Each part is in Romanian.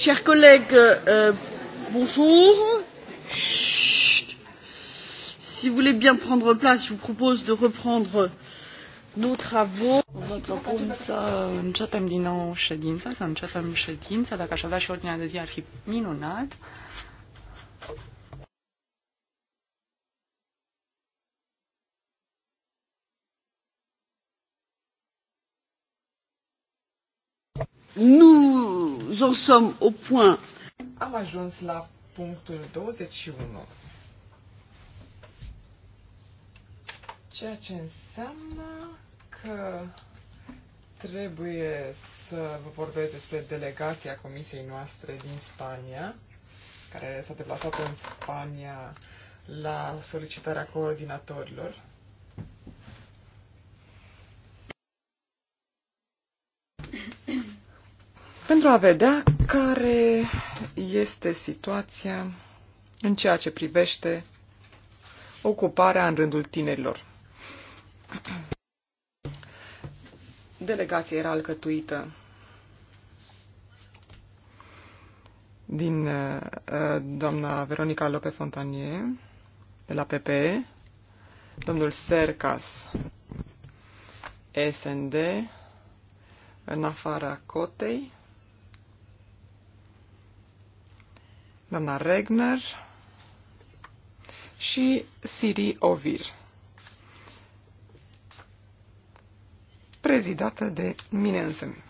Chers collègues, euh, euh, bonjour. Chut. Si vous voulez bien prendre place, je vous propose de reprendre nos travaux. Vă propun să începem din nou ședința, să începem ședința. Dacă aș avea și ordinea de zi ar fi minunat. en sommes au point. Am ajuns la punctul 21. Ceea ce înseamnă că trebuie să vă vorbesc despre delegația comisiei noastre din Spania, care s-a deplasat în Spania la solicitarea coordinatorilor. pentru a vedea care este situația în ceea ce privește ocuparea în rândul tinerilor. Delegația era alcătuită din uh, doamna Veronica Lope Fontanie de la PPE, domnul Sercas SND, în afara cotei, doamna Regner și Siri Ovir, prezidată de mine însămi.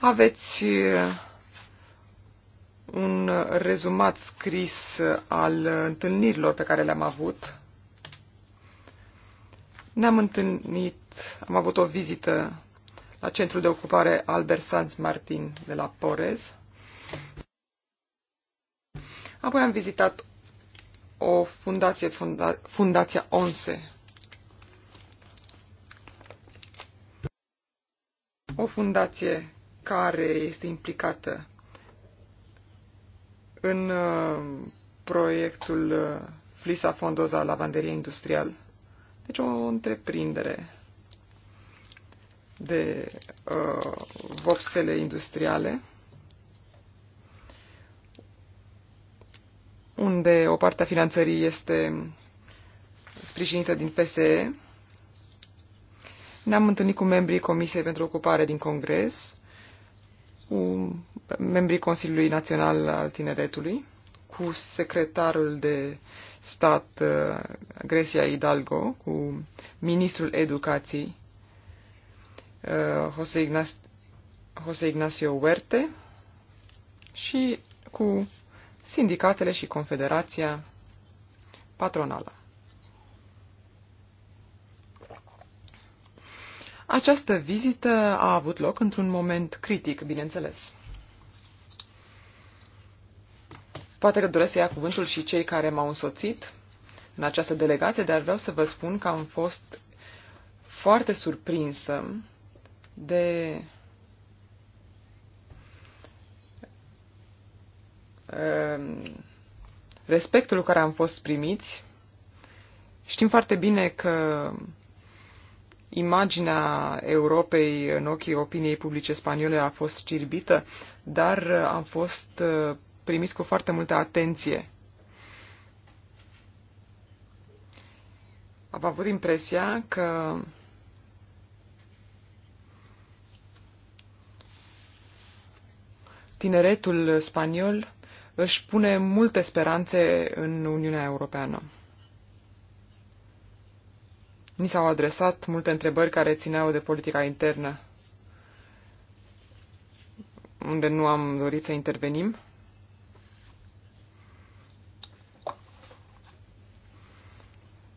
Aveți uh, un rezumat scris al întâlnirilor pe care le-am avut. Ne-am întâlnit, am avut o vizită la centrul de ocupare Albert Sanz Martin de la Porez Apoi am vizitat o fundație, funda, Fundația ONSE. O fundație care este implicată în uh, proiectul uh, Flisa Fondoza Lavanderie Industrial. Deci o întreprindere de uh, vopsele industriale. unde o parte a finanțării este sprijinită din PSE. Ne-am întâlnit cu membrii Comisiei pentru Ocupare din Congres, cu membrii Consiliului Național al Tineretului, cu secretarul de stat uh, Grecia Hidalgo, cu ministrul educației uh, José, Ignacio, Ignacio Huerte și cu sindicatele și confederația patronală. Această vizită a avut loc într-un moment critic, bineînțeles. Poate că doresc să ia cuvântul și cei care m-au însoțit în această delegație, dar vreau să vă spun că am fost foarte surprinsă de Ehm, respectul cu care am fost primiți. Știm foarte bine că imaginea Europei în ochii opiniei publice spaniole a fost cirbită, dar am fost eh, primiți cu foarte multă atenție. Am avut impresia că tineretul spaniol își pune multe speranțe în Uniunea Europeană. Ni s-au adresat multe întrebări care țineau de politica internă, unde nu am dorit să intervenim.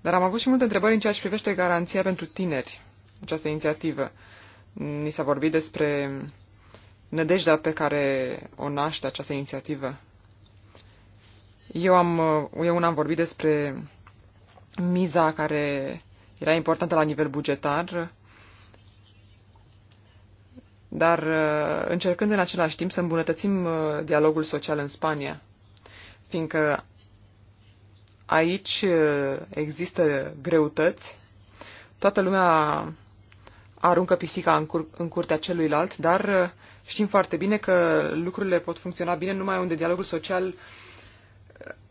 Dar am avut și multe întrebări în ceea ce privește garanția pentru tineri, această inițiativă. Ni s-a vorbit despre nădejdea pe care o naște această inițiativă. Eu, am, uh, eu una am vorbit despre miza care era importantă la nivel bugetar, dar uh, încercând în același timp să îmbunătățim uh, dialogul social în Spania, fiindcă aici există greutăți, toată lumea aruncă pisica în, cur- în curtea celuilalt, dar știm foarte bine că lucrurile pot funcționa bine numai unde dialogul social uh,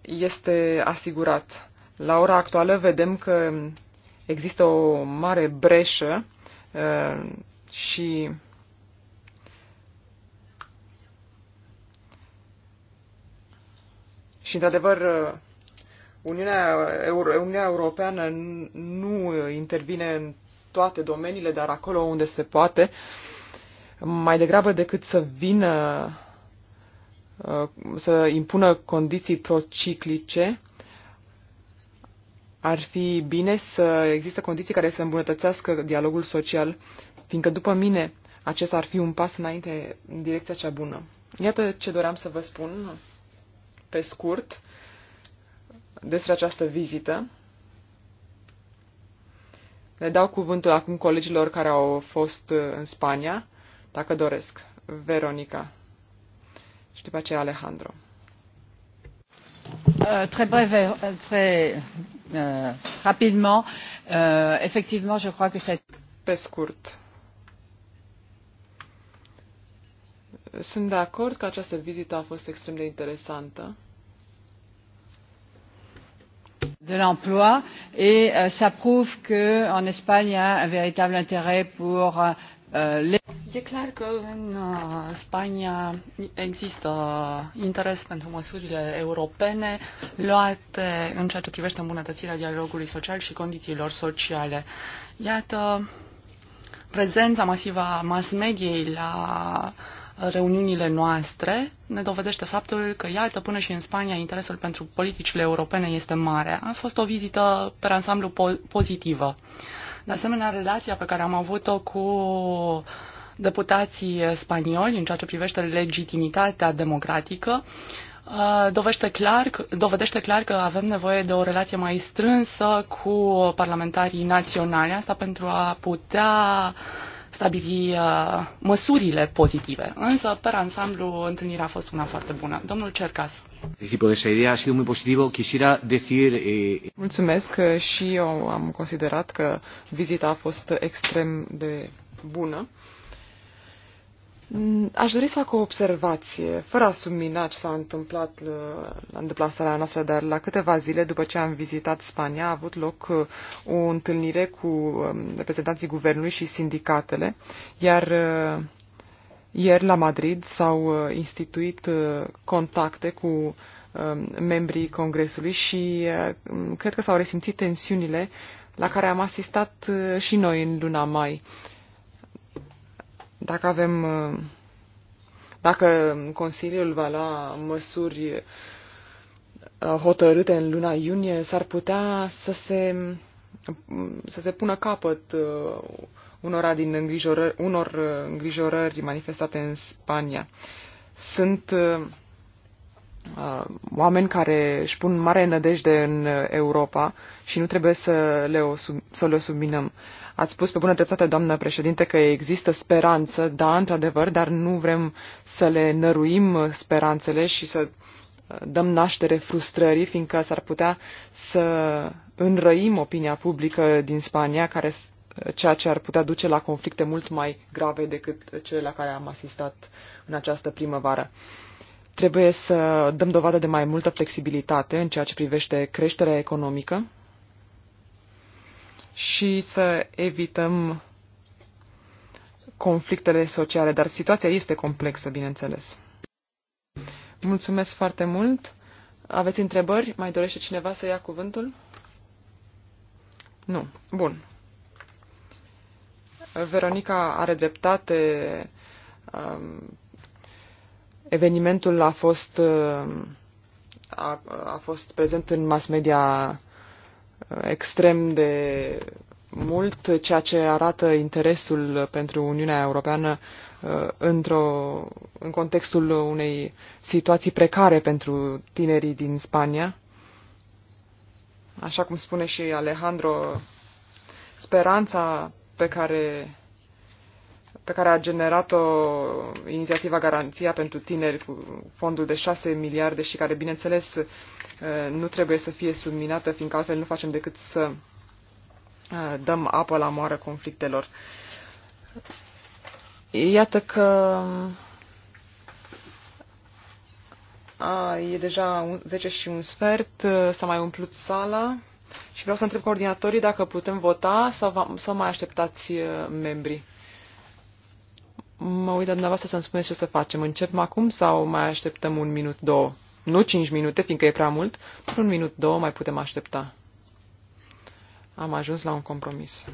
este asigurat. La ora actuală vedem că există o mare breșă uh, și și într-adevăr uh, Uniunea, Euro, Uniunea Europeană nu intervine în toate domeniile, dar acolo unde se poate, mai degrabă decât să vină Uh, să impună condiții prociclice, ar fi bine să există condiții care să îmbunătățească dialogul social, fiindcă, după mine, acesta ar fi un pas înainte în direcția cea bună. Iată ce doream să vă spun pe scurt despre această vizită. Le dau cuvântul acum colegilor care au fost uh, în Spania, dacă doresc. Veronica. Și după aceea Alejandro. Uh, très breve, uh, très uh, rapidement. Uh, effectivement, je crois que c'est... Pe scurt. Sunt de acord că această vizită a fost extrem de interesantă. De l'emploi et uh, ça prouve que en Espagne, il y a un véritable intérêt pour uh, Uh, e clar că în uh, Spania există interes pentru măsurile europene luate în ceea ce privește îmbunătățirea dialogului social și condițiilor sociale. Iată prezența masivă a mass mediei la reuniunile noastre ne dovedește faptul că, iată, până și în Spania, interesul pentru politicile europene este mare. A fost o vizită pe ansamblu pozitivă. Uh, de asemenea, relația pe care am avut-o cu deputații spanioli în ceea ce privește legitimitatea democratică uh, dovește clar, dovedește clar că avem nevoie de o relație mai strânsă cu parlamentarii naționali, asta pentru a putea uh, stabili uh, măsurile pozitive. Însă, per ansamblu, întâlnirea a fost una foarte bună. Domnul Cercas. Eh, Mulțumesc eh, și eu am considerat că vizita a fost extrem de bună. Mm, aș dori să fac o observație, fără a submina ce s-a întâmplat uh, la deplasarea noastră, dar la câteva zile după ce am vizitat Spania a avut loc uh, o întâlnire cu um, reprezentanții guvernului și sindicatele, iar uh, ieri la Madrid s-au instituit contacte cu um, membrii Congresului și um, cred că s-au resimțit tensiunile la care am asistat și noi în luna mai dacă avem. Uh, dacă Consiliul va lua măsuri uh, hotărâte în luna iunie, s-ar putea să se, să se pună capăt uh, unora din îngrijorări, unor îngrijorări manifestate în Spania. Sunt uh, oameni care își pun mare nădejde în Europa și nu trebuie să le, o sub, să le subminăm. Ați spus pe bună dreptate, doamnă președinte, că există speranță, da, într-adevăr, dar nu vrem să le năruim speranțele și să uh, dăm naștere frustrării, fiindcă s-ar putea să înrăim opinia publică din Spania, care, uh, ceea ce ar putea duce la conflicte mult mai grave decât cele la care am asistat în această primăvară. Trebuie să dăm dovadă de mai multă flexibilitate în ceea ce privește creșterea economică, și să evităm conflictele sociale, dar situația este complexă, bineînțeles. Mulțumesc foarte mult. Aveți întrebări? Mai dorește cineva să ia cuvântul? Nu. Bun. Veronica are dreptate. Um, evenimentul a fost, um, a, a fost prezent în mass media extrem de mult, ceea ce arată interesul pentru Uniunea Europeană uh, într-o, în contextul unei situații precare pentru tinerii din Spania. Așa cum spune și Alejandro, speranța pe care pe care a generat-o inițiativa Garanția pentru Tineri cu fondul de 6 miliarde și care, bineînțeles, uh, nu trebuie să fie subminată, fiindcă altfel nu facem decât să uh, dăm apă la moară conflictelor. Iată că a, e deja 10 și un sfert, uh, s-a mai umplut sala și vreau să întreb coordinatorii dacă putem vota sau, va, sau mai așteptați membrii. Mă uit la dumneavoastră să-mi spuneți ce să facem. Începem acum sau mai așteptăm un minut, două? Nu cinci minute, fiindcă e prea mult. Un minut, două mai putem aștepta. Am ajuns la un compromis.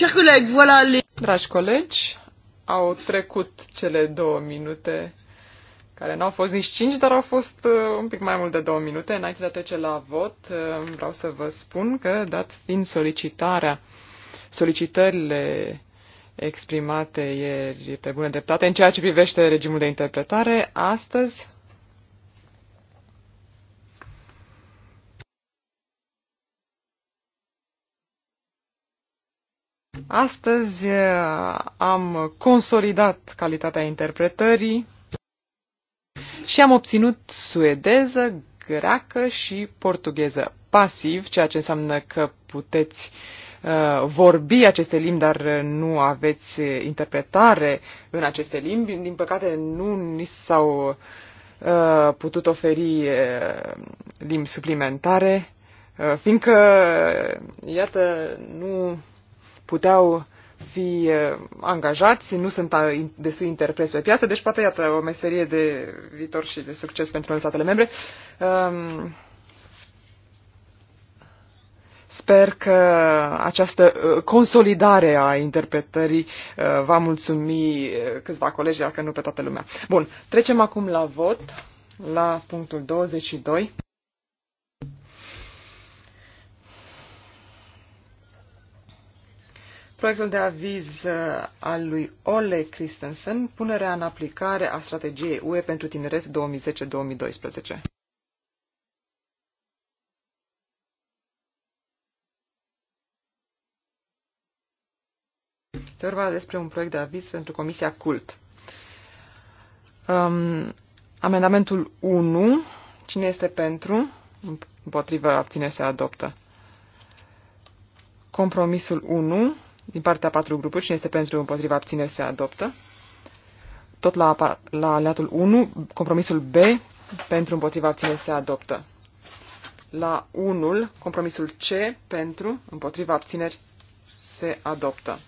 Chers collègues, voilà les... Dragi colegi, au trecut cele două minute, care n-au fost nici cinci, dar au fost uh, un pic mai mult de două minute. Înainte de a trece la vot, uh, vreau să vă spun că, dat fiind solicitarea, solicitările exprimate ieri pe bună dreptate, în ceea ce privește regimul de interpretare, astăzi Astăzi uh, am consolidat calitatea interpretării și am obținut suedeză, greacă și portugheză pasiv, ceea ce înseamnă că puteți uh, vorbi aceste limbi, dar nu aveți interpretare în aceste limbi. Din păcate, nu ni s-au uh, putut oferi uh, limbi suplimentare, uh, fiindcă, iată, nu puteau fi eh, angajați, nu sunt eh, destui interpreți pe piață, deci poate iată o meserie de viitor și de succes pentru noi statele membre. Ehm, sper că această eh, consolidare a interpretării va mulțumi câțiva colegi, dacă nu pe toată lumea. Bun, trecem acum la vot, la punctul 22. Proiectul de aviz uh, al lui Ole Christensen, punerea în aplicare a strategiei UE pentru tineret 2010-2012. Este vorba despre un proiect de aviz pentru Comisia CULT. Um, amendamentul 1. Cine este pentru? Împotrivă abține se adoptă. Compromisul 1 din partea patru grupuri. Cine este pentru, împotriva, abțineri, se adoptă. Tot la, la aliatul 1, compromisul B, pentru, împotriva, abțineri, se adoptă. La 1, compromisul C, pentru, împotriva, abțineri, se adoptă.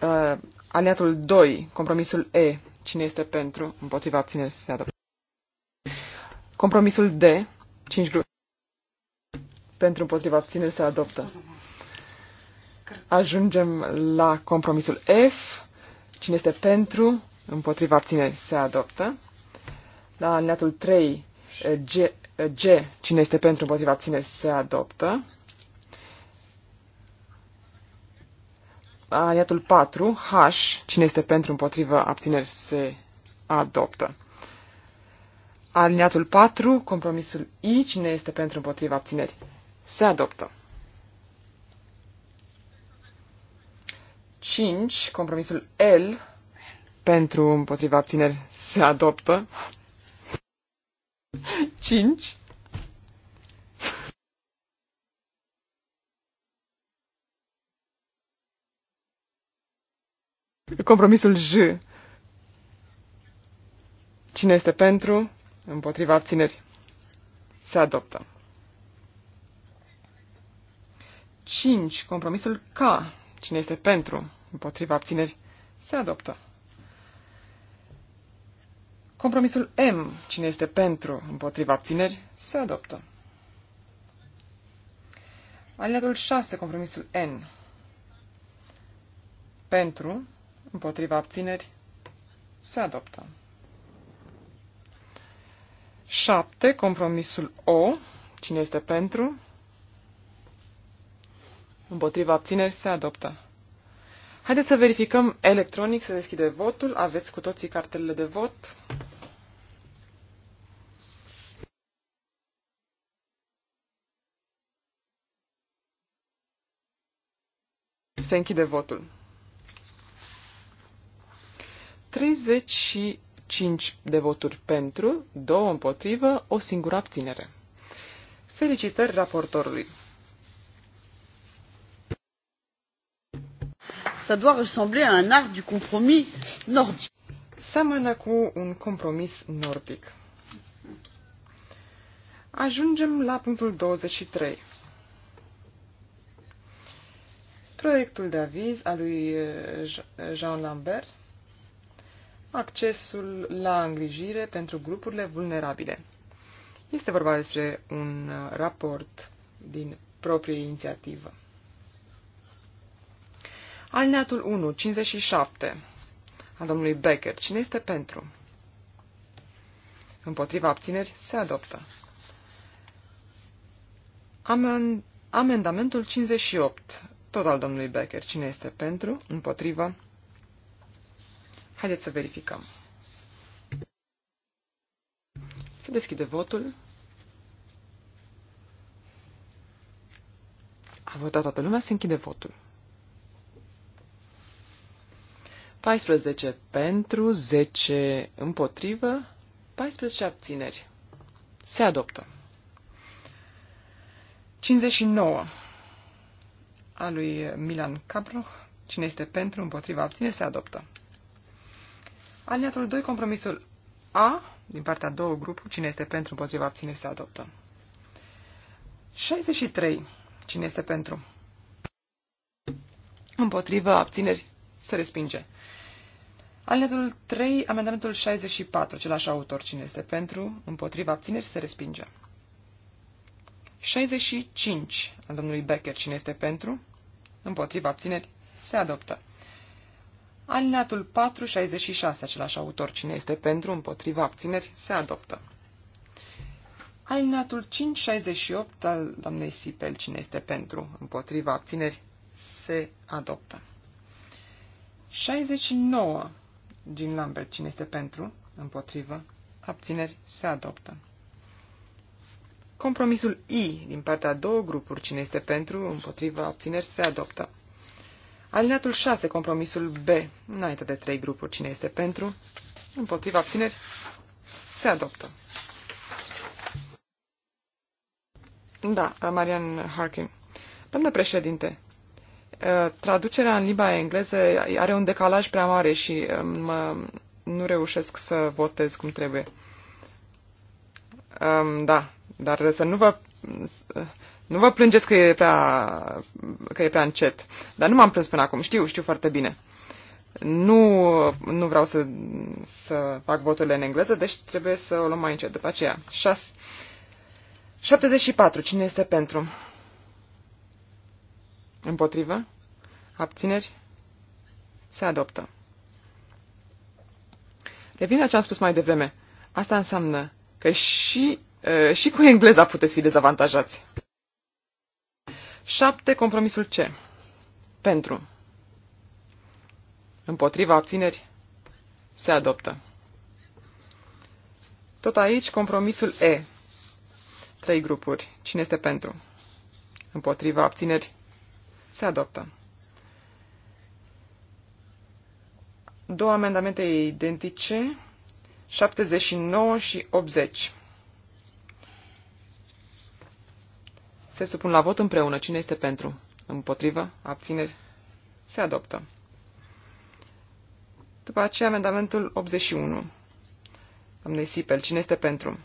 Uh, aliatul 2, compromisul E, cine este pentru, împotriva, abțineri, se adoptă. Compromisul D, 5 grupuri, pentru, împotriva, abțineri, se adoptă. Ajungem la compromisul F. Cine este pentru, împotriva abține, se adoptă. La alineatul 3, G, G, cine este pentru, împotriva abține, se adoptă. La alineatul 4, H, cine este pentru, împotriva abține, se adoptă. Aliniatul 4, compromisul I, cine este pentru împotriva abțineri, se adoptă. 5, compromisul L, pentru împotriva abțineri se adoptă. 5. Compromisul J. Cine este pentru, împotriva abțineri, se adoptă. 5. Compromisul K. Cine este pentru, împotriva abțineri, se adoptă. Compromisul M, cine este pentru, împotriva abțineri, se adoptă. Alineatul 6, compromisul N. Pentru, împotriva abțineri, se adoptă. 7. Compromisul O. Cine este pentru? Împotriva abțineri se adoptă. Haideți să verificăm electronic, să deschide votul. Aveți cu toții cartelele de vot. Se închide votul. 35 de voturi pentru, 2 împotrivă, o singură abținere. Felicitări raportorului! ça doit ressembler à un art du compromis nordique. Seamănă cu un compromis nordic. Ajungem la punctul 23. Proiectul de aviz al lui eh, Jean Lambert. Accesul la îngrijire pentru grupurile vulnerabile. Este vorba despre un eh, raport din proprie inițiativă. Alineatul 1, 57, a domnului Becker. Cine este pentru? Împotriva abțineri, se adoptă. Amen, amendamentul 58, tot al domnului Becker. Cine este pentru? Împotriva? Haideți să verificăm. Se deschide votul. A votat toată lumea, se închide votul. 14 pentru, 10 împotrivă, 14 abțineri. Se adoptă. 59 a lui Milan Cabro. Cine este pentru, împotriva, abține, se adoptă. Aliatul 2, compromisul A, din partea două grupuri, cine este pentru, împotriva, abține, se adoptă. 63. Cine este pentru? Împotriva abțineri, se respinge. Alineatul 3, amendamentul 64, același autor, cine este pentru, împotriva, abțineri, se respinge. 65, al domnului Becker, cine este pentru, împotriva, abțineri, se adoptă. Alineatul 4, 66, același autor, cine este pentru, împotriva, abțineri, se adoptă. Alineatul 5, 68, al doamnei Sipel, cine este pentru, împotriva, abțineri, se adoptă. 69. Jean Lambert. Cine este pentru? Împotrivă. Abțineri. Se adoptă. Compromisul I din partea a două grupuri. Cine este pentru? Împotrivă. Abțineri. Se adoptă. Alineatul 6. Compromisul B. Înainte de trei grupuri. Cine este pentru? Împotrivă. Abțineri. Se adoptă. Da, Marian Harkin. Doamnă președinte, traducerea în limba engleză are un decalaj prea mare și mă, nu reușesc să votez cum trebuie. Um, da, dar să nu vă, nu vă plângeți că e prea, că e prea încet. Dar nu m-am plâns până acum, știu, știu foarte bine. Nu, nu vreau să, să fac voturile în engleză, deci trebuie să o luăm mai încet. După aceea, 6. 74. Cine este pentru? Împotrivă? Abțineri? Se adoptă. Revin la ce am spus mai devreme. Asta înseamnă că și, uh, și cu engleza puteți fi dezavantajați. 7. Compromisul C. Pentru. Împotriva abțineri. Se adoptă. Tot aici compromisul E. Trei grupuri. Cine este pentru? Împotriva abțineri. Se adoptă. Două amendamente identice, 79 și 80. Se supun la vot împreună. Cine este pentru? Împotrivă? Abțineri? Se adoptă. După aceea, amendamentul 81. Doamne Sipel, cine este pentru?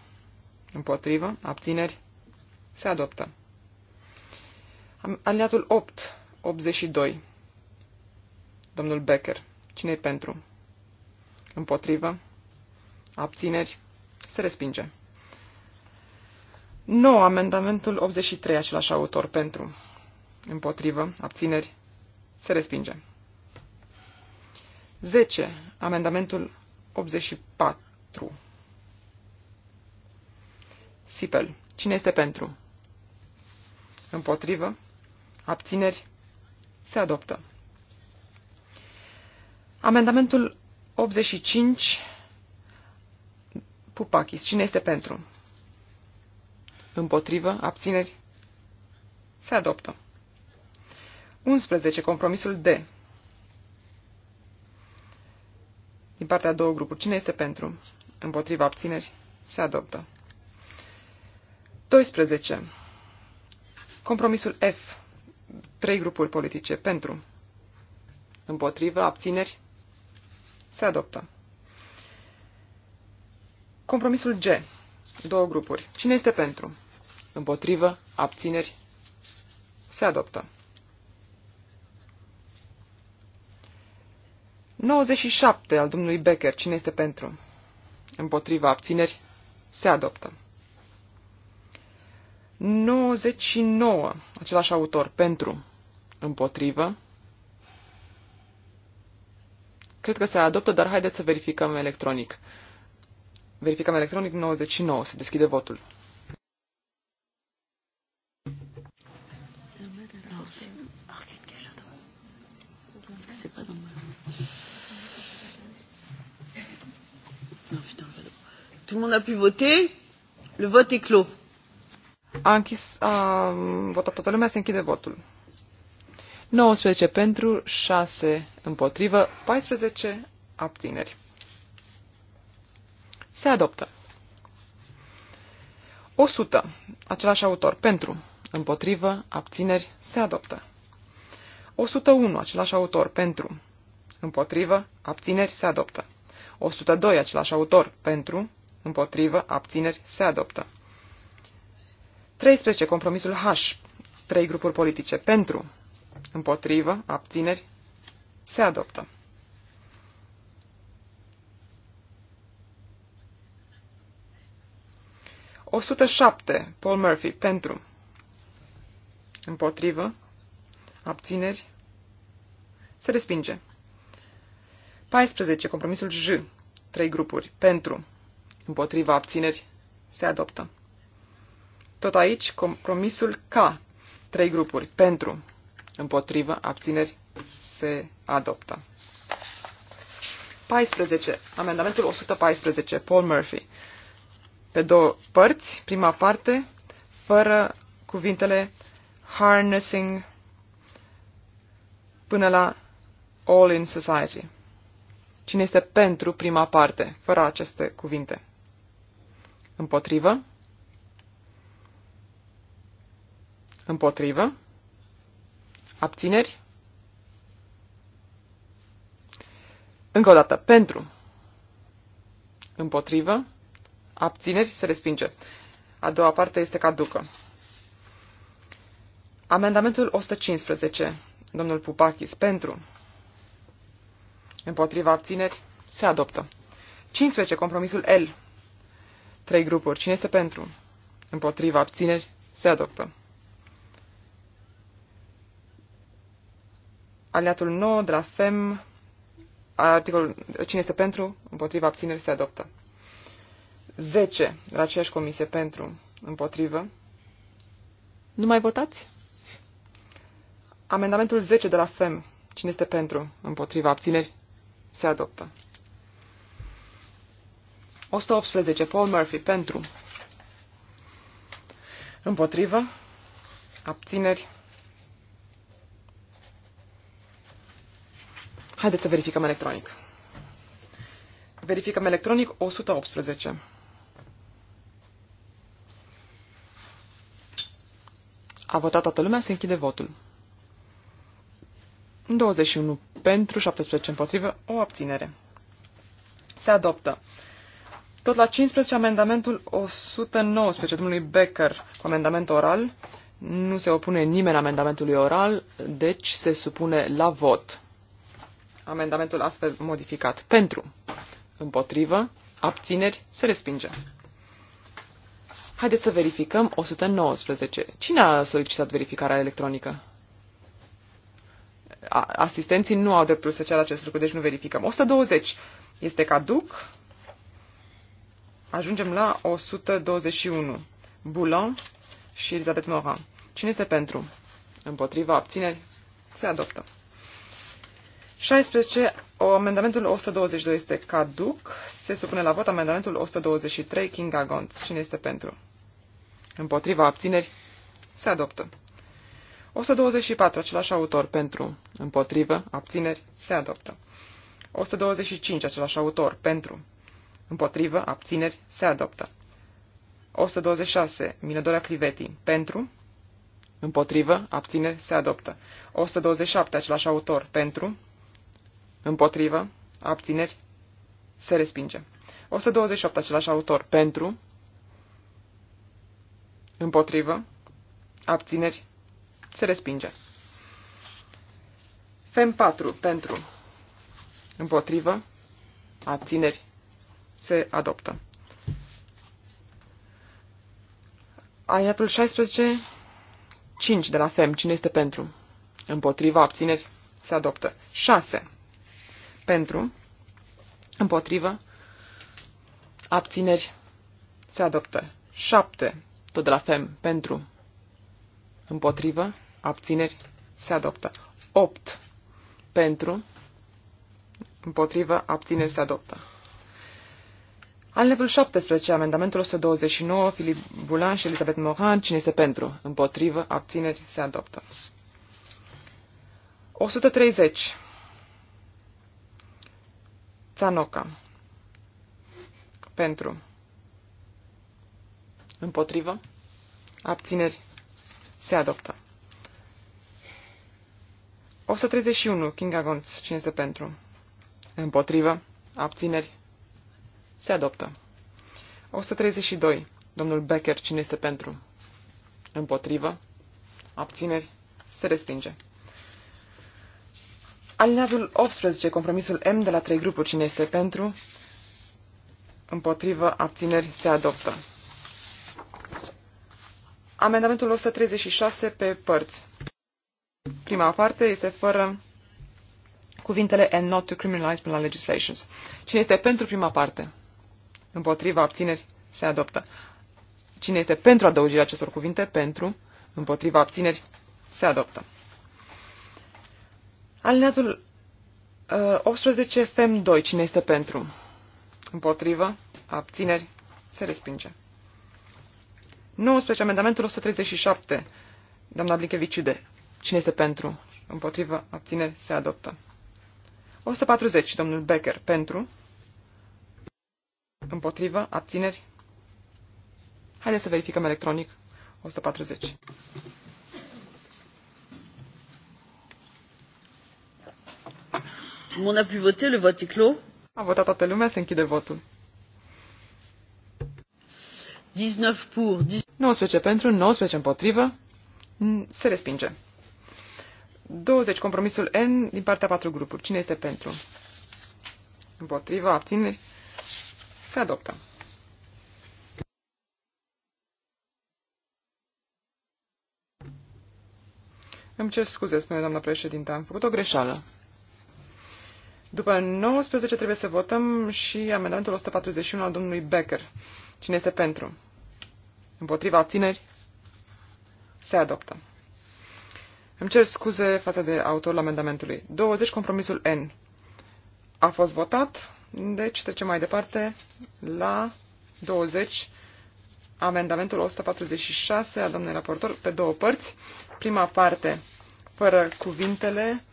Împotrivă? Abțineri? Se adoptă. Aliatul 8, 82. Domnul Becker. Cine-i pentru? Împotrivă? Abțineri? Se respinge. 9. Amendamentul 83, același autor, pentru. Împotrivă? Abțineri? Se respinge. 10. Amendamentul 84. Sipel. Cine este pentru? Împotrivă? Abțineri? Se adoptă. Amendamentul 85, Pupachis. Cine este pentru? Împotrivă? Abțineri? Se adoptă. 11. Compromisul D. Din partea a două grupuri. Cine este pentru? Împotriva abțineri? Se adoptă. 12. Compromisul F. Trei grupuri politice pentru, împotrivă, abțineri, se adoptă. Compromisul G. Două grupuri. Cine este pentru? Împotrivă, abțineri, se adoptă. 97 al domnului Becker. Cine este pentru? Împotrivă, abțineri? Se adoptă. 99, același autor, pentru, împotrivă. Cred că se adoptă, dar haideți să verificăm electronic. Verificăm electronic 99, se deschide votul. Tout le monde a pu voter. Le vote est clos. A închis, a votat toată lumea, se închide votul. 19 pentru, 6 împotrivă, 14 abțineri. Se adoptă. 100. Același autor. Pentru. Împotrivă. Abțineri. Se adoptă. 101. Același autor. Pentru. Împotrivă. Abțineri. Se adoptă. 102. Același autor. Pentru. Împotrivă. Abțineri. Se adoptă. 13. Compromisul H. Trei grupuri politice. Pentru, împotrivă, abțineri, se adoptă. O 107. Paul Murphy. Pentru. Împotrivă. Abțineri. Se respinge. 14. Compromisul J. Trei grupuri. Pentru. Împotriva abțineri. Se adoptă. Tot aici, compromisul K. Trei grupuri. Pentru, împotrivă, abțineri, se adoptă. 14. Amendamentul 114. Paul Murphy. Pe două părți. Prima parte, fără cuvintele harnessing până la all in society. Cine este pentru prima parte, fără aceste cuvinte? Împotrivă? Împotrivă. Abțineri. Încă o dată. Pentru. Împotrivă. Abțineri. Se respinge. A doua parte este caducă. Amendamentul 115. Domnul Pupachis. Pentru. Împotriva abțineri. Se adoptă. 15. Compromisul L. Trei grupuri. Cine este pentru? Împotriva abțineri. Se adoptă. Aliatul 9 de la FEM, articolul cine este pentru, împotriva abțineri se adoptă. 10 de la aceeași comisie pentru, împotrivă. Nu mai votați? Amendamentul 10 de la FEM, cine este pentru, împotriva abțineri, se adoptă. 118. Paul Murphy pentru. Împotrivă. Abțineri. Haideți să verificăm electronic. Verificăm electronic 118. A votat toată lumea, se închide votul. 21 pentru, 17 împotrivă, o abținere. Se adoptă. Tot la 15, amendamentul 119, domnului Becker, cu amendament oral. Nu se opune nimeni amendamentului oral, deci se supune la vot. Amendamentul astfel modificat. Pentru. Împotrivă. Abțineri. Se respinge. Haideți să verificăm 119. Cine a solicitat verificarea electronică? asistenții nu au dreptul să ceară acest lucru, deci nu verificăm. 120 este caduc. Ajungem la 121. Boulon și Elisabeth Morin. Cine este pentru? Împotriva abțineri? Se adoptă. 16. O, amendamentul 122 este caduc. Se supune la vot amendamentul 123, King Gont. Cine este pentru? Împotriva abțineri? Se adoptă. 124. Același autor pentru. Împotrivă. Abțineri? Se adoptă. 125. Același autor pentru. Împotrivă. Abțineri? Se adoptă. 126. Minădorea Cliveti. Pentru. Împotrivă. Abțineri? Se adoptă. 127. Același autor pentru. Împotrivă. Abțineri. Se respinge. 128. Același autor. Pentru. Împotrivă. Abțineri. Se respinge. FEM 4. Pentru. Împotrivă. Abțineri. Se adoptă. Alinatul 16. 5 de la FEM. Cine este pentru? Împotrivă. abțineri se adoptă. 6. Pentru. Împotrivă. Abțineri. Se adoptă. 7. Tot de la FEM. Pentru. Împotrivă. Abțineri. Se adoptă. 8. Pentru. Împotrivă. Abțineri. Se adoptă. al Alevul 17, amendamentul 129, Filip Bulan și Elisabeth Moran, cine este pentru? Împotrivă, abțineri, se adoptă. 130. Țanoca. Pentru. Împotrivă. Abțineri. Se adoptă. 131. Kinga Gonț. Cine este pentru? Împotrivă. Abțineri. Se adoptă. 132. Domnul Becker. Cine este pentru? Împotrivă. Abțineri. Se respinge. Alineatul 18, compromisul M de la trei grupuri. Cine este pentru? Împotrivă, abțineri, se adoptă. Amendamentul 136 pe părți. Prima parte este fără cuvintele and not to criminalize penal legislations. Cine este pentru prima parte? Împotriva abțineri se adoptă. Cine este pentru adăugirea acestor cuvinte? Pentru. Împotriva abțineri se adoptă. Alineatul 18 FEM 2. Cine este pentru? Împotrivă? Abțineri? Se respinge. 19. Amendamentul 137. Doamna Blincheviciude. Cine este pentru? Împotrivă? Abțineri? Se adoptă. 140. Domnul Becker. Pentru? Împotrivă? Abțineri? Haideți să verificăm electronic. 140. On a pu voter, le vote est clos. A votat toată lumea, se închide votul. 19 pour, 19... 19 pentru, 19 împotrivă. Se respinge. 20. Compromisul N din partea patru grupuri. Cine este pentru? Împotrivă, abține. Se adoptă. Îmi cer scuze, spune doamna președinte, am făcut o greșeală. După 19 trebuie să votăm și amendamentul 141 al domnului Becker. Cine este pentru? Împotriva abțineri? Se adoptă. Îmi cer scuze față de autorul amendamentului. 20. Compromisul N. A fost votat, deci trecem mai departe la 20. Amendamentul 146 a domnului raportor pe două părți. Prima parte fără cuvintele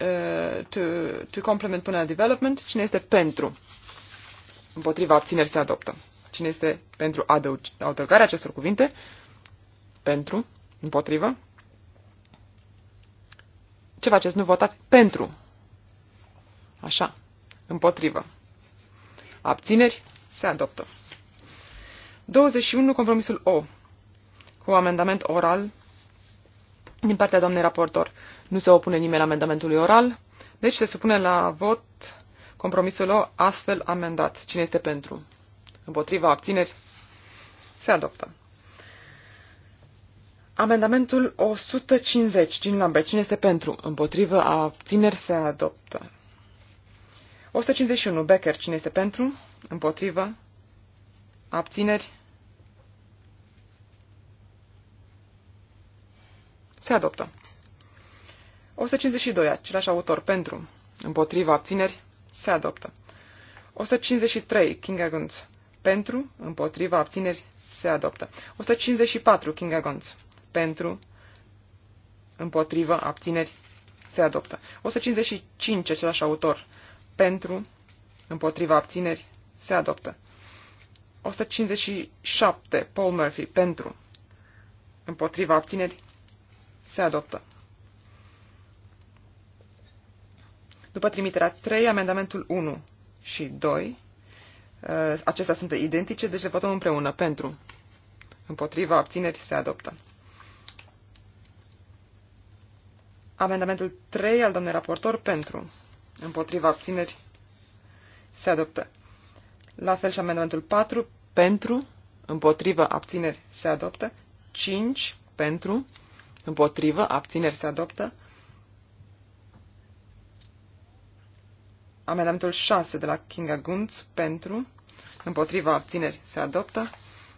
Uh, to, to complement până la development. Cine este pentru? Împotriva abțineri se adoptă. Cine este pentru adăugarea acestor cuvinte? Pentru. Împotrivă. Ce faceți? Nu votați? Pentru. Așa. Împotrivă. Abțineri se adoptă. 21. Compromisul O. Cu amendament oral din partea doamnei raportor. Nu se opune nimeni amendamentului oral, deci se supune la vot compromisul O astfel amendat. Cine este pentru? Împotriva abțineri? Se adoptă. Amendamentul 150, Cine Lambert. Cine este pentru? Împotrivă abțineri se adoptă. 151, Becker. Cine este pentru? Împotrivă? Abțineri? Se adoptă. 152. Același autor. Pentru. Împotriva. Abțineri. Se adoptă. 153. King Agons. Pentru. Împotriva. Abțineri. Se adoptă. 154. King Agons. Pentru. Împotriva. Abțineri. Se adoptă. 155. Același autor. Pentru. Împotriva. Abțineri. Se adoptă. 157. Paul Murphy. Pentru. Împotriva. Abțineri se adoptă. După trimiterea 3, amendamentul 1 și 2, uh, acestea sunt identice, deci le votăm împreună. Pentru, împotriva, abțineri, se adoptă. Amendamentul 3 al domnului raportor pentru, împotriva, abțineri, se adoptă. La fel și amendamentul 4 pentru, împotriva, abțineri, se adoptă. 5 pentru, Împotrivă, abțineri se adoptă. Amendamentul 6 de la Kinga Gunz pentru. Împotrivă, abțineri se adoptă.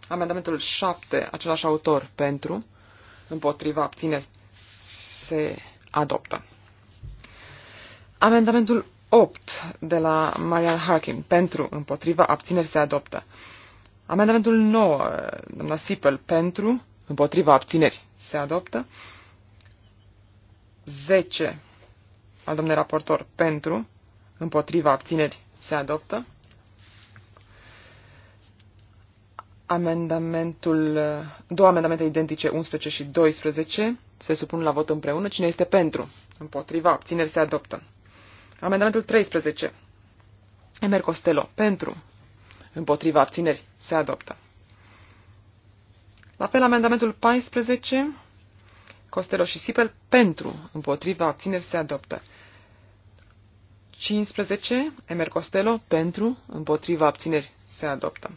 Amendamentul 7, același autor pentru. Împotrivă, abțineri se adoptă. Amendamentul 8 de la Marian Harkin pentru. Împotrivă, abțineri se adoptă. Amendamentul 9, doamna Sipel, pentru Împotriva abțineri se adoptă. 10 al domnului raportor pentru. Împotriva abțineri se adoptă. Amendamentul, două amendamente identice, 11 și 12, se supun la vot împreună. Cine este pentru? Împotriva abțineri se adoptă. Amendamentul 13. Emer Costello. Pentru. Împotriva abțineri se adoptă. La fel, amendamentul 14, Costelo și Sipel, pentru, împotriva, abțineri, se adoptă. 15, Emer Costello, pentru, împotriva, abțineri, se adoptă.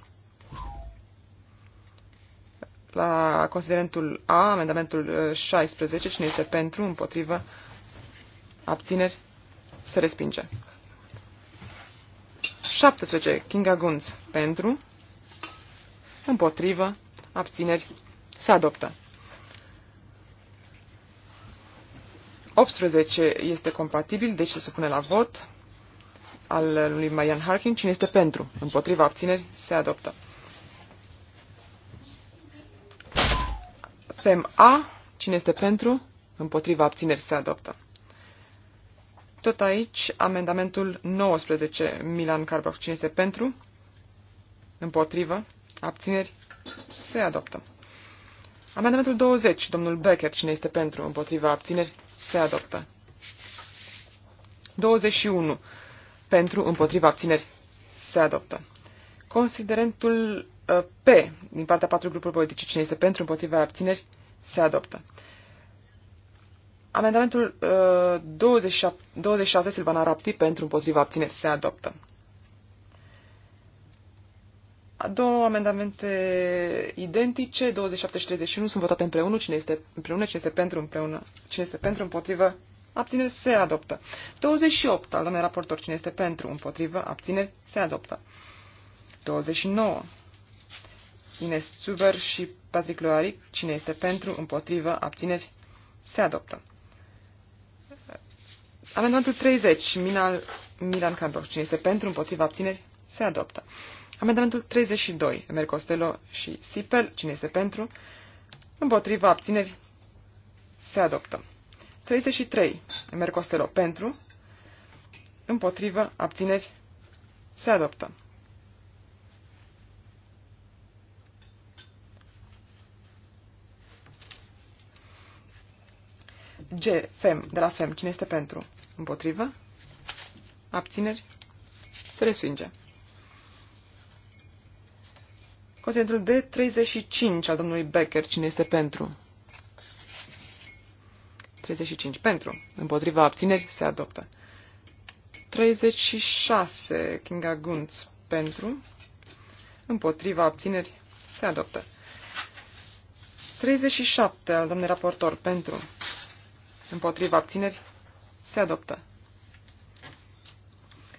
La considerentul A, amendamentul 16, uh, cine este pentru, împotriva, abțineri, se respinge. 17, Kinga Gunz, pentru, împotriva, abțineri, se adoptă. 18 este compatibil, deci se supune la vot al lui Marian Harkin. Cine este pentru? Împotriva abțineri, se adoptă. Fem A. Cine este pentru? Împotriva abțineri, se adoptă. Tot aici, amendamentul 19, Milan Carbach. Cine este pentru? Împotriva Abțineri? Se adoptă. Amendamentul 20, domnul Becker, cine este pentru, împotriva, abțineri, se adoptă. 21, pentru, împotriva, abțineri, se adoptă. Considerentul uh, P, din partea patru grupuri politice, cine este pentru, împotriva, abțineri, se adoptă. Amendamentul uh, 26, 26, Silvana Rapti, pentru, împotriva, abțineri, se adoptă. Două amendamente identice, 27 și 31, sunt votate împreună. Cine este împreună, cine este pentru împreună, cine este pentru împotrivă, abține, se adoptă. 28 al doamnei raportor, cine este pentru împotrivă, abține, se adoptă. 29. Ines Zuber și Patrick Loari, cine este pentru, împotrivă, abțineri, se adoptă. Amendamentul 30, Milan, Milan Cambroc, cine este pentru, împotrivă, abțineri, se adoptă. Amendamentul 32, Emer Costello și Sipel, cine este pentru, împotriva abțineri, se adoptă. 33, Emer Costello, pentru, împotriva abțineri, se adoptă. G, FEM, de la FEM, cine este pentru? Împotrivă? Abțineri? Se resfinge. Consentul D35 al domnului Becker. Cine este pentru? 35. Pentru. Împotriva abțineri se adoptă. 36. Kinga Gunț. Pentru. Împotriva abțineri se adoptă. 37. Al domnului raportor. Pentru. Împotriva abțineri se adoptă.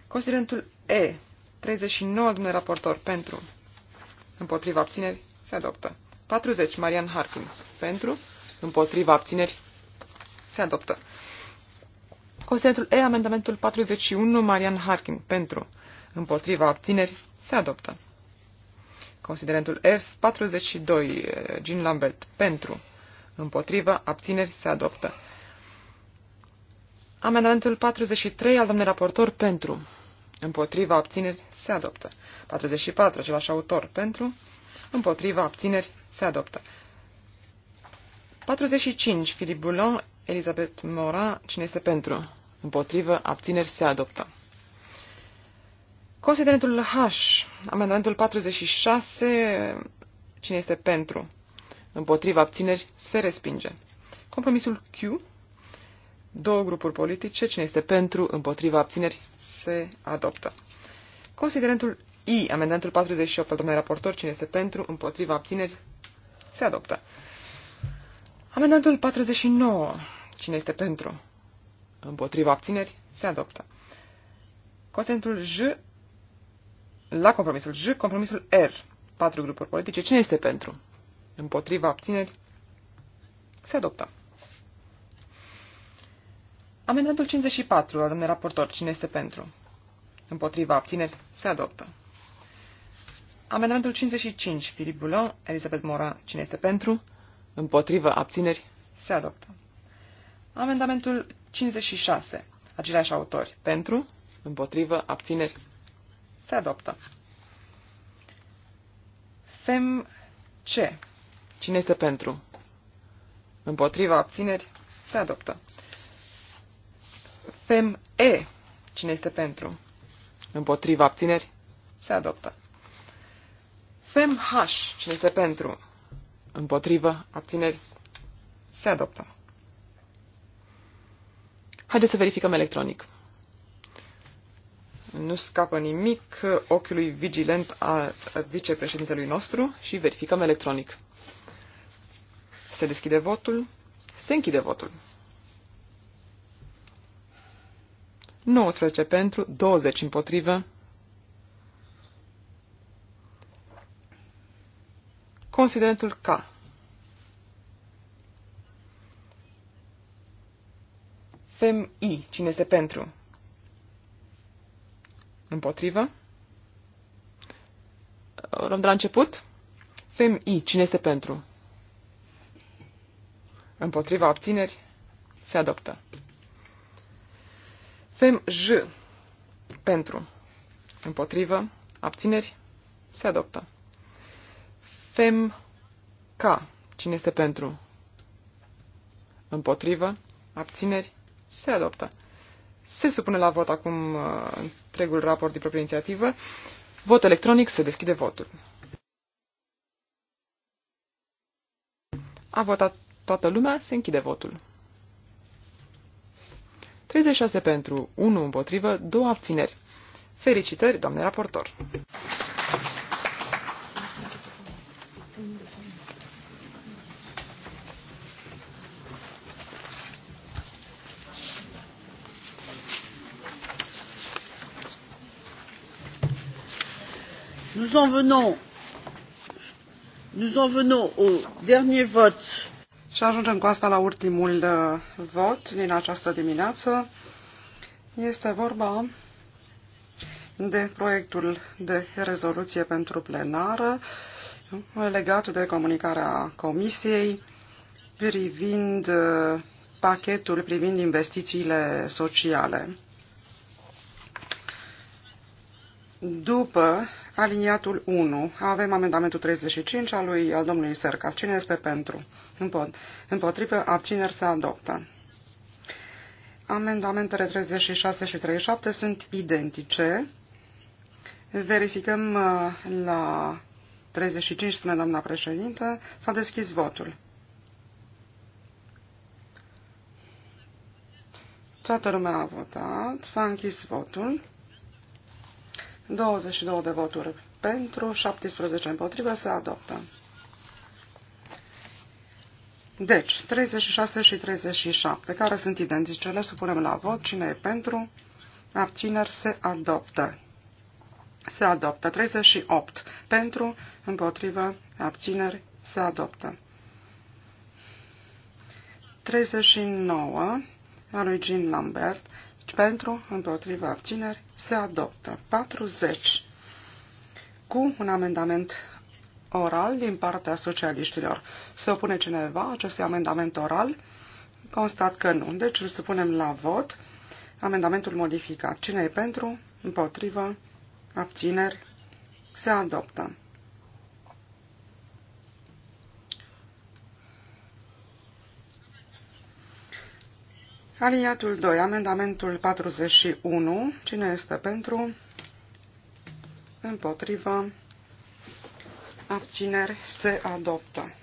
Considerentul E. 39. Al domnului raportor. Pentru. Împotriva abțineri se adoptă. 40. Marian Harkin. Pentru. Împotriva abțineri se adoptă. Consentul E, amendamentul 41, Marian Harkin. Pentru. Împotriva abțineri se adoptă. Considerentul F, 42, Jean Lambert. Pentru. Împotriva abțineri se adoptă. Amendamentul 43 al domnului raportor pentru. Împotriva abțineri se adoptă. 44. Același autor pentru. Împotriva abțineri se adoptă. 45. Philippe Boulon, Elisabeth Morin, cine este pentru? Împotrivă, abțineri se adoptă. Considerentul H, amendamentul 46, cine este pentru? Împotriva abțineri se respinge. Compromisul Q, două grupuri politice, cine este pentru, împotriva, abțineri, se adoptă. Considerentul I, amendamentul 48 al domnului raportor, cine este pentru, împotriva, abțineri, se adoptă. Amendamentul 49, cine este pentru, împotriva, abțineri, se adoptă. Considerentul J, la compromisul J, compromisul R, patru grupuri politice, cine este pentru, împotriva, abțineri, se adoptă. Amendamentul 54, domnule raportor, cine este pentru? Împotriva abțineri, se adoptă. Amendamentul 55, Filip Bulon, Elisabeth Mora, cine este pentru? Împotriva abțineri, se adoptă. Amendamentul 56, aceleași autori, pentru? Împotrivă, abțineri, se adoptă. Fem C. Cine este pentru? Împotriva abțineri, se adoptă. Fem E. Cine este pentru? Împotriva abțineri? Se adoptă. Fem H. Cine este pentru? Împotrivă abțineri? Se adoptă. Haideți să verificăm electronic. Nu scapă nimic ochiului vigilent al vicepreședintelui nostru și verificăm electronic. Se deschide votul. Se închide votul. 19 pentru, 20 împotrivă. Considerentul K. Fem I. Cine este pentru? Împotrivă. O luăm de la început. Fem I. Cine este pentru? Împotriva abțineri. Se adoptă. Fem J. Pentru. Împotrivă. Abțineri. Se adoptă. Fem K. Cine este pentru? Împotrivă. Abțineri. Se adoptă. Se supune la vot acum uh, întregul raport de proprie inițiativă. Vot electronic. Se deschide votul. A votat toată lumea. Se închide votul. 36 pentru, 1 împotrivă, 2 abțineri. Felicitări, doamne raportor! Nous en venons, nous en venons au dernier vote și ajungem cu asta la ultimul uh, vot din această dimineață. Este vorba de proiectul de rezoluție pentru plenară uh, legat de comunicarea Comisiei privind uh, pachetul privind investițiile sociale. După Aliniatul 1. Avem amendamentul 35 al lui al domnului Sercas. Cine este pentru? Împotrivă, abțineri se adoptă. Amendamentele 36 și 37 sunt identice. Verificăm uh, la 35, spune doamna președintă, s-a deschis votul. Toată lumea a votat, s-a închis votul. 22 de voturi pentru, 17 împotrivă, se adoptă. Deci, 36 și 37, care sunt identice, le supunem la vot. Cine e pentru? Abțineri se adoptă. Se adoptă. 38. Pentru, împotrivă, abțineri se adoptă. 39 a lui Jean Lambert deci, pentru, împotriva abțineri, se adoptă. 40. Cu un amendament oral din partea socialiștilor. Se opune cineva acestui amendament oral? Constat că nu. Deci îl supunem la vot. Amendamentul modificat. Cine e pentru? Împotrivă? Abțineri? Se adoptă. Aliniatul 2, amendamentul 41. Cine este pentru? Împotrivă. Abțineri se adoptă.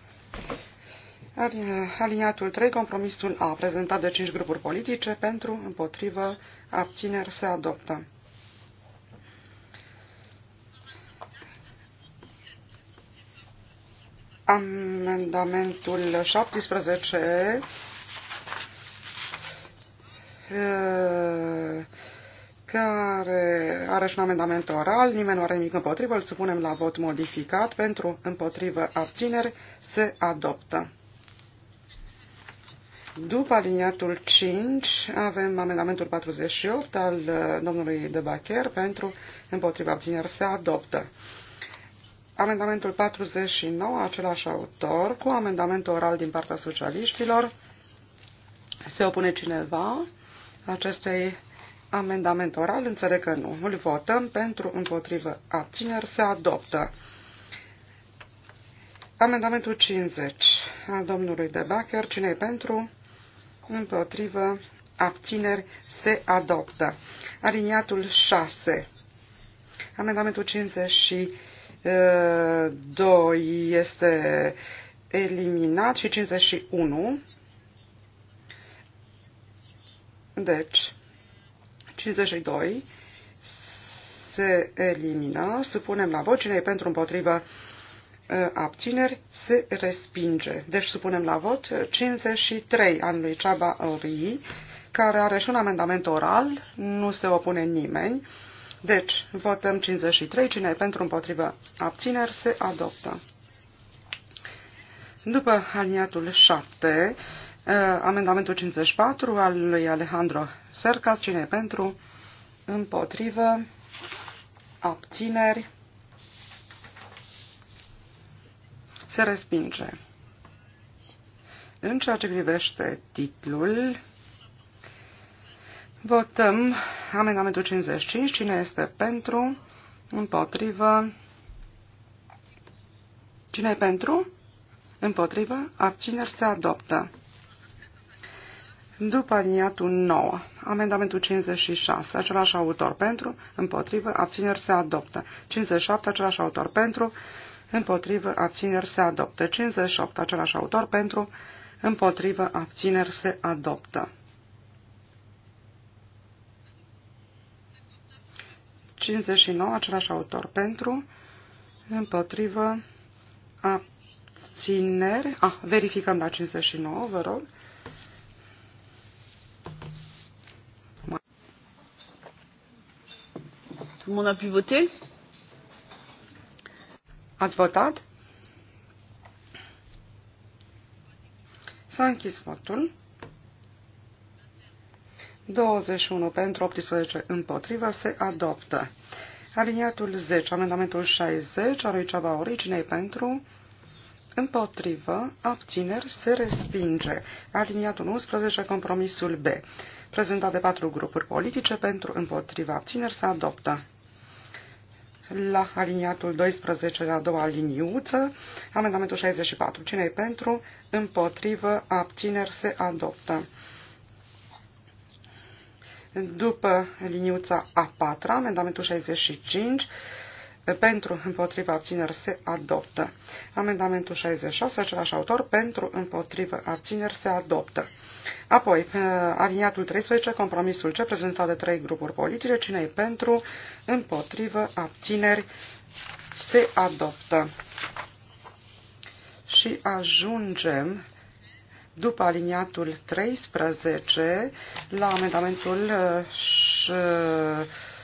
Aliniatul 3, compromisul A, prezentat de 5 grupuri politice, pentru, împotrivă, abțineri se adoptă. Amendamentul 17 care are și un amendament oral, nimeni nu are nimic împotrivă, îl supunem la vot modificat, pentru împotrivă abțineri se adoptă. După aliniatul 5 avem amendamentul 48 al uh, domnului De Bacher pentru împotriva abțineri se adoptă. Amendamentul 49, același autor, cu amendamentul oral din partea socialiștilor. Se opune cineva? acestui amendament oral? Înțeleg că nu. Îl votăm pentru, împotrivă, abțineri, se adoptă. Amendamentul 50 al domnului de Bacher, cine e pentru, împotrivă, abțineri, se adoptă. Aliniatul 6. Amendamentul 52 este eliminat și 51 deci, 52 se elimină, supunem la vot, cine e pentru împotrivă ă, abțineri se respinge. Deci supunem la vot 53 al lui Ceaba Ori, care are și un amendament oral, nu se opune nimeni. Deci, votăm 53, cine e pentru împotrivă abțineri se adoptă. După aliniatul 7, Eh, amendamentul 54 al lui Alejandro Sercas. Cine e pentru? Împotrivă. Abțineri. Se respinge. În ceea ce privește titlul, votăm amendamentul 55. Cine este pentru? Împotrivă. Cine e pentru? Împotrivă. Abțineri se adoptă. După aliniatul 9, amendamentul 56, același autor pentru, împotrivă, abțineri se adoptă. 57, același autor pentru, împotrivă, abțineri se adoptă. 58, același autor pentru, împotrivă, abțineri se adoptă. 59, același autor pentru, împotrivă, abțineri. Ah, verificăm la 59, vă rog. Tout le monde a pu voter Ați votat? S-a închis votul. 21 pentru 18 împotriva se adoptă. Aliniatul 10, amendamentul 60 al lui Ceaba Originei pentru împotrivă, abțineri, se respinge. Aliniatul 11, compromisul B. Prezentat de patru grupuri politice pentru împotriva abțineri se adoptă la aliniatul 12, la a doua liniuță, amendamentul 64. Cine e pentru? Împotrivă, abțineri, se adoptă. După liniuța a patra, amendamentul 65, pentru, împotriva, abțineri, se adoptă. Amendamentul 66, același autor, pentru, împotriva, abțineri, se adoptă. Apoi, aliniatul 13, compromisul ce prezentat de trei grupuri politice, cine e pentru, împotrivă, abțineri, se adoptă. Și ajungem după aliniatul 13 la amendamentul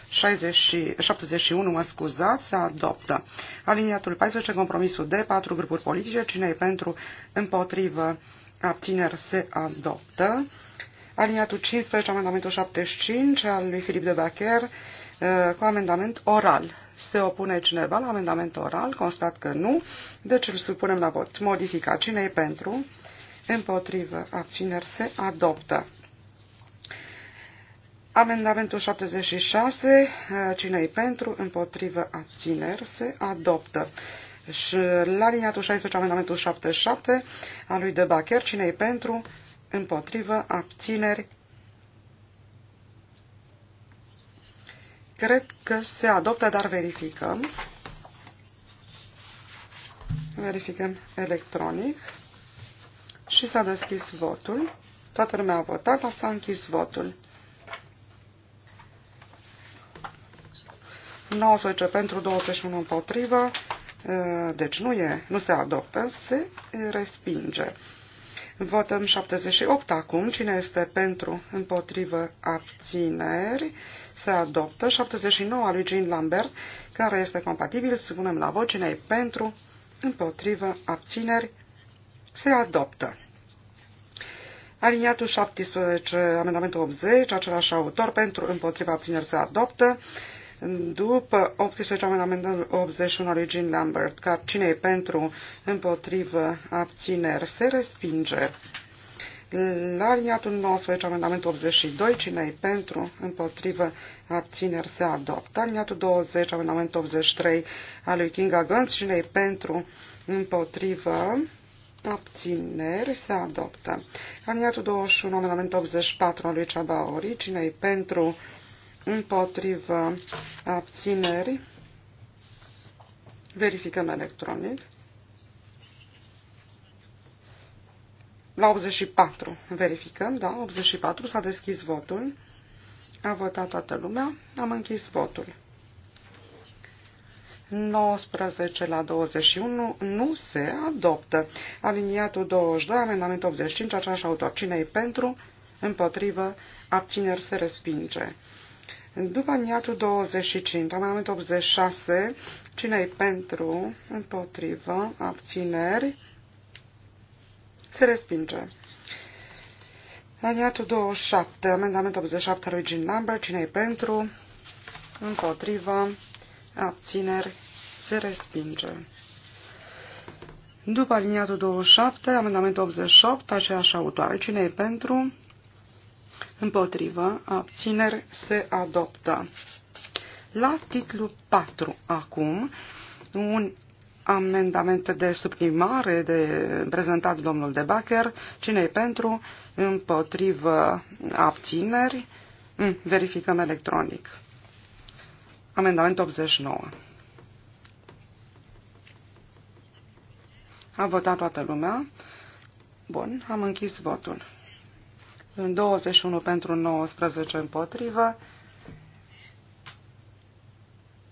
60, uh, 71, mă scuzați, se adoptă. Aliniatul 14, compromisul de patru grupuri politice, cine e pentru, împotrivă, abțineri se adoptă. Aliniatul 15, amendamentul 75 al lui Filip de Bacher uh, cu amendament oral. Se opune cineva la amendament oral? Constat că nu. Deci îl supunem la vot. Modifica. Cine e pentru? Împotrivă. Abțineri se adoptă. Amendamentul 76. Uh, cine e pentru? Împotrivă. Abțineri se adoptă. Și la liniatul 16, amendamentul 77 al lui De Bacher, cine e pentru, împotrivă, abțineri. Cred că se adoptă, dar verificăm. Verificăm electronic. Și s-a deschis votul. Toată lumea a votat, dar s-a închis votul. 19 pentru 21 împotrivă Eh, deci nu, e, nu se adoptă, se respinge. Votăm 78 acum. Cine este pentru, împotrivă, abțineri? Se adoptă. 79 a lui Jean Lambert, care este compatibil. Să punem la vot. Cine e pentru, împotrivă, abțineri? Se adoptă. Aliniatul 17, amendamentul 80, același autor, pentru, împotriva, abțineri, se adoptă după 18 amendamentul 81 origin Lambert, ca cine e pentru, împotrivă, abțineri, se respinge. La liniatul 19, amendamentul 82, cine e pentru, împotrivă, abțineri, se adoptă. Liniatul 20, amendamentul 83 al lui Kinga Gantz, cine e pentru, împotrivă, abțineri, se adoptă. Aliniatul 21, amendamentul 84 al lui Ceaba Ori, cine e pentru, împotriva abținerii. Verificăm electronic. La 84 verificăm, da, 84 s-a deschis votul. A votat toată lumea, am închis votul. 19 la 21 nu se adoptă. Aliniatul 22, amendament 85, același autor. Cine e pentru? Împotrivă? Abțineri se respinge. După niatul 25, am 86, cine e pentru, împotrivă, abțineri, se respinge. Aniatul 27, amendamentul 87 origin number, cine e pentru, împotrivă, abțineri, se respinge. După aliniatul 27, amendamentul 88, aceeași autoare, cine e pentru, Împotrivă, abțineri se adoptă. La titlu 4 acum, un amendament de suprimare de prezentat domnul de Bacher. Cine e pentru? Împotrivă abțineri? Mm, verificăm electronic. Amendament 89. A votat toată lumea. Bun, am închis votul. 21 pentru 19 împotrivă.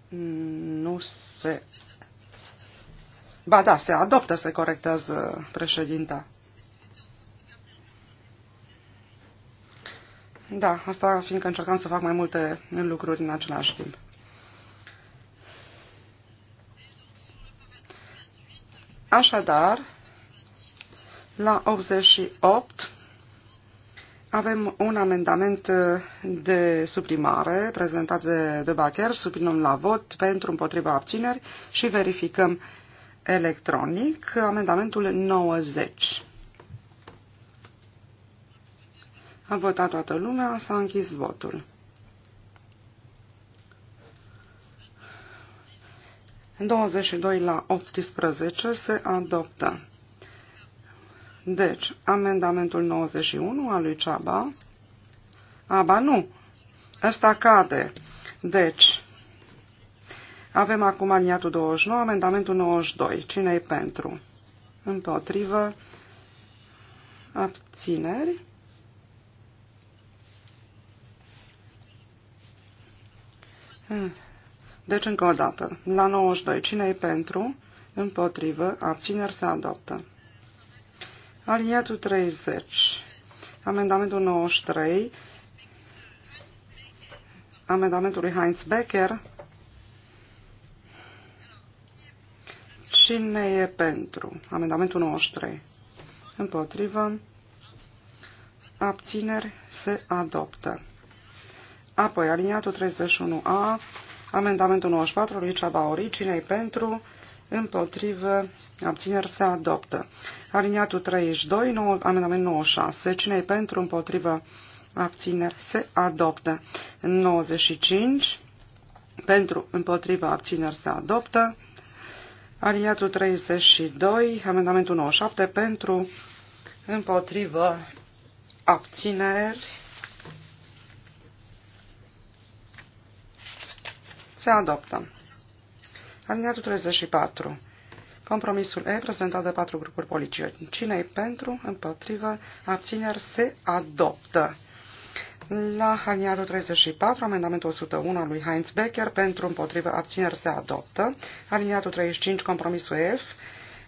Nu se... Ba da, se adoptă, se corectează președinta. Da, asta fiindcă încercam să fac mai multe lucruri în același timp. Așadar, la 88 avem un amendament uh, de suprimare prezentat de, de Bacher, suprimăm la vot pentru împotriva abțineri și verificăm electronic amendamentul 90. A votat toată lumea, s-a închis votul. În 22 la 18 se adoptă. Deci, amendamentul 91 al lui Ceaba. Aba, nu. Ăsta cade. Deci, avem acum aliniatul 29, amendamentul 92. cine e pentru? Împotrivă. Abțineri. Hmm. Deci, încă o dată, la 92, cine e pentru? Împotrivă, abțineri se adoptă. Aliniatul 30. Amendamentul 93. Amendamentul lui Heinz Becker. Cine e pentru? Amendamentul 93. Împotrivă. Abțineri se adoptă. Apoi, aliniatul 31A, amendamentul 94 lui Ceaba Ori, cine pentru? împotrivă, abțineri se adoptă. Aliniatul 32, nou, amendament 96, cine e pentru, împotrivă, abțineri se adoptă. 95, pentru, împotrivă, abțineri se adoptă. Aliniatul 32, amendamentul 97, pentru, împotrivă, abțineri se adoptă. Alineatul 34. Compromisul E prezentat de patru grupuri politice. Cine e pentru, împotrivă, abțineri se adoptă. La aliniatul 34, amendamentul 101 al lui Heinz Becker pentru împotrivă abțineri se adoptă. Aliniatul 35, compromisul F,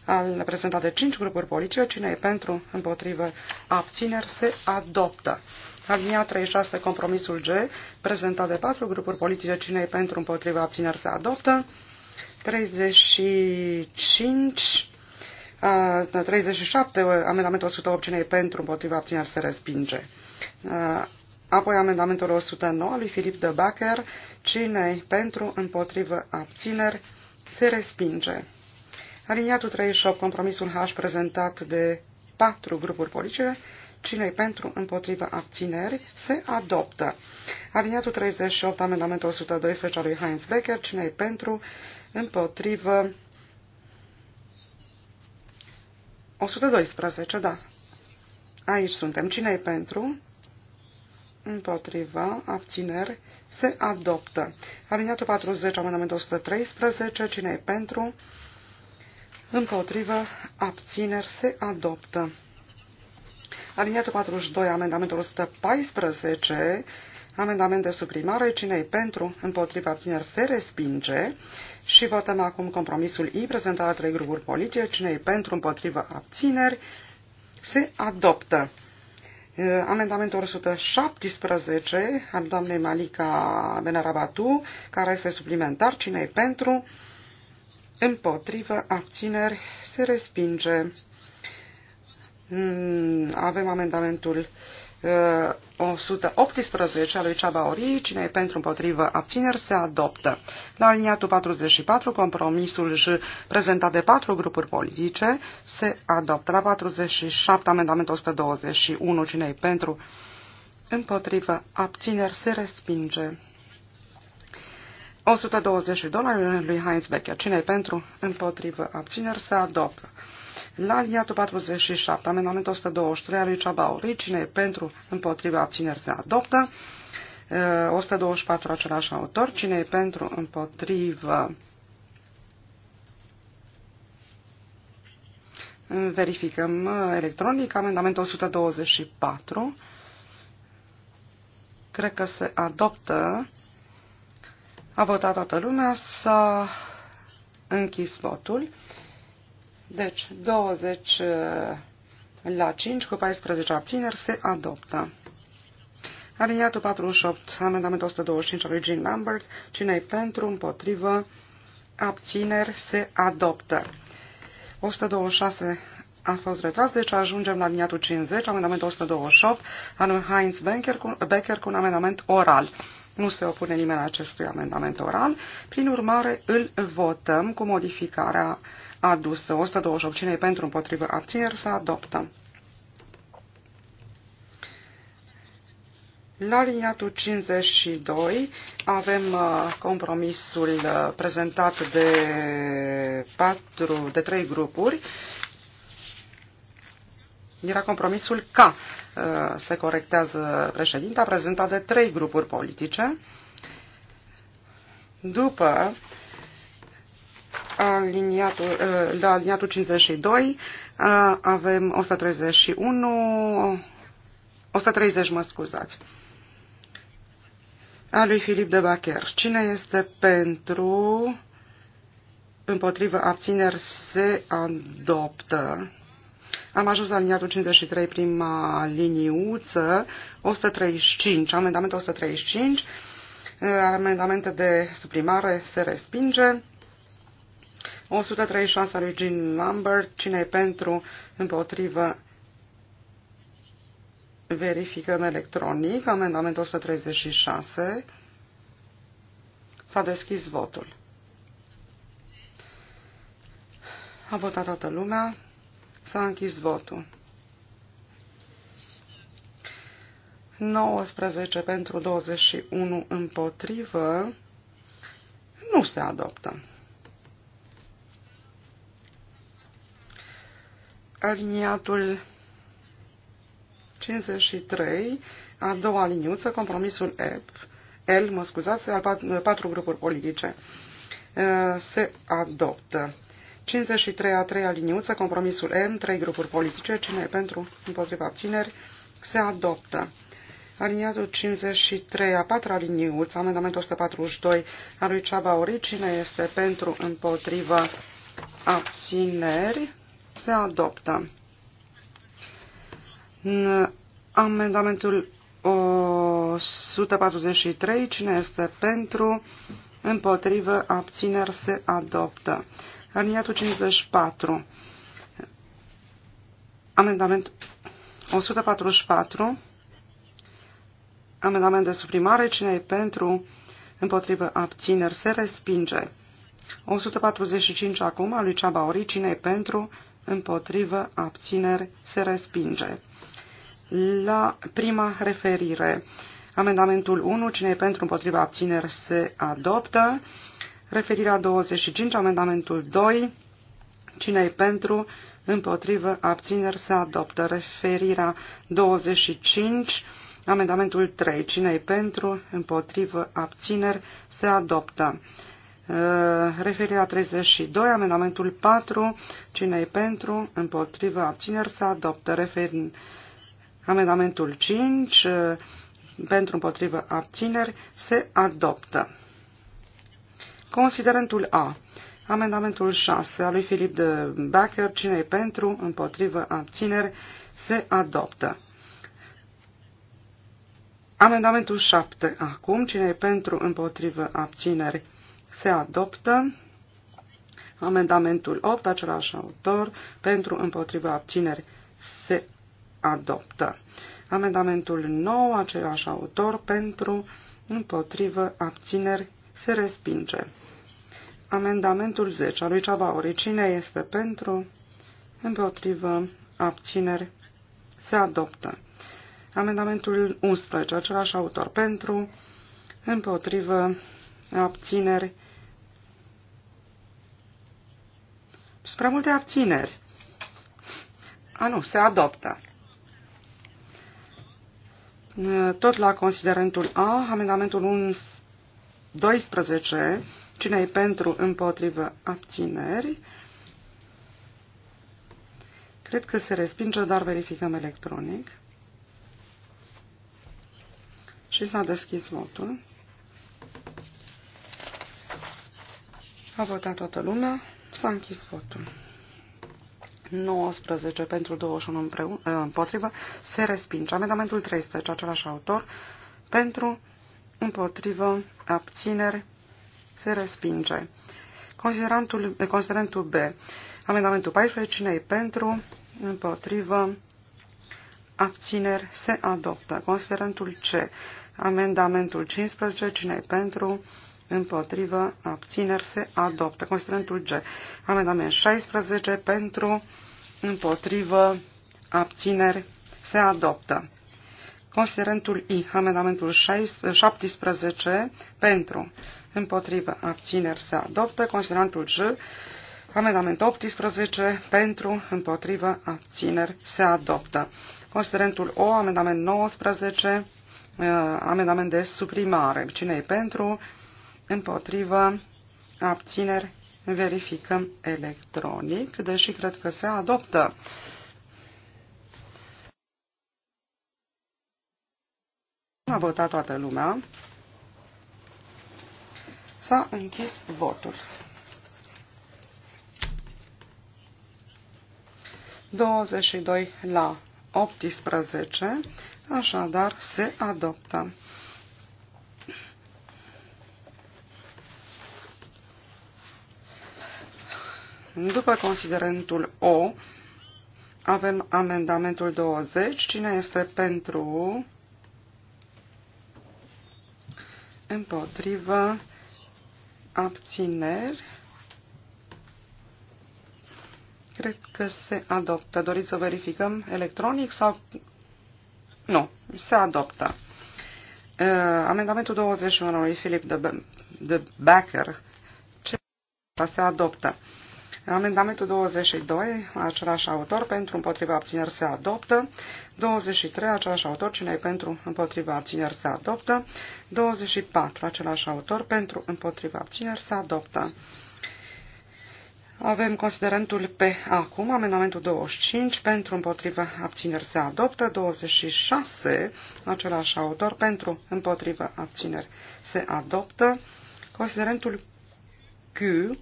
al prezentat de 5 grupuri politice, cine e pentru împotrivă abțineri se adoptă. Alinia 36, compromisul G, prezentat de 4 grupuri politice, cine e pentru împotrivă abțineri se adoptă. 35, 37, da, amendamentul 108 cine e pentru, împotriva abținerii se respinge. Apoi amendamentul 109 lui Filip de Bacher, cine pentru, împotriva abțineri, se respinge. Aliniatul 38, compromisul H prezentat de patru grupuri politice, cine pentru, împotriva abțineri, se adoptă. Aliniatul 38, amendamentul 112 al lui Heinz Becker, cine pentru, împotrivă 112, da. Aici suntem. Cine e pentru? Împotriva, abțineri, se adoptă. Aliniatul 40, amendamentul 113, cine e pentru? Împotriva abțineri, se adoptă. Aliniatul 42, amendamentul 114, Amendament de suprimare. cine e pentru? Împotriva abțineri se respinge. Și votăm acum compromisul I prezentat la trei grupuri politice. cine e pentru? Împotriva abțineri se adoptă. Amendamentul 117 al doamnei Malika Benarabatu, care este suplimentar. cine e pentru? Împotrivă abțineri se respinge. Mm, avem amendamentul 118 uh, a lui Ceabaori, cine e pentru împotrivă abțineri, se adoptă. La aliniatul 44, compromisul J prezentat de patru grupuri politice se adoptă. La 47, amendamentul 121, cine e pentru împotrivă abțineri, se respinge. 122 lui Heinz Becker, cine e pentru împotrivă abțineri, se adoptă. La aliatul 47, amendamentul 123 al lui Ceabauri, cine e pentru, împotriva, abțineri se adoptă. 124 uh, același autor, cine e pentru, împotrivă, verificăm uh, electronic, amendamentul 124, cred că se adoptă, a votat toată lumea, s-a închis votul. Deci, 20 uh, la 5 cu 14 abțineri se adoptă. Aliniatul 48, amendamentul 125 al lui Jean Lambert, cine e pentru, împotrivă, abțineri se adoptă. 126 a fost retras, deci ajungem la aliniatul 50, amendamentul 128 al lui Heinz Becker cu, Becker cu un amendament oral. Nu se opune nimeni acestui amendament oral, prin urmare îl votăm cu modificarea uh, adus 128 cinei pentru împotrivă abțineri se adoptă. La liniatul 52 avem uh, compromisul uh, prezentat de, patru, de trei grupuri. Era compromisul K, uh, se corectează președinta, prezentat de trei grupuri politice. După aliniatul, la uh, aliniatul 52 uh, avem 131, 130, mă scuzați, a lui Filip de Bacher. Cine este pentru, împotrivă, abțineri, se adoptă. Am ajuns la liniatul 53, prima liniuță, 135, amendamentul 135, uh, amendamente de suprimare se respinge. 136 al lui Jean Lambert. Cine e pentru? Împotrivă? Verificăm electronic. Amendamentul 136. S-a deschis votul. A votat toată lumea. S-a închis votul. 19 pentru 21 împotrivă. Nu se adoptă. aliniatul 53, a doua liniuță, compromisul F, L, mă scuzați, al patru, patru grupuri politice, se adoptă. 53 a treia liniuță, compromisul M, trei grupuri politice, cine e pentru, împotriva abțineri, se adoptă. Aliniatul 53 a patra liniuță, amendamentul 142 al lui Ceaba Ori, cine este pentru, împotriva abțineri, se adoptă. În amendamentul 143, cine este pentru, împotrivă, abțineri, se adoptă. Aliniatul 54, amendament 144, amendament de suprimare, cine e pentru, împotrivă, abțineri, se respinge. 145 acum, a lui Ceaba Ori, cine e pentru, împotrivă, abțineri, se respinge. La prima referire, amendamentul 1, cine e pentru, împotrivă, abțineri, se adoptă. Referirea 25, amendamentul 2, cine e pentru, împotrivă, abțineri, se adoptă. Referirea 25, amendamentul 3, cine e pentru, împotrivă, abțineri, se adoptă. Uh, referire la 32, amendamentul 4, cine e pentru, împotrivă, abțineri, se adoptă. Referi, amendamentul 5, uh, pentru, împotrivă, abțineri, se adoptă. Considerentul A. Amendamentul 6 al lui Filip de Becker, cine e pentru, împotrivă, abțineri, se adoptă. Amendamentul 7. Acum, cine e pentru, împotrivă, abțineri, se se adoptă. Amendamentul 8, același autor, pentru împotriva abțineri se adoptă. Amendamentul 9, același autor, pentru împotrivă abțineri se respinge. Amendamentul 10 al lui Ceaba cine este pentru împotrivă abțineri se adoptă. Amendamentul 11, același autor, pentru împotrivă abțineri. Spre multe abțineri. A, nu, se adoptă. Tot la considerentul A, amendamentul 12, cine e pentru, împotrivă, abțineri. Cred că se respinge, dar verificăm electronic. Și s-a deschis votul. A votat toată lumea. S-a închis votul. 19 pentru 21 împreună, împotrivă se respinge. Amendamentul 13, același autor, pentru împotrivă abțineri se respinge. Considerantul, considerantul B, amendamentul 14, cine e pentru împotrivă abțineri se adoptă. Considerantul C, amendamentul 15, cine e pentru împotrivă, abțineri se adoptă. Considerentul G. Amendament 16 pentru, împotrivă, abțineri se adoptă. Considerentul I. Amendamentul 16, 17 pentru, împotrivă, abțineri se adoptă. Considerentul J. Amendament 18 pentru, împotrivă, abțineri se adoptă. Considerentul O, amendament 19, uh, amendament de suprimare. Cine e pentru? împotrivă, abțineri, verificăm electronic, deși cred că se adoptă. A votat toată lumea. S-a închis votul. 22 la 18, așadar se adoptă. După considerentul O, avem amendamentul 20. Cine este pentru? Împotrivă. Abțineri. Cred că se adoptă. Doriți să verificăm electronic sau... Nu, se adoptă. Uh, amendamentul 21 lui Filip de, de Becker. Ce se adoptă? Amendamentul 22, același autor, pentru împotriva abțineri se adoptă. 23, același autor, cine e pentru împotriva abțineri se adoptă. 24, același autor, pentru împotriva abțineri se adoptă. Avem considerentul P acum, amendamentul 25, pentru împotriva abțineri se adoptă, 26, același autor, pentru împotriva abțineri se adoptă, considerentul Q,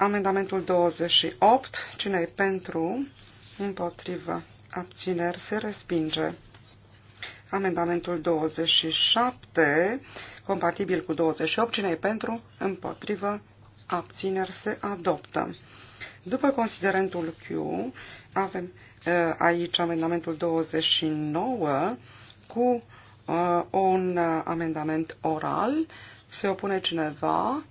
Amendamentul 28. Cine e pentru? Împotrivă. Abțineri se respinge. Amendamentul 27, compatibil cu 28, cine e pentru? Împotrivă. Abțineri se adoptă. După considerentul Q, avem uh, aici amendamentul 29 cu uh, un uh, amendament oral. Se opune cineva?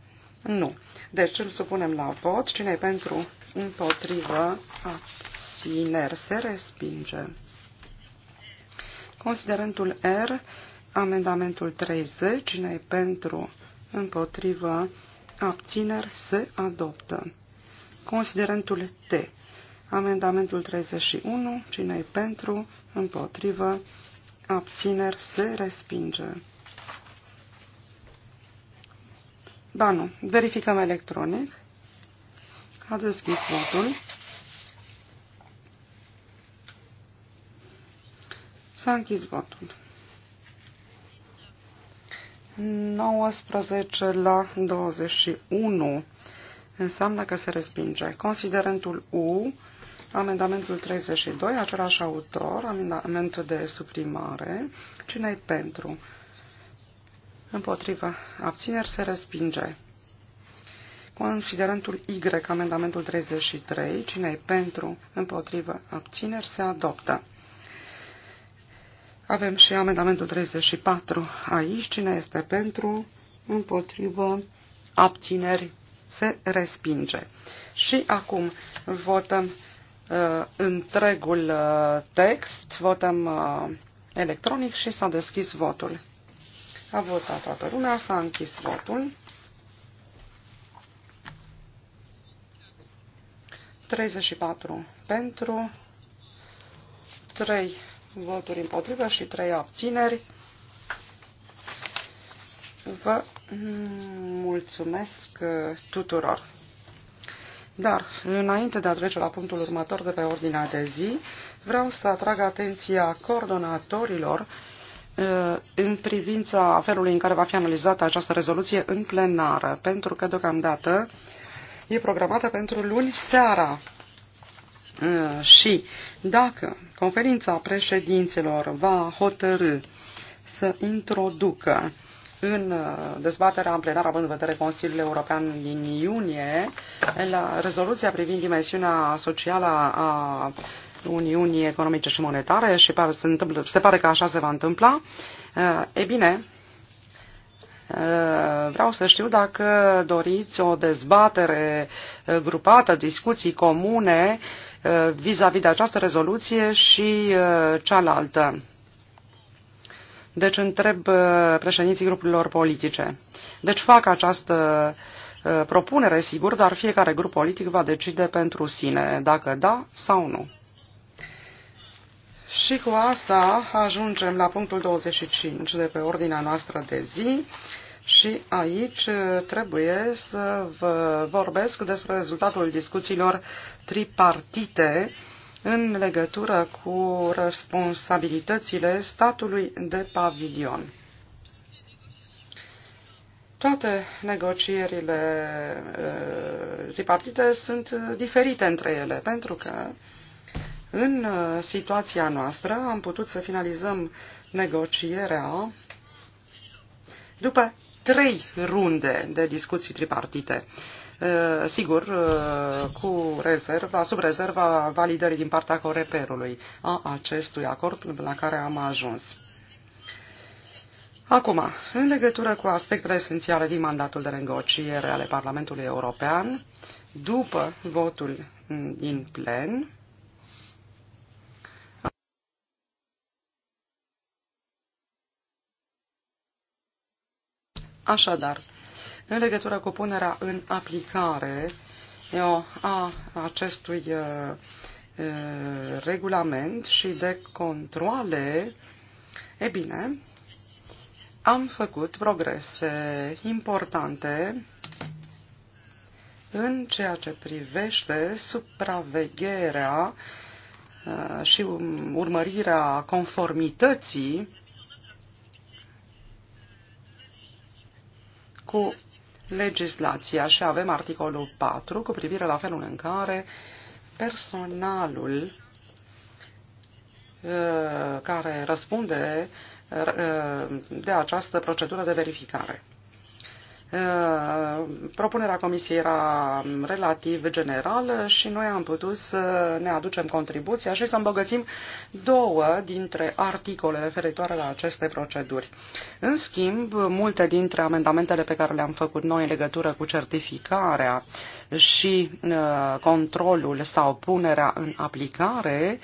Nu. Deci îl supunem la vot. cine e pentru? Împotrivă. Abțineri. Se respinge. Considerentul R, amendamentul 30. cine e pentru? Împotrivă. Abțineri. Se adoptă. Considerentul T. Amendamentul 31. cine e pentru? Împotrivă. Abțineri. Se respinge. Da, nu. Verificăm electronic. A deschis votul. S-a închis votul. 19 la 21 înseamnă că se respinge. Considerentul U, amendamentul 32, același autor, amendament de suprimare. Cine-i pentru? Împotrivă. Abțineri se respinge. Considerentul Y, amendamentul 33, cine e pentru, împotrivă, abțineri, se adoptă. Avem și amendamentul 34 aici, cine este pentru, împotrivă, abțineri, se respinge. Și acum votăm uh, întregul uh, text, votăm uh, electronic și s-a deschis votul. A votat toată lumea, s-a închis votul. 34 pentru, 3 voturi împotrivă și 3 abțineri. Vă mulțumesc tuturor. Dar, înainte de a trece la punctul următor de pe ordinea de zi, vreau să atrag atenția coordonatorilor Uh, în privința felului în care va fi analizată această rezoluție în plenară, pentru că deocamdată e programată pentru luni seara. Uh, și dacă conferința președinților va hotărâ să introducă în uh, dezbaterea în plenară, având în vedere Consiliul European din iunie, la rezoluția privind dimensiunea socială a Uniunii Economice și Monetare și pare, se, întâmplă, se pare că așa se va întâmpla. Eh, e bine, eh, vreau să știu dacă doriți o dezbatere eh, grupată, discuții comune vis-a-vis -vis de această rezoluție și cealaltă. Deci întreb președinții grupurilor politice. Deci fac această propunere, sigur, dar fiecare grup politic va decide pentru sine dacă da sau nu. Și cu asta ajungem la punctul 25 de pe ordinea noastră de zi și aici uh, trebuie să vă vorbesc despre rezultatul discuțiilor tripartite în legătură cu responsabilitățile statului de pavilion. Toate negocierile uh, tripartite sunt diferite între ele, pentru că în uh, situația noastră am putut să finalizăm negocierea după trei runde de discuții tripartite. Uh, sigur, uh, cu rezerva, sub rezerva validării din partea coreperului a acestui acord la care am ajuns. Acum, în legătură cu aspectele esențiale din mandatul de negociere ale Parlamentului European, după votul mm, din plen, Așadar, în legătură cu punerea în aplicare eu, a acestui uh, regulament și de controle, e bine, am făcut progrese importante în ceea ce privește supravegherea și urmărirea conformității cu legislația și avem articolul 4 cu privire la felul în care personalul uh, care răspunde uh, de această procedură de verificare. Uh, propunerea Comisiei era relativ generală și noi am putut să ne aducem contribuția și să îmbogățim două dintre articole referitoare la aceste proceduri. În schimb, multe dintre amendamentele pe care le-am făcut noi în legătură cu certificarea și uh, controlul sau punerea în aplicare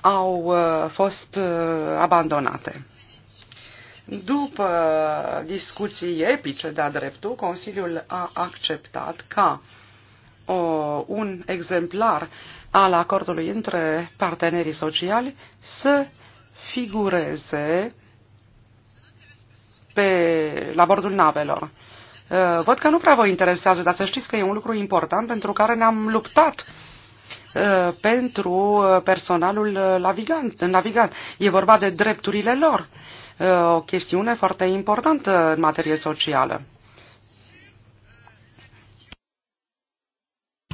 au uh, fost abandonate. După discuții epice de-a dreptul, Consiliul a acceptat ca o, un exemplar al acordului între partenerii sociali să figureze pe, la bordul navelor. Uh, văd că nu prea vă interesează, dar să știți că e un lucru important pentru care ne-am luptat uh, pentru uh, personalul navigant. navigant. E vorba de drepturile lor o chestiune foarte importantă în materie socială.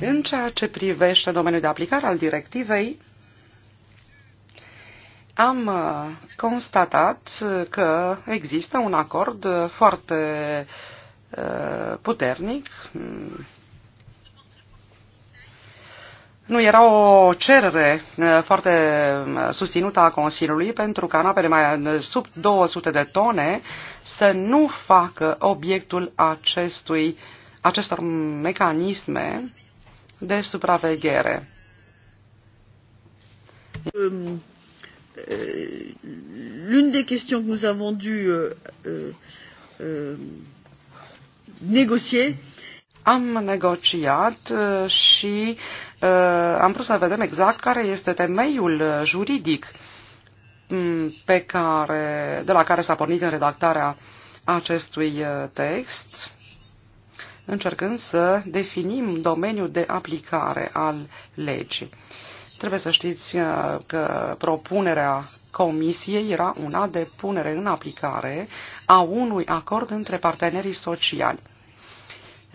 În ceea ce privește domeniul de aplicare al directivei, am constatat că există un acord foarte puternic nu, era o cerere uh, foarte uh, susținută a Consiliului pentru canapele mai uh, sub 200 de tone să nu facă obiectul acestui, acestor mecanisme de supraveghere. Um, L'une des questions que nous avons dû euh, euh, négocier euh, am negociat uh, și uh, am vrut să vedem exact care este temeiul juridic mm, pe care, de la care s-a pornit în redactarea acestui uh, text, încercând să definim domeniul de aplicare al legii. Trebuie să știți că propunerea Comisiei era una de punere în aplicare a unui acord între partenerii sociali.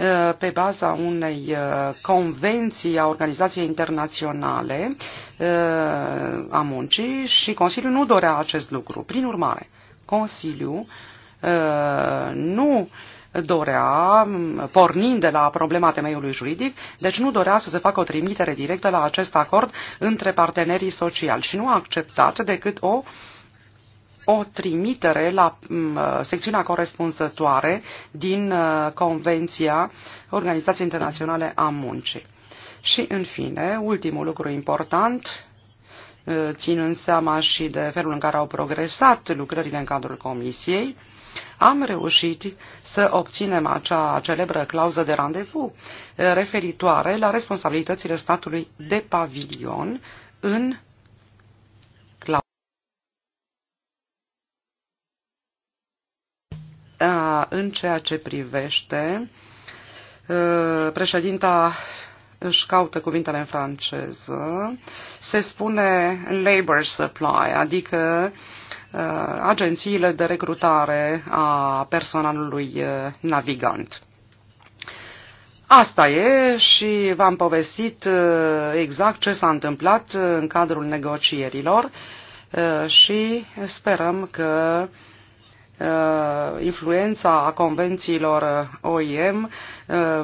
Uh, pe baza unei uh, convenții a Organizației Internaționale uh, a Muncii și Consiliul nu dorea acest lucru. Prin urmare, Consiliul nu dorea, pornind de la problema temeiului juridic, deci nu dorea să se facă o trimitere directă la acest acord între partenerii sociali și nu a acceptat decât o uh, o trimitere la mm, uh, secțiunea corespunzătoare din uh, Convenția Organizației Internaționale a Muncii. Și, în fine, ultimul lucru important, uh, ținând seama și de felul în care au progresat lucrările în cadrul Comisiei, am reușit să obținem acea celebră clauză de randevu referitoare la responsabilitățile statului de pavilion în în ceea ce privește președinta își caută cuvintele în franceză, se spune labor supply, adică agențiile de recrutare a personalului navigant. Asta e și v-am povestit exact ce s-a întâmplat în cadrul negocierilor și sperăm că uh, Uh, influența a convențiilor OIM uh,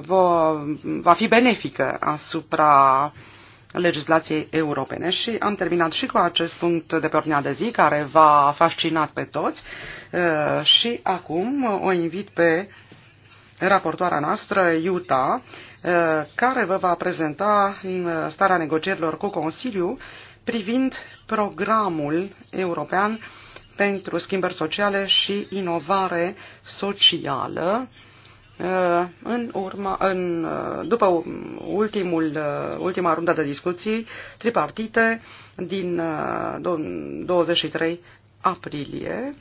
va fi benefică asupra legislației europene. Și am terminat și cu acest punct de pe ordinea de zi, care va fascinat pe toți. Uh, și acum o invit pe raportoarea noastră, Iuta, care vă va prezenta starea negocierilor cu Consiliu privind programul european pentru schimbări sociale și inovare socială uh, în urma, în, uh, după ultimul, uh, ultima rundă de discuții tripartite din 23 aprilie,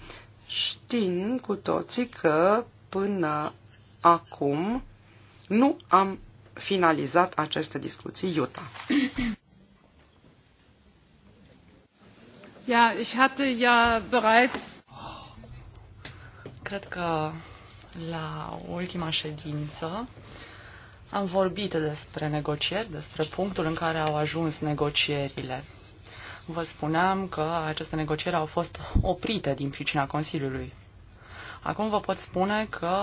știm cu toții că până acum nu am finalizat aceste discuții. Iuta. Ja, ich hatte ja bereits. Cred că la ultima ședință am vorbit despre negocieri, despre punctul în care au ajuns negocierile. Vă spuneam că aceste negocieri au fost oprite din pricina Consiliului. Acum vă pot spune că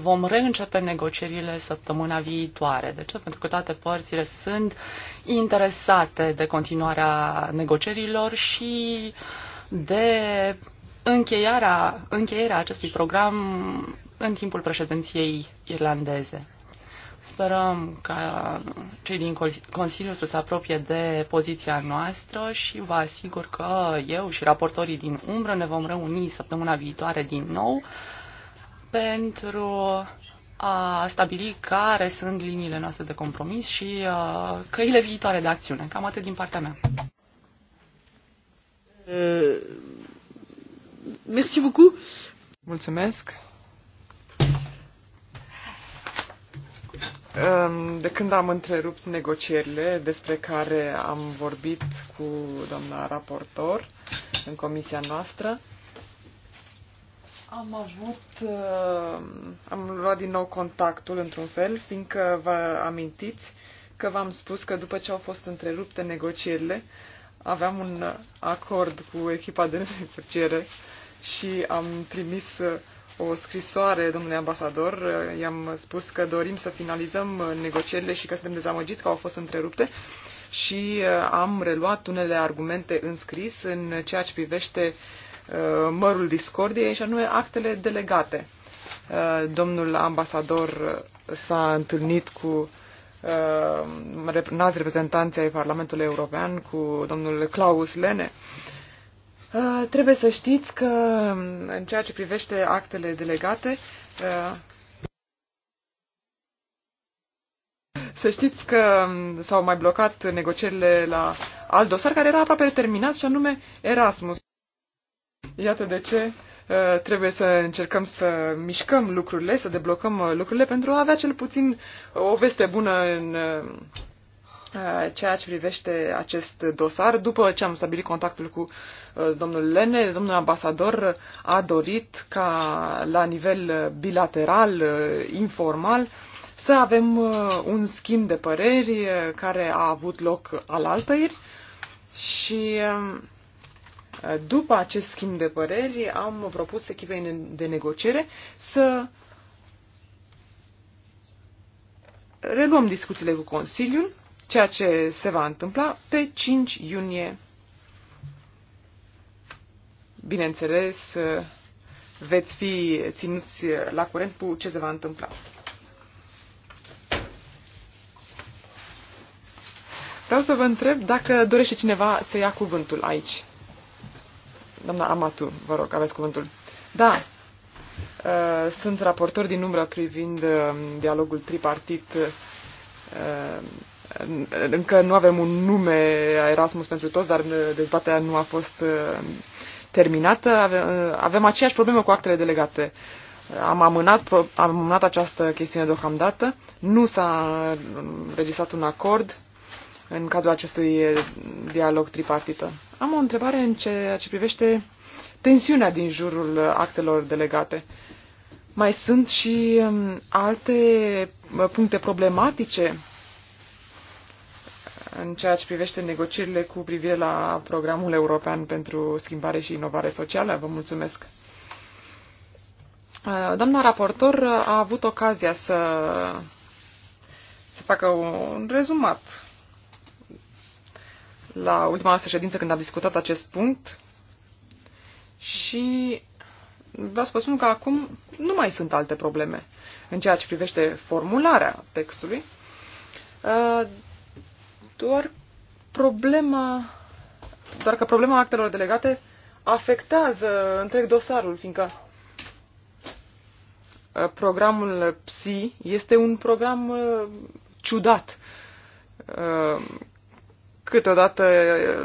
vom reîncepe negocierile săptămâna viitoare. De ce? Pentru că toate părțile sunt interesate de continuarea negocierilor și de încheierea, încheierea acestui program în timpul președinției irlandeze. Sperăm ca cei din Consiliu să se apropie de poziția noastră și vă asigur că eu și raportorii din umbră ne vom reuni săptămâna viitoare din nou pentru a stabili care sunt liniile noastre de compromis și uh, căile viitoare de acțiune. Cam atât din partea mea. Uh, merci beaucoup. Mulțumesc. Ehm, de când am întrerupt negocierile despre care am vorbit cu doamna raportor în comisia noastră, am avut, ehm, am luat din nou contactul într-un fel, fiindcă vă amintiți că v-am spus că după ce au fost întrerupte negocierile, aveam un acord cu echipa de negociere și am trimis o scrisoare, domnule ambasador. I-am spus că dorim să finalizăm negocierile și că suntem dezamăgiți că au fost întrerupte și uh, am reluat unele argumente în scris în ceea ce privește uh, mărul discordiei și anume actele delegate. Uh, domnul ambasador s-a întâlnit cu înalți reprezentanții ai Parlamentului European, cu domnul Klaus Lene, Uh, trebuie să știți că um, în ceea ce privește actele delegate, uh, să știți că um, s-au mai blocat negocierile la alt dosar care era aproape terminat și anume Erasmus. Iată de ce uh, trebuie să încercăm să mișcăm lucrurile, să deblocăm lucrurile pentru a avea cel puțin o veste bună în Eh, ceea ce privește acest dosar. După ce am stabilit contactul cu eh, domnul Lene, domnul ambasador a dorit ca la nivel bilateral, eh, informal, să avem un schimb de păreri care a avut loc alaltăieri și după acest schimb de păreri am propus echipei de negociere să reluăm discuțiile cu Consiliul ceea ce se va întâmpla pe 5 iunie. Bineînțeles, veți fi ținuți la curent cu ce se va întâmpla. Vreau să vă întreb dacă dorește cineva să ia cuvântul aici. Doamna Amatu, vă rog, aveți cuvântul. Da, uh, sunt raportor din umbră privind uh, dialogul tripartit uh, încă nu avem un nume a Erasmus pentru toți, dar uh, dezbaterea nu a fost uh, terminată. Uh, avem aceeași problemă cu actele delegate. Am amânat, am amânat această chestiune deocamdată. Nu s-a registrat un acord în cadrul acestui dialog tripartită. Am o întrebare în ceea ce privește tensiunea din jurul actelor delegate. Mai sunt și um, alte puncte problematice în ceea ce privește negocierile cu privire la programul european pentru schimbare și inovare socială. Vă mulțumesc! Uh, doamna raportor a avut ocazia să, să facă un rezumat la ultima noastră ședință când am discutat acest punct și vreau să vă spun că acum nu mai sunt alte probleme în ceea ce privește formularea textului. Uh, doar problema, doar că problema actelor delegate afectează întreg dosarul, fiindcă ă, programul PSI este un program ă, ciudat. Ă, câteodată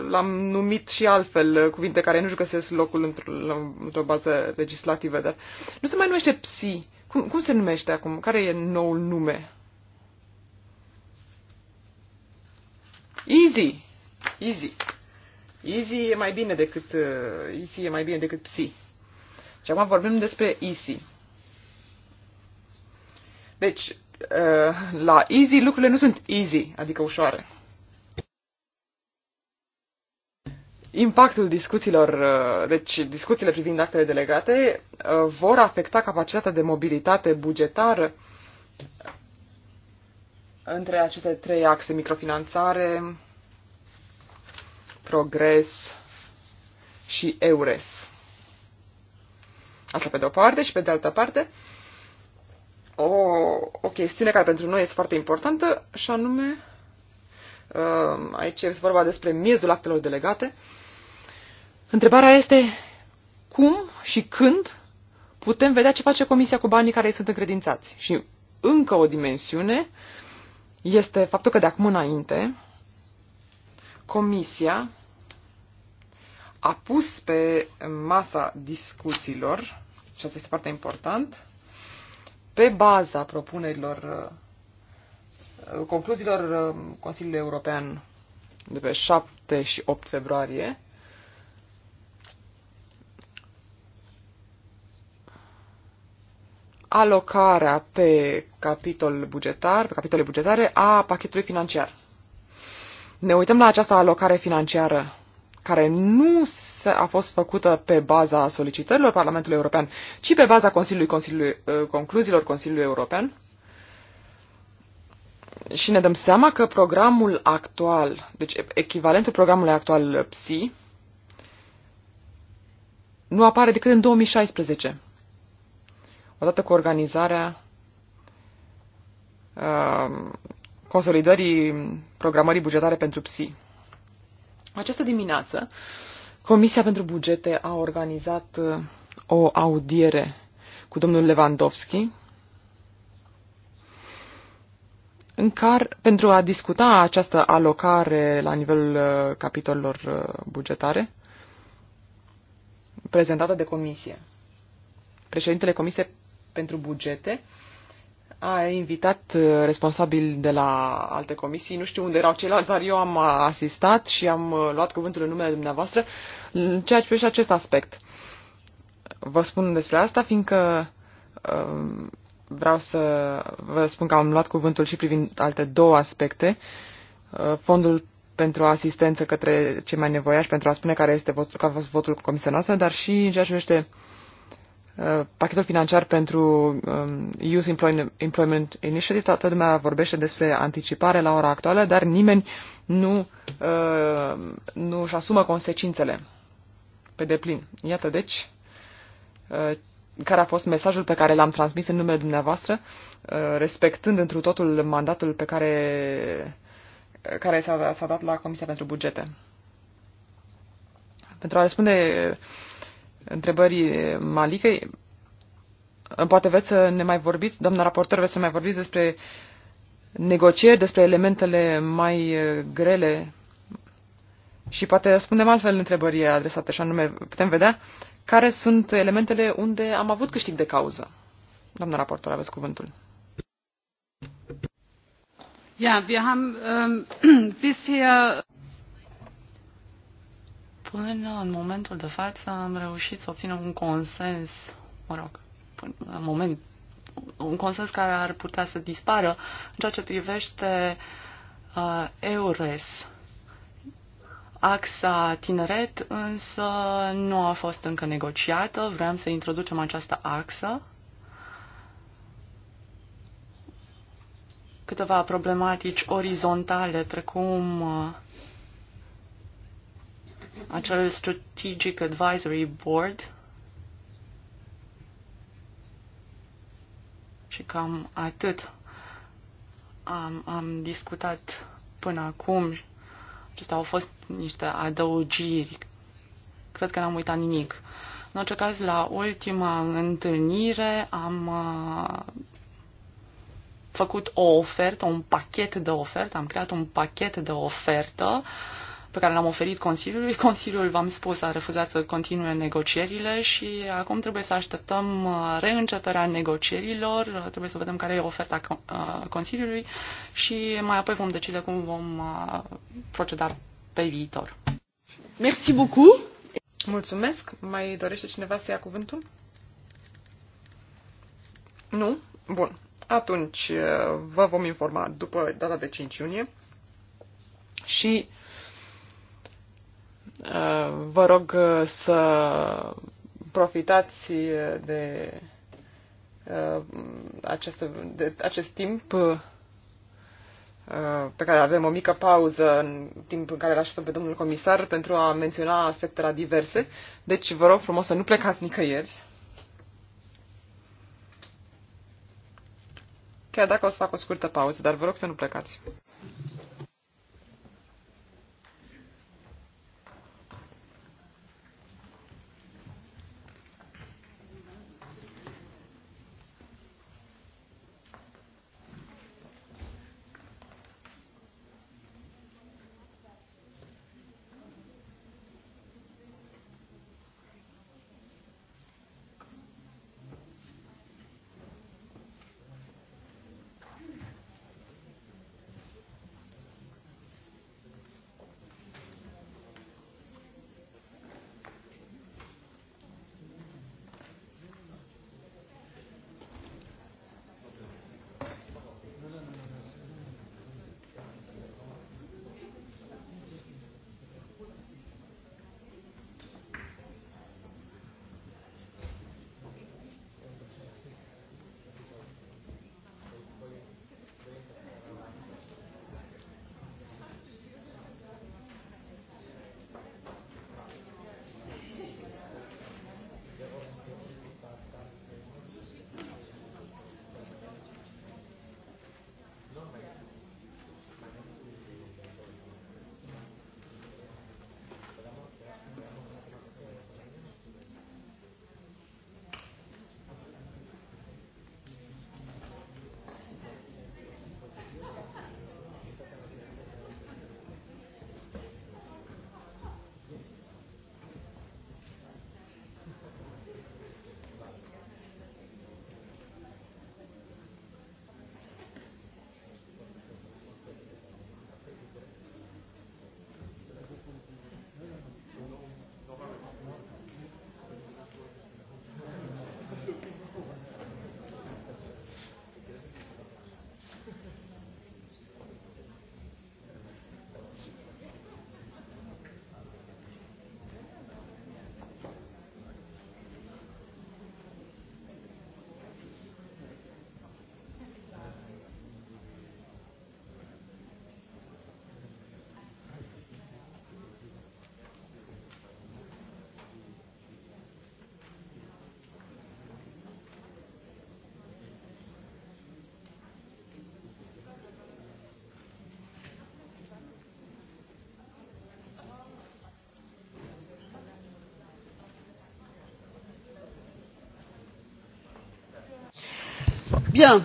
l-am numit și altfel, cuvinte care nu-și găsesc locul într-o, într-o bază legislativă, dar nu se mai numește PSI. Cum, cum se numește acum? Care e noul nume? Easy. Easy. Easy e mai bine decât, uh, easy e mai bine decât psi. Și acum vorbim despre easy. Deci, uh, la easy lucrurile nu sunt easy, adică ușoare. Impactul discuțiilor, uh, deci discuțiile privind actele delegate, uh, vor afecta capacitatea de mobilitate bugetară între aceste trei axe, microfinanțare, progres și EURES. Asta pe de o parte și pe de altă parte o, o chestiune care pentru noi este foarte importantă și anume um, aici este vorba despre miezul actelor delegate. Întrebarea este cum și când putem vedea ce face Comisia cu banii care îi sunt încredințați. Și încă o dimensiune uh, este faptul că de acum înainte Comisia a pus pe masa discuțiilor, și asta este foarte important, pe baza propunerilor, concluziilor uh, Consiliului European de pe 7 și 8 februarie, alocarea pe capitol bugetar, pe capitole bugetare a pachetului financiar. Ne uităm la această alocare financiară care nu a fost făcută pe baza solicitărilor Parlamentului European, ci pe baza Consiliului, Consiliului, uh, concluziilor Consiliului European. Și ne dăm seama că programul actual, deci echivalentul programului actual PSI, nu apare decât în 2016 odată cu organizarea uh, consolidării programării bugetare pentru PSI. Această dimineață, Comisia pentru Bugete a organizat uh, o audiere cu domnul Lewandowski, în care, pentru a discuta această alocare la nivelul uh, capitolelor uh, bugetare prezentată de comisie. Președintele comisiei pentru bugete a invitat uh, responsabil de la alte comisii, nu știu unde erau ceilalți, dar eu am uh, asistat și am uh, luat cuvântul în numele dumneavoastră în ceea ce privește acest aspect. Vă spun despre asta, fiindcă um, vreau să vă spun că am luat cuvântul și privind alte două aspecte. Fondul pentru asistență către cei mai nevoiași, pentru a spune care este votul, votul comisia dar și în ceea ce privește Uh, pachetul financiar pentru um, Youth Employment Initiative, toată lumea vorbește despre anticipare la ora actuală, dar nimeni nu, uh, nu își asumă consecințele pe deplin. Iată deci uh, care a fost mesajul pe care l-am transmis în numele dumneavoastră, respectând întru totul mandatul pe care, care s-a, dat la Comisia pentru Bugete. Pentru a răspunde întrebării Malicăi, poate veți să ne mai vorbiți, doamna raportor, veți să mai vorbiți despre negocieri, despre elementele mai eh, grele și poate răspundem altfel întrebării adresate, și anume putem vedea care sunt elementele unde am avut câștig de cauză. Doamna raportor, aveți cuvântul. Ja, wir haben ähm, bisher Până în momentul de față am reușit să obținem un consens, mă rog, până în moment, un consens care ar putea să dispară în ceea ce privește uh, EURES. Axa tineret însă nu a fost încă negociată, vrem să introducem această axă. Câteva problematici orizontale, precum uh, acel Strategic Advisory Board și cam atât am, am discutat până acum. Acestea au fost niște adăugiri. Cred că n-am uitat nimic. În orice caz, la ultima întâlnire am uh, făcut o ofertă, un pachet de ofertă, am creat un pachet de ofertă uh, pe care l-am oferit Consiliului. Consiliul, v-am spus, a refuzat să continue negocierile și acum trebuie să așteptăm uh, reînceperea negocierilor, trebuie să vedem care e oferta uh, Consiliului și mai apoi vom decide cum vom uh, proceda pe viitor. Merci beaucoup! Mulțumesc! Mai dorește cineva să ia cuvântul? Nu? Bun. Atunci vă vom informa după data de 5 iunie și Vă rog uh, să profitați uh, de uh, acest, de acest timp pe care avem o mică pauză în timp în care îl așteptăm pe domnul comisar pentru a menționa aspectele diverse. Deci vă rog frumos să nu plecați nicăieri. Chiar dacă o să fac o scurtă pauză, dar vă rog să nu plecați. Bien.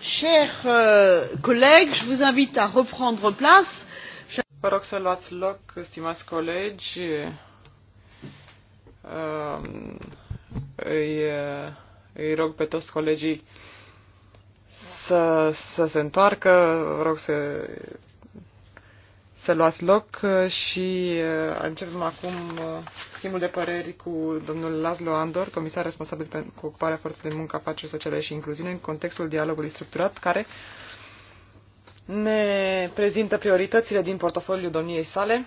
Chers euh, collègues, je vous invite à reprendre place. Vă rog să luați loc, stimați colegi. Uh, îi, îi rog pe toți colegii să, să se întoarcă, vă rog să, să luați loc și uh, începem acum uh, schimbul de păreri cu domnul Laszlo Andor, comisar responsabil pentru ocuparea forței de muncă, afaceri sociale și incluziune, în contextul dialogului structurat, care ne prezintă prioritățile din portofoliul domniei sale,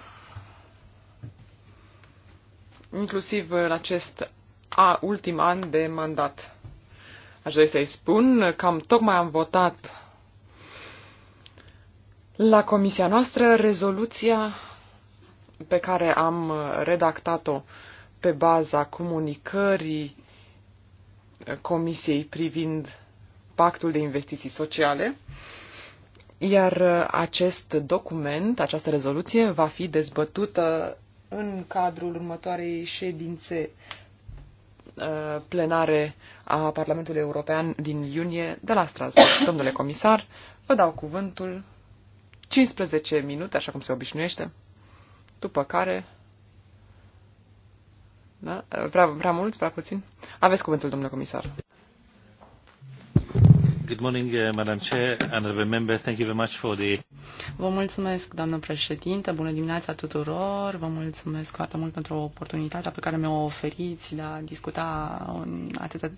inclusiv în acest a, ultim an de mandat. Aș dori să-i spun că am, tocmai am votat la comisia noastră rezoluția pe care am redactat-o pe baza comunicării Comisiei privind Pactul de Investiții Sociale, iar acest document, această rezoluție, va fi dezbătută în cadrul următoarei ședințe uh, plenare a Parlamentului European din iunie de la Strasbourg. Domnule comisar, vă dau cuvântul 15 minute, așa cum se obișnuiește. După care... Da? Prea, prea mulți, prea puțin? Aveți cuvântul, domnule comisar. Good morning, uh, Madam Chair, honorable members. Thank you very much for the... Vă mulțumesc, doamnă președinte. Bună dimineața tuturor. Vă mulțumesc foarte mult pentru oportunitatea pe care mi-o oferiți de a discuta aceste,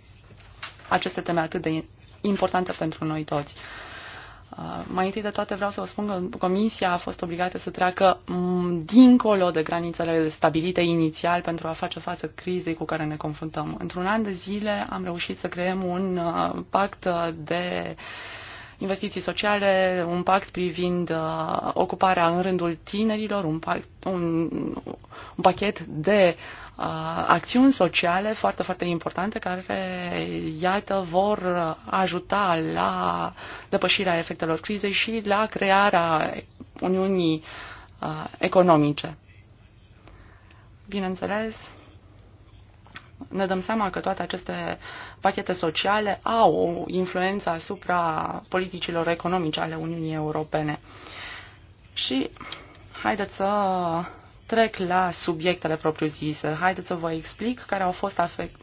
aceste teme atât de importante pentru noi toți. Uh, Uh, mai întâi de toate vreau să vă spun că Comisia a fost obligată să treacă mm, dincolo de granițele stabilite inițial pentru a face față crizei cu care ne confruntăm. Într-un an de zile am reușit să creăm un uh, pact de investiții sociale, un pact privind uh, ocuparea în rândul tinerilor, un, pact, un, un pachet de uh, acțiuni sociale foarte, foarte importante care, iată, vor ajuta la depășirea efectelor crizei și la crearea Uniunii uh, economice. Bineînțeles, ne dăm seama că toate aceste pachete sociale au o influență asupra politicilor economice ale Uniunii Europene. Și haideți să trec la subiectele propriu-zise. Haideți să vă explic care au fost afect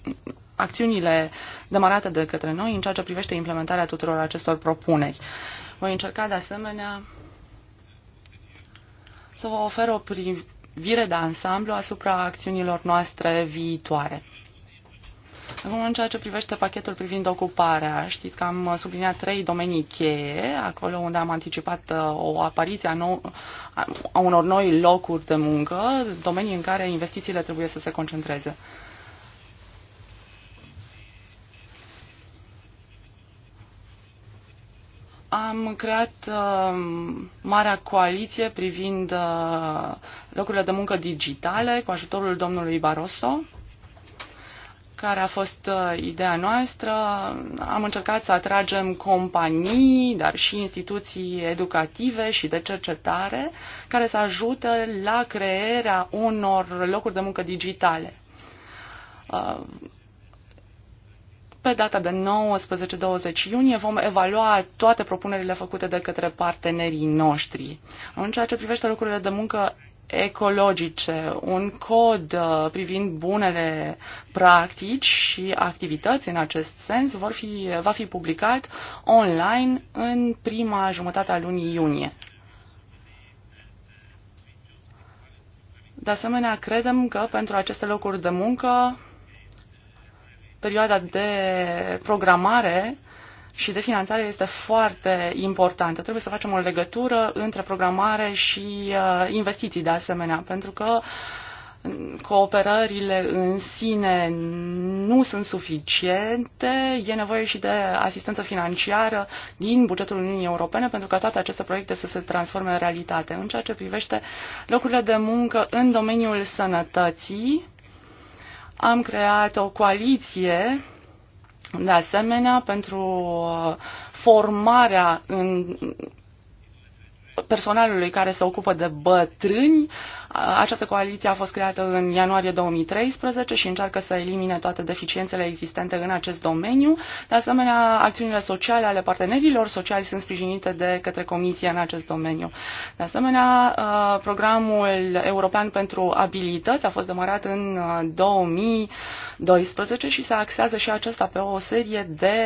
acțiunile demarate de către noi în ceea ce privește implementarea tuturor acestor propuneri. Voi încerca de asemenea să vă ofer o privire de ansamblu asupra acțiunilor noastre viitoare. Acum, în ceea ce privește pachetul privind ocuparea, știți că am subliniat trei domenii cheie, acolo unde am anticipat uh, o apariție a, nou, a unor noi locuri de muncă, domenii în care investițiile trebuie să se concentreze. am creat uh, Marea Coaliție privind uh, locurile de muncă digitale cu ajutorul domnului Barroso care a fost uh, ideea noastră. Am încercat să atragem companii, dar și instituții educative și de cercetare care să ajute la crearea unor locuri de muncă digitale. Uh, pe data de 19-20 iunie vom evalua toate propunerile făcute de către partenerii noștri. În ceea ce privește locurile de muncă ecologice, un cod uh, privind bunele practici și activități în acest sens vor fi, va fi publicat online în prima jumătate a lunii iunie. De asemenea, credem că pentru aceste locuri de muncă perioada de programare și de finanțare este foarte importantă. Trebuie să facem o legătură între programare și uh, investiții de asemenea, pentru că mm, cooperările în sine nu sunt suficiente, e nevoie și de asistență financiară din bugetul Uniunii Europene pentru ca toate aceste proiecte să se transforme în realitate. În ceea ce privește locurile de muncă în domeniul sănătății, am creat o coaliție de asemenea, pentru uh, formarea în personalului care se ocupă de bătrâni. Această coaliție a fost creată în ianuarie 2013 și încearcă să elimine toate deficiențele existente în acest domeniu. De asemenea, acțiunile sociale ale partenerilor sociali sunt sprijinite de către Comisie în acest domeniu. De asemenea, uh, programul european pentru abilități a fost demarat în 2012 uh, și se axează și acesta pe o serie de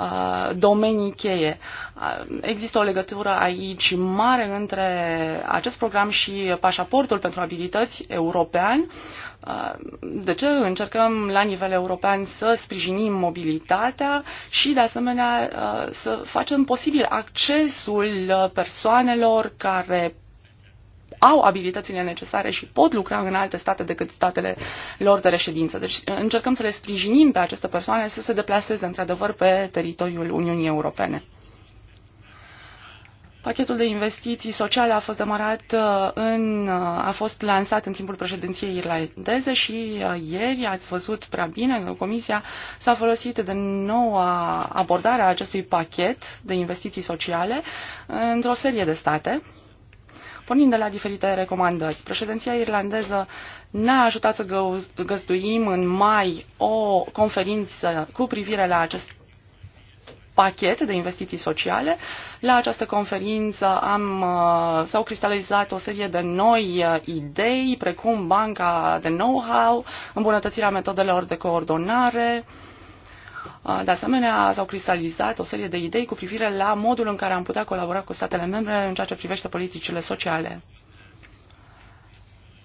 Uh, domenii cheie. Uh, există o legătură aici mare între acest program și pașaportul pentru abilități european. Uh, de ce încercăm la nivel european să sprijinim mobilitatea și, de asemenea, să facem posibil accesul persoanelor care au abilitățile necesare și pot lucra în alte state decât statele lor de reședință. Deci încercăm să le sprijinim pe aceste persoane să se deplaseze într-adevăr pe teritoriul Uniunii Europene. Pachetul de investiții sociale a fost demarat uh, în, uh, a fost lansat în timpul președinției irlandeze și uh, ieri ați văzut prea bine că Comisia s-a folosit de noua abordare a acestui pachet de investiții sociale într-o serie de state pornind de la diferite recomandări. Președinția irlandeză ne-a ajutat să găzduim în mai o conferință cu privire la acest pachet de investiții sociale. La această conferință am, uh, s-au cristalizat o serie de noi uh, idei, precum banca de know-how, îmbunătățirea metodelor de coordonare, uh, de asemenea, s-au cristalizat o serie de idei cu privire la modul în care am putea colabora cu statele membre în ceea ce privește politicile sociale.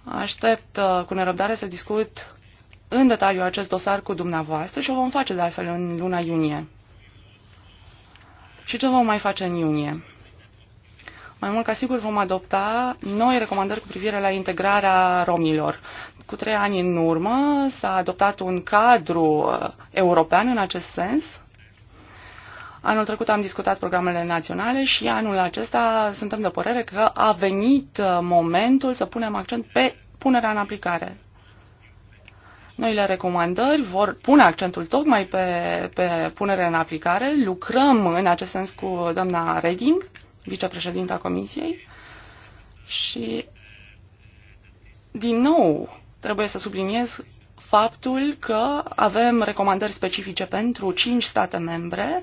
Aștept uh, cu nerăbdare să discut în detaliu acest dosar cu dumneavoastră și o vom face de altfel în luna iunie. Și ce vom mai face în iunie? Mai mult ca sigur vom adopta noi recomandări cu privire la integrarea romilor. Cu trei ani în urmă s-a adoptat un cadru uh, european în acest sens. Anul trecut am discutat programele naționale și anul acesta suntem de părere că a venit uh, momentul să punem accent pe punerea în aplicare. Noile recomandări vor pune accentul tocmai pe, pe punerea în aplicare. Lucrăm în acest sens cu doamna Reding vicepreședinta Comisiei și din nou trebuie să subliniez faptul că avem recomandări specifice pentru cinci state membre,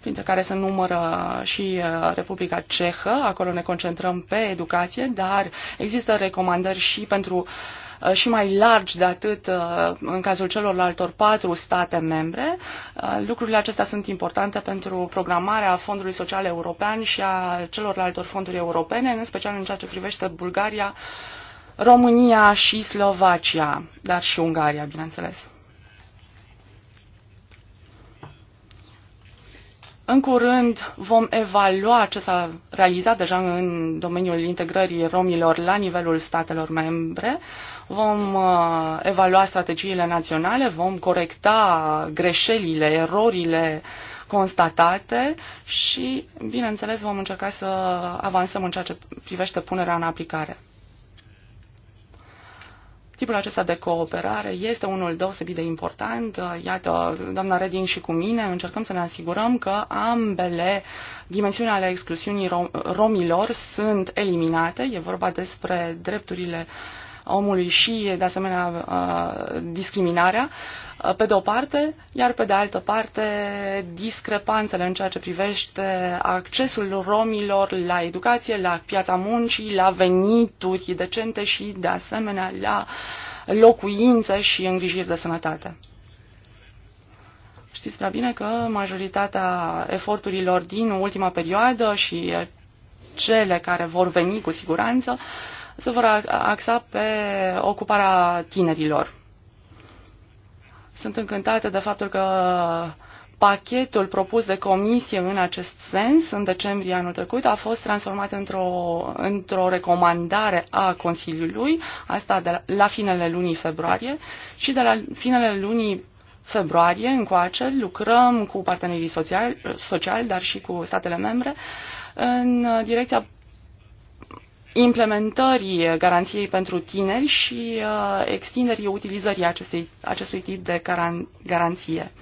printre care se numără și uh, Republica Cehă, acolo ne concentrăm pe educație, dar există recomandări și pentru uh, Uh, și mai largi de atât uh, în cazul celorlaltor patru state membre. Uh, lucrurile acestea sunt importante pentru programarea Fondului Social European și a celorlaltor fonduri europene, în special în ceea ce privește Bulgaria, România și Slovacia, dar și Ungaria, bineînțeles. În curând vom evalua ce s-a realizat deja în domeniul integrării romilor la nivelul statelor membre vom uh, evalua strategiile naționale, vom corecta greșelile, erorile constatate și, bineînțeles, vom încerca să avansăm în ceea ce privește punerea în aplicare. Tipul acesta de cooperare este unul deosebit de important. Iată, doamna Redin și cu mine încercăm să ne asigurăm că ambele dimensiuni ale exclusiunii rom- romilor sunt eliminate. E vorba despre drepturile uh, omului și, de asemenea, uh, discriminarea, uh, pe de o parte, iar pe de altă parte discrepanțele în ceea ce privește accesul romilor la educație, la piața muncii, la venituri decente și, de asemenea, la locuință și îngrijiri de sănătate. Știți prea bine că majoritatea eforturilor din ultima perioadă și cele care vor veni cu siguranță uh, se vor axa pe ocuparea tinerilor. Sunt încântată de faptul că pachetul propus de comisie în acest sens în decembrie anul trecut a fost transformat într-o, într-o recomandare a Consiliului, asta de la, la finele lunii februarie și de la finele lunii februarie încoace lucrăm cu partenerii sociali, social, dar și cu statele membre în direcția implementării garanției pentru tineri și uh, extinderii utilizării acestei, acestui tip de garan- garanție.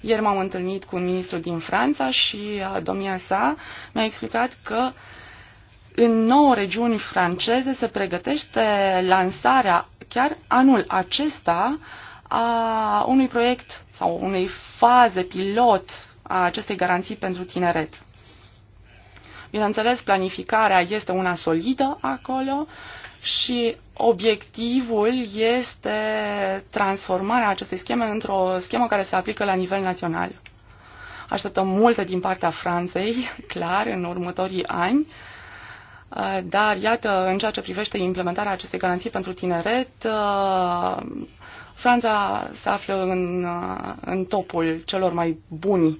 Ieri m-am întâlnit cu un ministru din Franța și uh, domnia sa mi-a explicat că în nouă regiuni franceze se pregătește lansarea chiar anul acesta a unui proiect sau unei faze pilot a acestei garanții pentru tineret. Bineînțeles, planificarea este una solidă acolo și obiectivul este transformarea acestei scheme într-o schemă care se aplică la nivel național. Așteptăm multe din partea Franței, clar, în următorii ani, uh, dar iată, în ceea ce privește implementarea acestei garanții pentru tineret, uh, Franța se află în, uh, în topul celor mai buni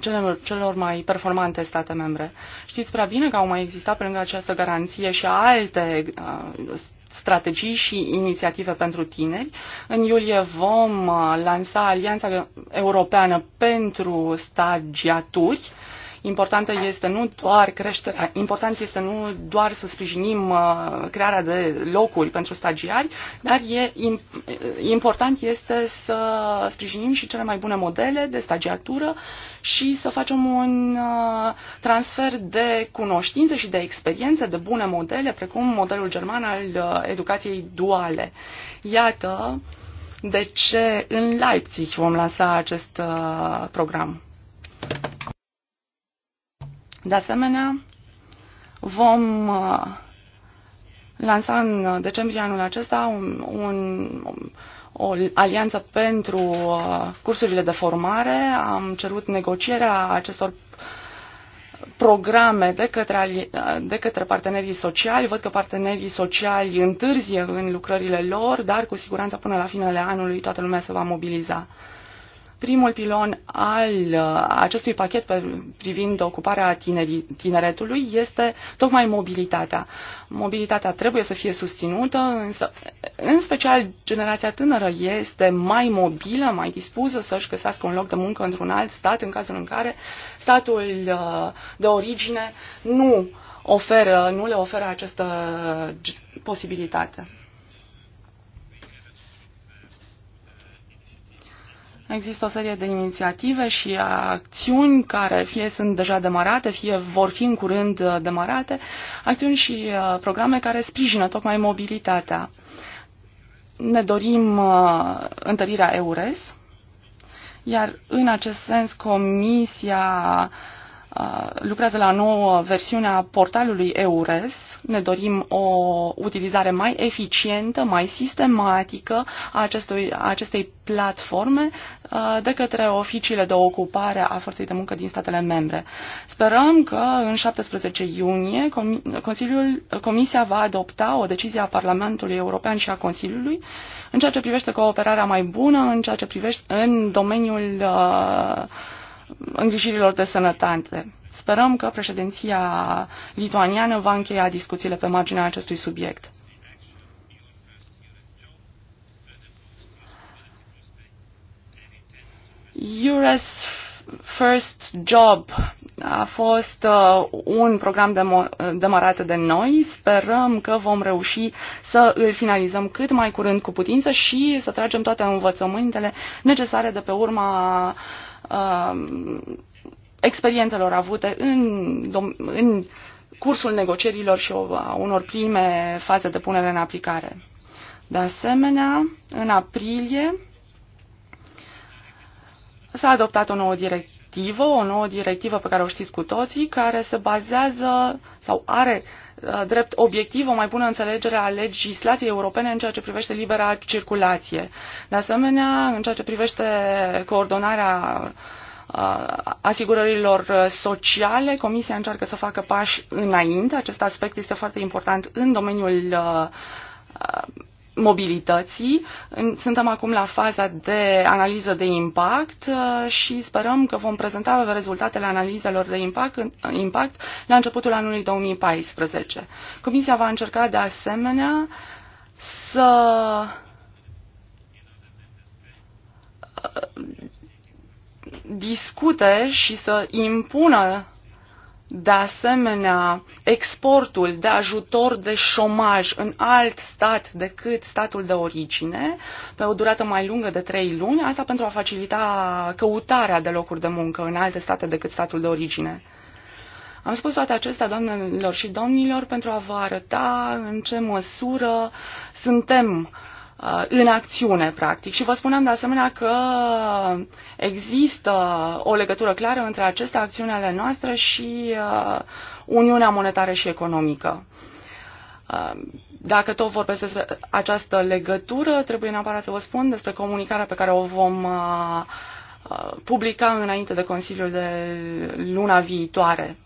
celor, celor mai performante state membre. Știți prea bine că au mai existat pe lângă această garanție și alte uh, strategii și inițiative pentru tineri. În iulie vom uh, lansa Alianța Europeană pentru Stagiaturi, Importantă este nu doar creșterea, important este nu doar să sprijinim uh, crearea de locuri pentru stagiari, dar e uh, important este să sprijinim și cele mai bune modele de stagiatură și să facem un uh, transfer de cunoștințe și de experiențe, de bune modele, precum modelul german al educației duale. Iată de ce în Leipzig vom lansa acest program. De asemenea, vom uh, lansa în decembrie anul acesta un, un, o alianță pentru uh, cursurile de formare. Am cerut negocierea acestor programe de către, uh, de către partenerii sociali. Văd că partenerii sociali întârzie în lucrările lor, dar cu siguranță până la finele anului toată lumea se va mobiliza primul pilon al uh, acestui pachet privind ocuparea tinerii, tineretului este tocmai mobilitatea. Mobilitatea trebuie să fie susținută, însă în special generația tânără este mai mobilă, mai dispusă să-și găsească un loc de muncă într-un alt stat în cazul în care statul uh, de origine nu oferă, nu le oferă această uh, posibilitate. Există o serie de inițiative și acțiuni care fie sunt deja demarate, fie vor fi în curând uh, demarate, acțiuni și uh, programe care sprijină tocmai mobilitatea. Ne dorim uh, întărirea EURES, iar în acest sens Comisia Uh, lucrează la nouă a portalului EURES. Ne dorim o utilizare mai eficientă, mai sistematică a acestui, a acestei platforme uh, de către oficiile de ocupare a forței de muncă din statele membre. Sperăm că în 17 iunie Consiliul, Comisia va adopta o decizie a Parlamentului European și a Consiliului în ceea ce privește cooperarea mai bună, în ceea ce privește în domeniul uh, îngrijirilor de sănătate. Sperăm că președinția lituaniană va încheia discuțiile pe marginea acestui subiect. Eures First Job a fost uh, un program demarat de noi. Sperăm că vom reuși să îl finalizăm cât mai curând cu putință și să tragem toate învățămintele necesare de pe urma uh, Um, experiențelor avute în, în cursul negocierilor și a unor prime faze de punere în aplicare. De asemenea, în aprilie s-a adoptat o nouă directivă, o nouă directivă pe care o știți cu toții, care se bazează sau are Uh, drept obiectiv o mai bună înțelegere a legislației europene în ceea ce privește libera circulație. De asemenea, în ceea ce privește coordonarea uh, asigurărilor sociale. Comisia încearcă să facă pași înainte. Acest aspect este foarte important în domeniul uh, mobilității. Suntem acum la faza de analiză de impact uh, și sperăm că vom prezenta rezultatele analizelor de impact, impact la începutul anului 2014. Comisia va încerca de asemenea să uh, discute și să impună de asemenea exportul de ajutor de șomaj în alt stat decât statul de origine, pe o durată mai lungă de trei luni, asta pentru a facilita căutarea de locuri de muncă în alte state decât statul de origine. Am spus toate acestea, doamnelor și domnilor, pentru a vă arăta în ce măsură suntem uh, Uh, în acțiune, practic. Și vă spuneam de asemenea că există o legătură clară între aceste acțiuni ale noastre și uh, Uniunea Monetară și Economică. Uh, dacă tot vorbesc despre această legătură, trebuie neapărat să vă spun despre comunicarea pe care o vom publica înainte de Consiliul de luna viitoare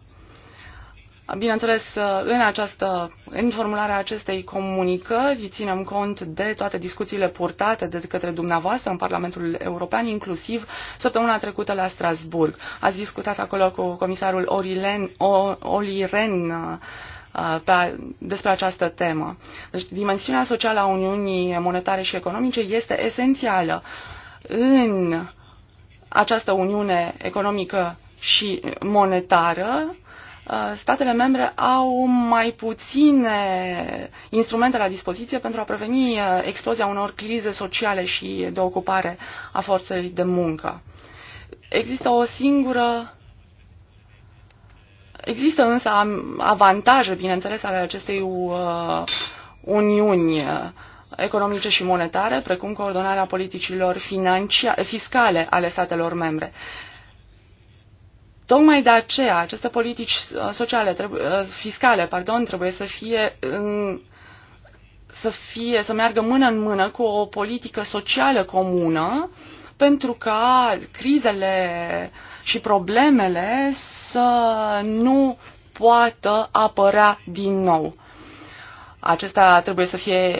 Bineînțeles, în, această, în formularea acestei comunicări ținem cont de toate discuțiile purtate de către dumneavoastră în Parlamentul European, inclusiv săptămâna trecută la Strasburg. Ați discutat acolo cu comisarul Orilen, o, Ren uh, pe, despre această temă. Deci, dimensiunea socială a Uniunii Monetare și Economice este esențială în această Uniune Economică și Monetară Uh, statele membre au mai puține instrumente la dispoziție pentru a preveni uh, explozia unor crize sociale și de ocupare a forței de muncă. Există o singură Există însă avantaje, bineînțeles, ale acestei uh, uniuni economice și monetare, precum coordonarea politicilor fiscale ale statelor membre. Tocmai de aceea, aceste politici uh, sociale, trebuie, uh, fiscale, pardon, trebuie să fie în, să fie, să meargă mână în mână cu o politică socială comună, pentru ca crizele și problemele să nu poată apărea din nou. Acestea trebuie să fie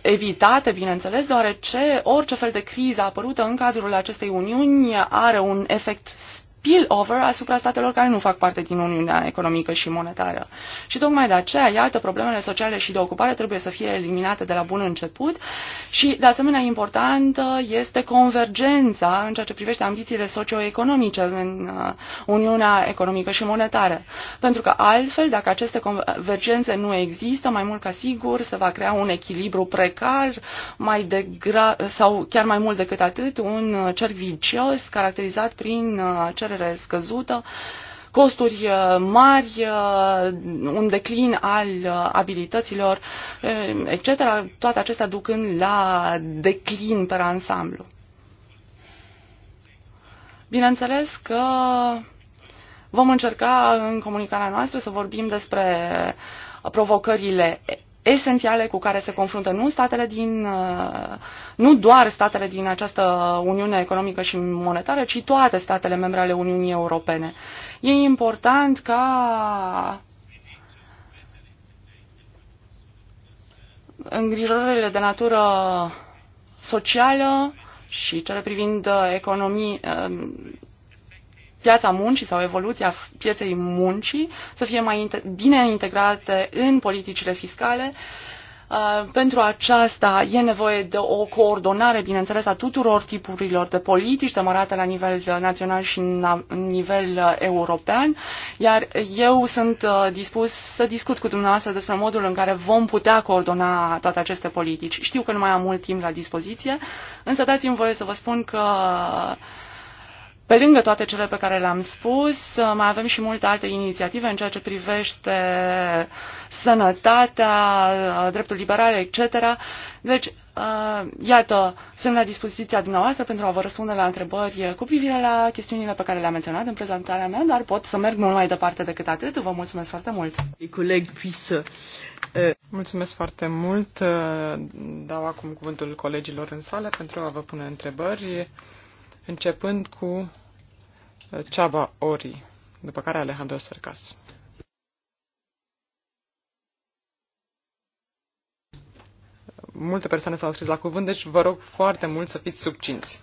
evitate, bineînțeles, deoarece orice fel de criză apărută în cadrul acestei uniuni are un efect spill-over asupra statelor care nu fac parte din Uniunea Economică și Monetară. Și tocmai de aceea, iată, problemele sociale și de ocupare trebuie să fie eliminate de la bun început și, de asemenea, importantă este convergența în ceea ce privește ambițiile socioeconomice în uh, Uniunea Economică și Monetară. Pentru că altfel, dacă aceste convergențe nu există, mai mult ca sigur se va crea un echilibru precar mai degra- sau chiar mai mult decât atât, un cerc vicios caracterizat prin uh, cer cerere scăzută, costuri uh, mari, uh, un declin al uh, abilităților, etc., toate acestea ducând la declin pe ansamblu. Bineînțeles că vom încerca în comunicarea noastră să vorbim despre provocările esențiale cu care se confruntă nu statele din, uh, nu doar statele din această Uniune Economică și Monetară, ci toate statele membre ale Uniunii Europene. E important ca îngrijorările de natură socială și cele privind uh, economii, uh, piața muncii sau evoluția pieței muncii să fie mai bine integrate în politicile fiscale. Uh, pentru aceasta e nevoie de o coordonare, bineînțeles, a tuturor tipurilor de politici demarate la nivel național și la nivel uh, european, iar eu sunt uh, dispus să discut cu dumneavoastră despre modul în care vom putea coordona toate aceste politici. Știu că nu mai am mult timp la dispoziție, însă dați-mi voie să vă spun că pe lângă toate cele pe care le-am spus, uh, mai avem și multe alte inițiative în ceea ce privește sănătatea, uh, dreptul liberal, etc. Deci, uh, iată, sunt la dispoziția dumneavoastră pentru a vă răspunde la întrebări cu privire la chestiunile pe care le-am menționat în prezentarea mea, dar pot să merg mult mai departe decât atât. Vă mulțumesc foarte mult! Euh, mulțumesc foarte mult! Dau acum cuvântul colegilor în sală pentru a vă pune întrebări începând cu uh, Ceaba Ori, după care Alejandro Sărcas. Multe persoane s-au scris la cuvânt, deci vă rog foarte mult să fiți subcinți.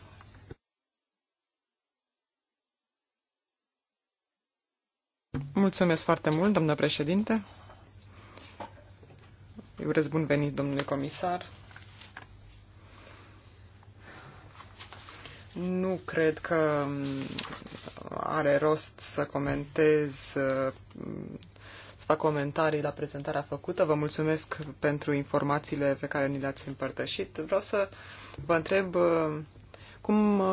Mulțumesc foarte mult, doamnă președinte. Îi urez bun venit, domnule comisar. Nu cred că mm, are rost să comentez, mm, să fac comentarii la prezentarea făcută. Vă mulțumesc pentru informațiile pe care ni le-ați împărtășit. Vreau să vă întreb mm, cum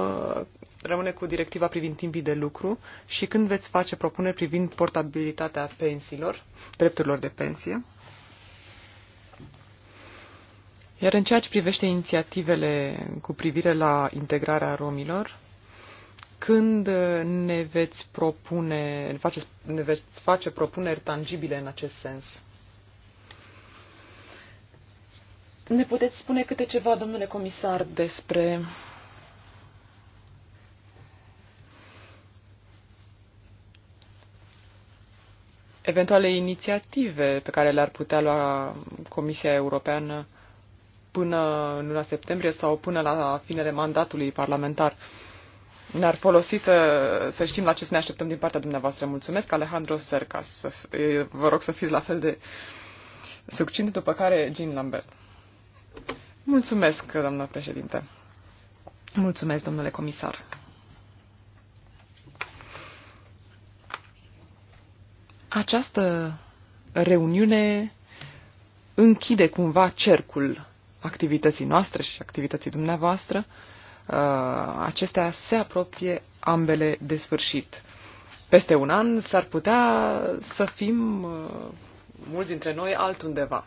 rămâne cu directiva privind timpii de lucru și când veți face propuneri privind portabilitatea pensiilor, drepturilor de pensie. Iar în ceea ce privește inițiativele cu privire la integrarea romilor, când ne veți propune, ne, faceți, ne veți face propuneri tangibile în acest sens? Ne puteți spune câte ceva, domnule comisar, despre eventuale inițiative pe care le-ar putea lua Comisia Europeană până în luna septembrie sau până la finele mandatului parlamentar. Ne-ar folosi să, să știm la ce să ne așteptăm din partea dumneavoastră. Mulțumesc, Alejandro Sercas. Vă rog să fiți la fel de succint, după care Jean Lambert. Mulțumesc, doamnă președinte. Mulțumesc, domnule comisar. Această reuniune închide cumva cercul activității noastre și activității dumneavoastră, uh, acestea se apropie ambele de sfârșit. Peste un an s-ar putea să fim uh, mulți dintre noi altundeva.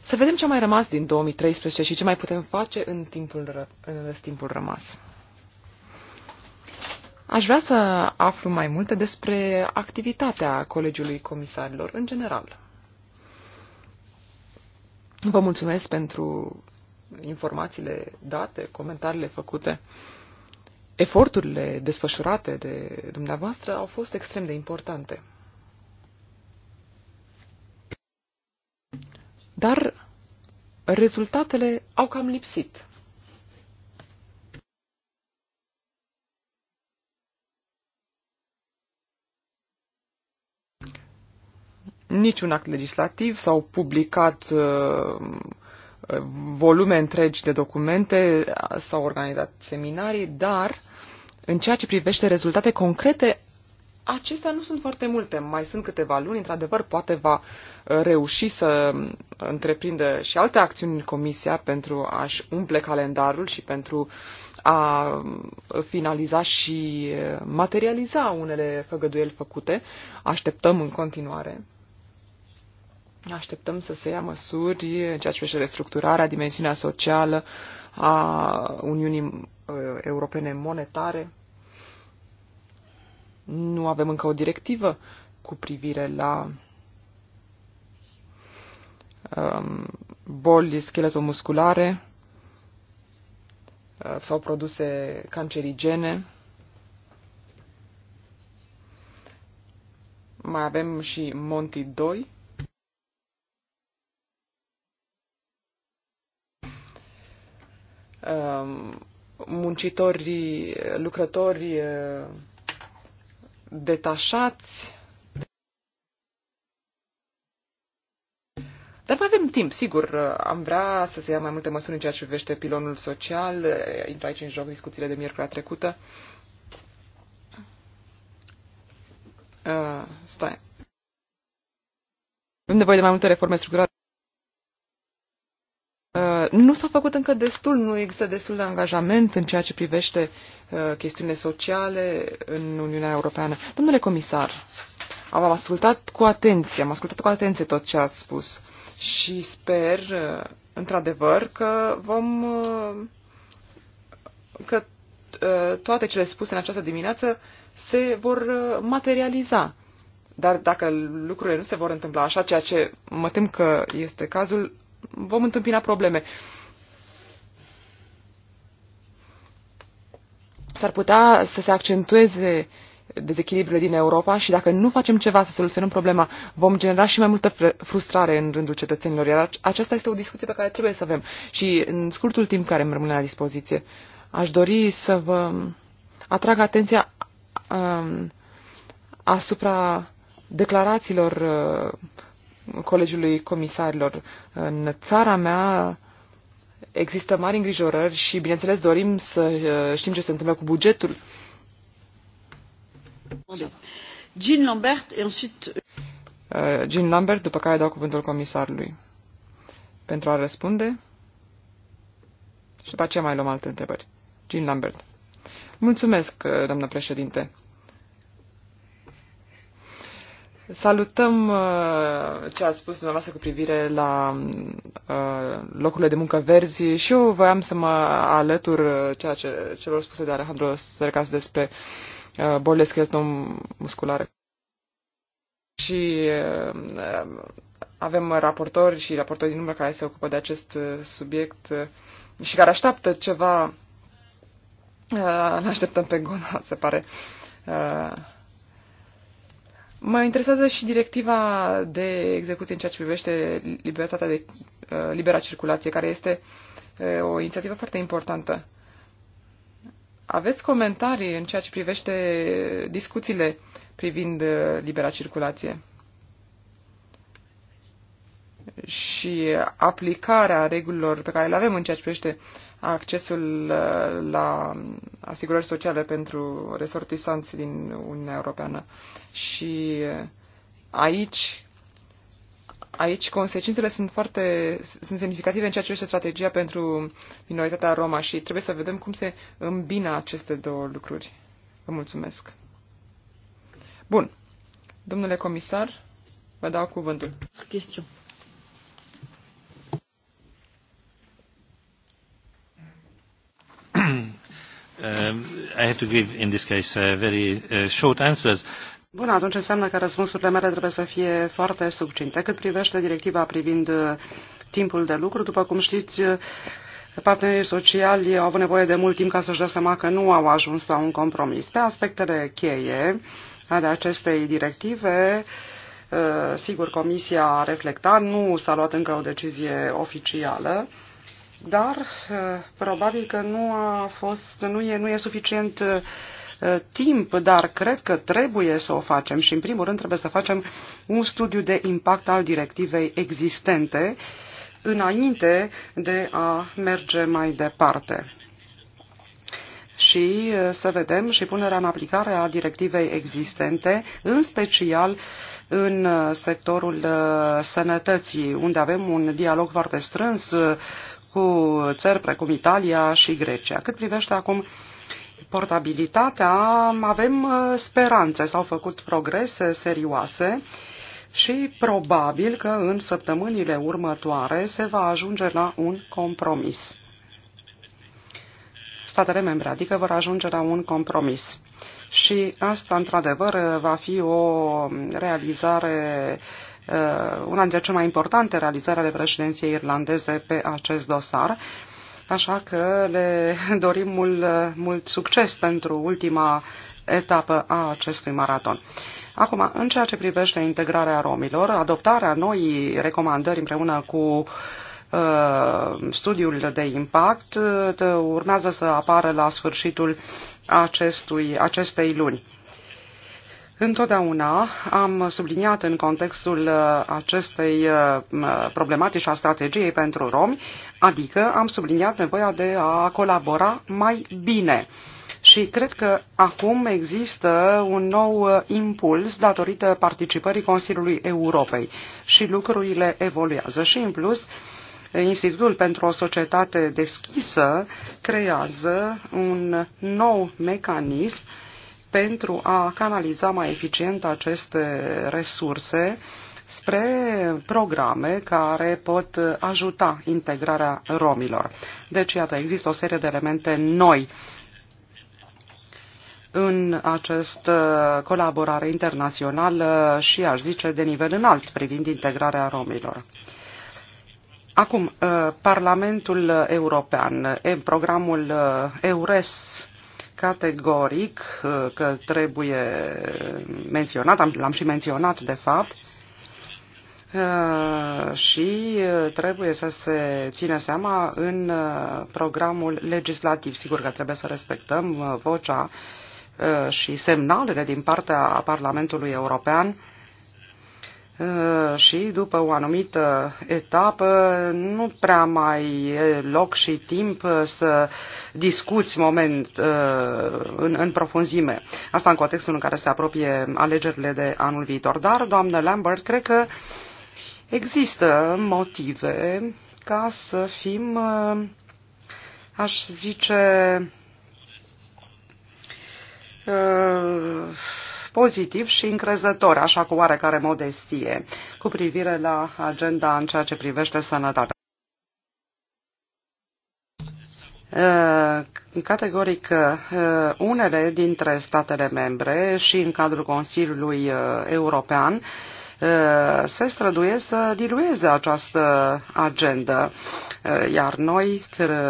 Să vedem ce a mai rămas din 2013 și ce mai putem face în timpul, în timpul rămas. Aș vrea să aflu mai multe despre activitatea Colegiului Comisarilor în general. Vă mulțumesc pentru informațiile date, comentariile făcute. Eforturile desfășurate de dumneavoastră au fost extrem de importante. Dar rezultatele au cam lipsit. niciun act legislativ, s-au publicat uh, volume întregi de documente, s-au organizat seminarii, dar în ceea ce privește rezultate concrete, acestea nu sunt foarte multe. Mai sunt câteva luni, într-adevăr, poate va uh, reuși să um, întreprindă și alte acțiuni Comisia pentru a-și umple calendarul și pentru a um, finaliza și uh, materializa unele făgăduieli făcute. Așteptăm în continuare Așteptăm să se ia măsuri în ceea ce privește restructurarea, dimensiunea socială a Uniunii uh, Europene Monetare. Nu avem încă o directivă cu privire la um, boli scheletomusculare uh, sau produse cancerigene. Mai avem și Monti 2 Um, muncitori, lucrători uh, detașați. Dar mai avem timp, sigur. Uh, am vrea să se ia mai multe măsuri în ceea ce privește pilonul social. Uh, intră aici în joc discuțiile de miercurea trecută. Uh, stai. Avem nevoie de mai multe reforme structurale nu s-a făcut încă destul, nu există destul de angajament în ceea ce privește uh, chestiunile sociale în Uniunea Europeană. Domnule comisar, am ascultat cu atenție, am ascultat cu atenție tot ce ați spus și sper, uh, într-adevăr, că vom. Uh, că toate cele spuse în această dimineață se vor materializa. Dar dacă lucrurile nu se vor întâmpla așa, ceea ce mă tem că este cazul, vom întâmpina probleme. S-ar putea să se accentueze dezechilibrele din Europa și dacă nu facem ceva să soluționăm problema, vom genera și mai multă frustrare în rândul cetățenilor. Iar aceasta este o discuție pe care trebuie să avem. Și în scurtul timp care îmi rămâne la dispoziție, aș dori să vă atrag atenția um, asupra declarațiilor uh, Colegiului Comisarilor. În țara mea există mari îngrijorări și, bineînțeles, dorim să uh, știm ce se întâmplă cu bugetul. Jean Lambert et ensuite... Uh, Jean Lambert, după care dau cuvântul comisarului pentru a răspunde și după aceea mai luăm alte întrebări. Jean Lambert. Mulțumesc, uh, doamnă președinte. Salutăm uh, ce ați spus dumneavoastră cu privire la uh, locurile de muncă verzi și eu voiam să mă alătur uh, ceea ce, celor spuse de Alejandro Sărcas despre uh, bolile scheleto-musculare. Și uh, avem raportori și raportori din număr care se ocupă de acest uh, subiect uh, și care așteaptă ceva. Uh, ne așteptăm pe Gona, se pare. Uh, Mă interesează și directiva de execuție în ceea ce privește libertatea de uh, libera circulație, care este uh, o inițiativă foarte importantă. Aveți comentarii în ceea ce privește discuțiile privind uh, libera circulație și aplicarea regulilor pe care le avem în ceea ce privește uh, accesul uh, la asigurări sociale pentru resortisanți din Uniunea Europeană. Și uh, aici, aici consecințele sunt foarte sunt semnificative în ceea ce este strategia pentru minoritatea Roma și trebuie să vedem cum se îmbină aceste două lucruri. Vă mulțumesc. Bun. Domnule comisar, vă dau cuvântul. Chestiune. Um, I have to give in this case uh, very uh, short answers. Bun, atunci înseamnă că răspunsurile mele trebuie să fie foarte succinte. Cât privește directiva privind uh, timpul de lucru, după cum știți, uh, partenerii sociali au avut nevoie de mult timp ca să-și dea seama că nu au ajuns la un compromis. Pe aspectele cheie ale acestei directive, uh, sigur, Comisia a reflectat, nu s-a luat încă o decizie oficială, dar eh, probabil că nu a fost, nu e, nu e suficient eh, timp, dar cred că trebuie să o facem și în primul rând trebuie să facem un studiu de impact al directivei existente înainte de a merge mai departe și eh, să vedem și punerea în aplicare a directivei existente, în special în sectorul sănătății, unde avem un dialog foarte strâns cu țări precum Italia și Grecia. Cât privește acum portabilitatea, avem uh, speranțe, s-au făcut progrese serioase și probabil că în săptămânile următoare se va ajunge la un compromis. Statele membre, adică vor ajunge la un compromis. Și asta, într-adevăr, va fi o realizare uh, Uh, una dintre cele mai importante realizări ale președinției irlandeze pe acest dosar. Așa că le dorim mult, uh, mult succes pentru ultima etapă a acestui maraton. Acum, în ceea ce privește integrarea romilor, adoptarea noii recomandări împreună cu uh, studiul de impact uh, urmează să apară la sfârșitul acestui, acestei luni. Întotdeauna am subliniat în contextul uh, acestei uh, problematici a strategiei pentru romi, adică am subliniat nevoia de a colabora mai bine. Și cred că acum există un nou uh, impuls datorită participării Consiliului Europei și lucrurile evoluează. Și în plus, Institutul pentru o societate deschisă creează un nou mecanism uh, pentru a canaliza mai eficient aceste resurse spre programe care pot ajuta integrarea romilor. Deci, iată, există o serie de elemente noi în acest colaborare internațională și, aș zice, de nivel înalt privind integrarea romilor. Acum, Parlamentul European, în programul uh, EURES categoric uh, că trebuie menționat, l-am și menționat de fapt, uh, și uh, trebuie să se ține seama în programul legislativ. Sigur că trebuie să respectăm vocea și semnalele din partea Parlamentului European Eh, și după o anumită etapă nu prea mai e loc și timp eh, să discuți moment eh, în, în profunzime. Asta în contextul în care se apropie alegerile de anul viitor. Dar, doamnă Lambert, cred că există motive ca să fim, aș zice, pozitiv și încrezător, așa cu oarecare modestie, cu privire la agenda în ceea ce privește sănătatea. Uh, categoric, uh, unele dintre statele membre și în cadrul Consiliului uh, European se străduie să dilueze această agendă. Iar noi,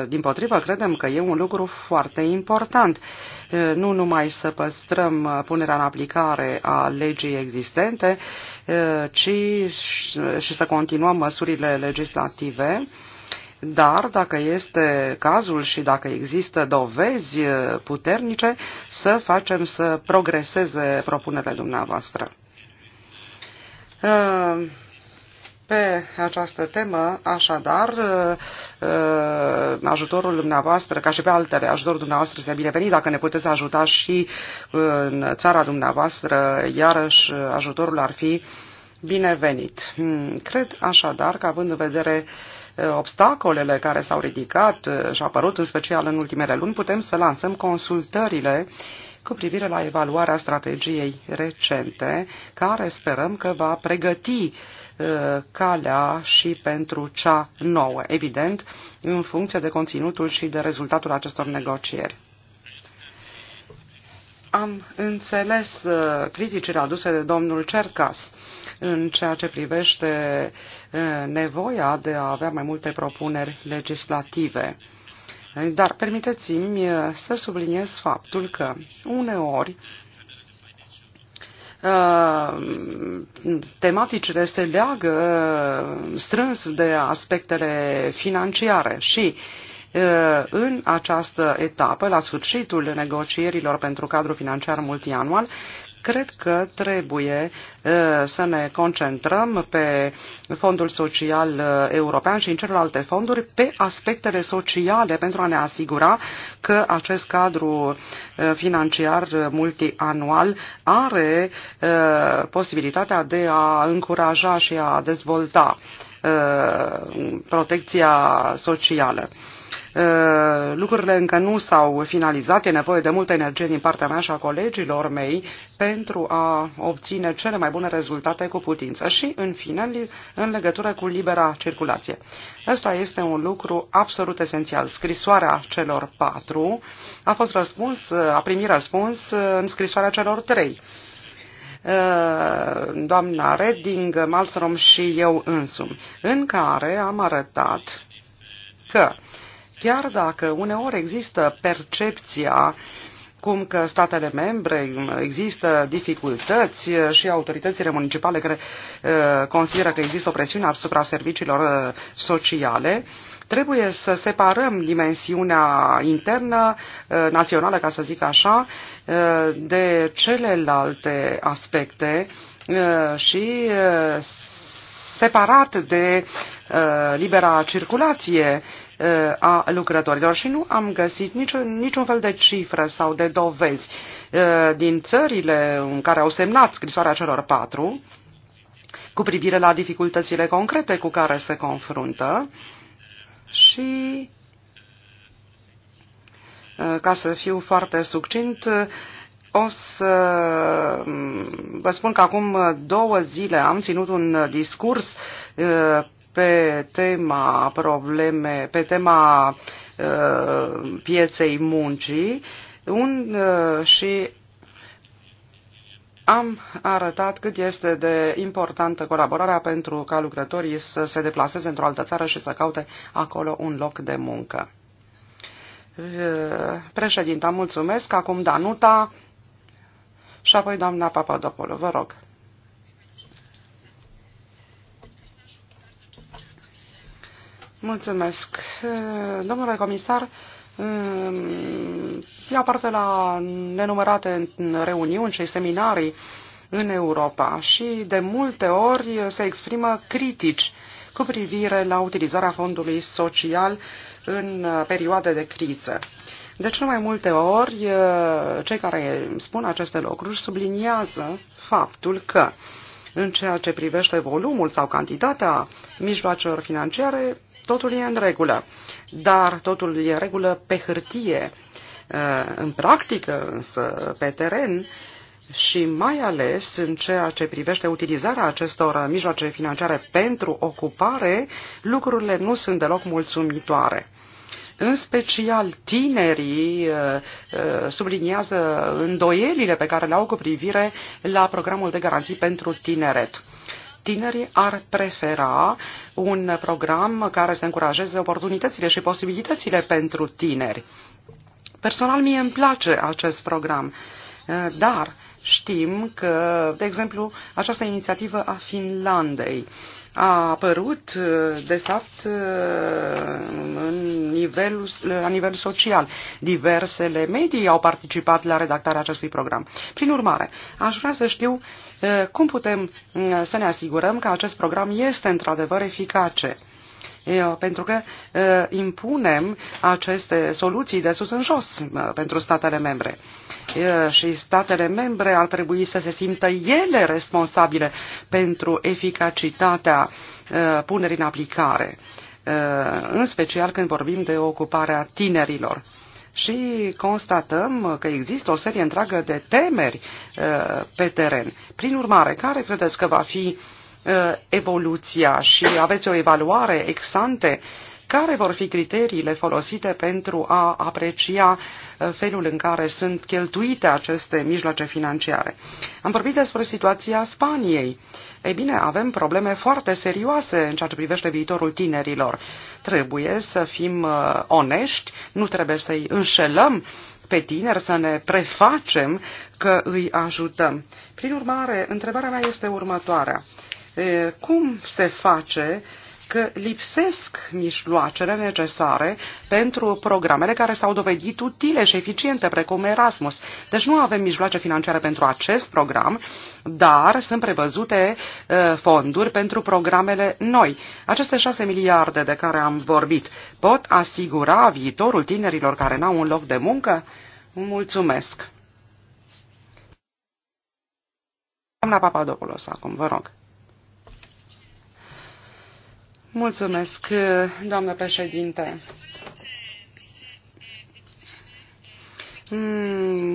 din potrivă, credem că e un lucru foarte important. Nu numai să păstrăm punerea în aplicare a legii existente, ci și să continuăm măsurile legislative dar dacă este cazul și dacă există dovezi puternice, să facem să progreseze propunerea dumneavoastră. Uh, pe această temă, așadar, uh, uh, ajutorul dumneavoastră, ca și pe altele, ajutorul dumneavoastră este binevenit. Dacă ne puteți ajuta și în țara dumneavoastră, iarăși ajutorul ar fi binevenit. Hmm, cred așadar că, având în vedere obstacolele care s-au ridicat și apărut, în special în ultimele luni, putem să lansăm consultările uh, cu privire la evaluarea strategiei recente, care sperăm că va pregăti uh, calea și pentru cea nouă, evident, în funcție de conținutul și de rezultatul acestor negocieri. Am înțeles uh, criticile aduse de domnul Cercas în ceea ce privește uh, nevoia de a avea mai multe propuneri legislative dar permiteți-mi uh, să subliniez faptul că uneori uh, tematicile se leagă uh, strâns de aspectele financiare și în această etapă, la sfârșitul negocierilor pentru cadrul financiar multianual, Cred că trebuie uh, să ne concentrăm pe Fondul Social uh, European și în celelalte fonduri pe aspectele sociale pentru a ne asigura că acest cadru uh, financiar multianual are posibilitatea de a încuraja și a dezvolta protecția socială. Uh, lucrurile încă nu s-au finalizat, e nevoie de multă energie din partea mea și a colegilor mei pentru a obține cele mai bune rezultate cu putință și, în final, în legătură cu libera circulație. Ăsta este un lucru absolut esențial. Scrisoarea celor patru a fost răspuns, uh, a primit răspuns uh, în scrisoarea celor trei doamna Redding, Malmström și eu însumi, în care am arătat că Chiar dacă uneori există percepția cum că statele membre um, există dificultăți uh, și autoritățile municipale care uh, consideră că există o presiune asupra serviciilor uh, sociale, trebuie să separăm dimensiunea internă, națională, ca să zic așa, de celelalte aspecte și separat de libera circulație a lucrătorilor și nu am găsit niciun, niciun fel de cifră sau de dovezi din țările în care au semnat scrisoarea celor patru cu privire la dificultățile concrete cu care se confruntă și ca să fiu foarte succint, o să mm, vă spun că acum două zile am ținut un discurs pe tema probleme, pe tema uh, pieței muncii un, uh, și am arătat cât este de importantă colaborarea pentru ca lucrătorii să se deplaseze într-o altă țară și să caute acolo un loc de muncă. Uh, președinta, mulțumesc. Acum Danuta și apoi doamna Papadopoulou. Vă rog. Mulțumesc. Domnule comisar, ia parte la nenumărate reuniuni și seminarii în Europa și de multe ori se exprimă critici cu privire la utilizarea fondului social în perioade de criză. De cele mai multe ori, cei care spun aceste lucruri subliniază faptul că uh, în ceea ce privește volumul sau cantitatea mijloacelor financiare, totul e în regulă. Dar totul e în regulă pe hârtie. Uh, în practică, însă, pe teren, și mai ales în ceea ce privește utilizarea acestor mijloace financiare pentru ocupare, lucrurile nu sunt deloc mulțumitoare. În special, tinerii uh, uh, subliniază îndoielile pe care le au cu privire la programul de garanții pentru tineret tinerii ar prefera un program care să încurajeze oportunitățile și posibilitățile pentru tineri. Personal, mie îmi place acest program, uh, dar știm că, de exemplu, această inițiativă a Finlandei a apărut, de fapt, în nivelul, la nivel social. Diversele medii au participat la redactarea acestui program. Prin urmare, aș vrea să știu eh, cum putem mm, să ne asigurăm că acest program este într-adevăr eficace pentru că impunem aceste soluții de sus în jos pentru statele membre. Și statele membre ar trebui să se simtă ele responsabile pentru eficacitatea punerii în aplicare, în special când vorbim de ocuparea tinerilor și constatăm că există o serie întreagă de temeri pe teren. Prin urmare, care credeți că va fi Uh, evoluția și aveți o evaluare ex-ante, care vor fi criteriile folosite pentru a aprecia uh, felul în care sunt cheltuite aceste mijloace financiare. Am vorbit despre situația Spaniei. Ei bine, avem probleme foarte serioase în ceea ce privește viitorul tinerilor. Trebuie să fim uh, onești, nu trebuie să-i înșelăm pe tineri, să ne prefacem că îi ajutăm. Prin urmare, întrebarea mea este următoarea cum se face că lipsesc mijloacele necesare pentru programele care s-au dovedit utile și eficiente, precum Erasmus. Deci nu avem mijloace financiare pentru acest program, dar sunt prevăzute fonduri pentru programele noi. Aceste șase miliarde de care am vorbit pot asigura viitorul tinerilor care n-au un loc de muncă? Mulțumesc! Doamna Papadopoulos, acum, vă rog. Mulțumesc, doamnă președinte. Mm,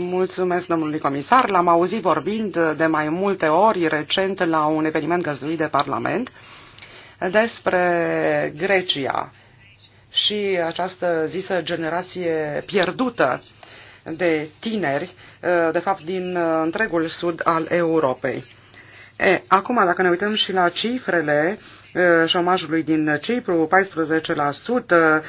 mulțumesc, domnului comisar. L-am auzit vorbind de mai multe ori recent la un eveniment găzduit de Parlament despre Grecia și această zisă generație pierdută de tineri, de fapt din întregul sud al Europei. E, acum, dacă ne uităm și la cifrele e, șomajului din Cipru, 14%,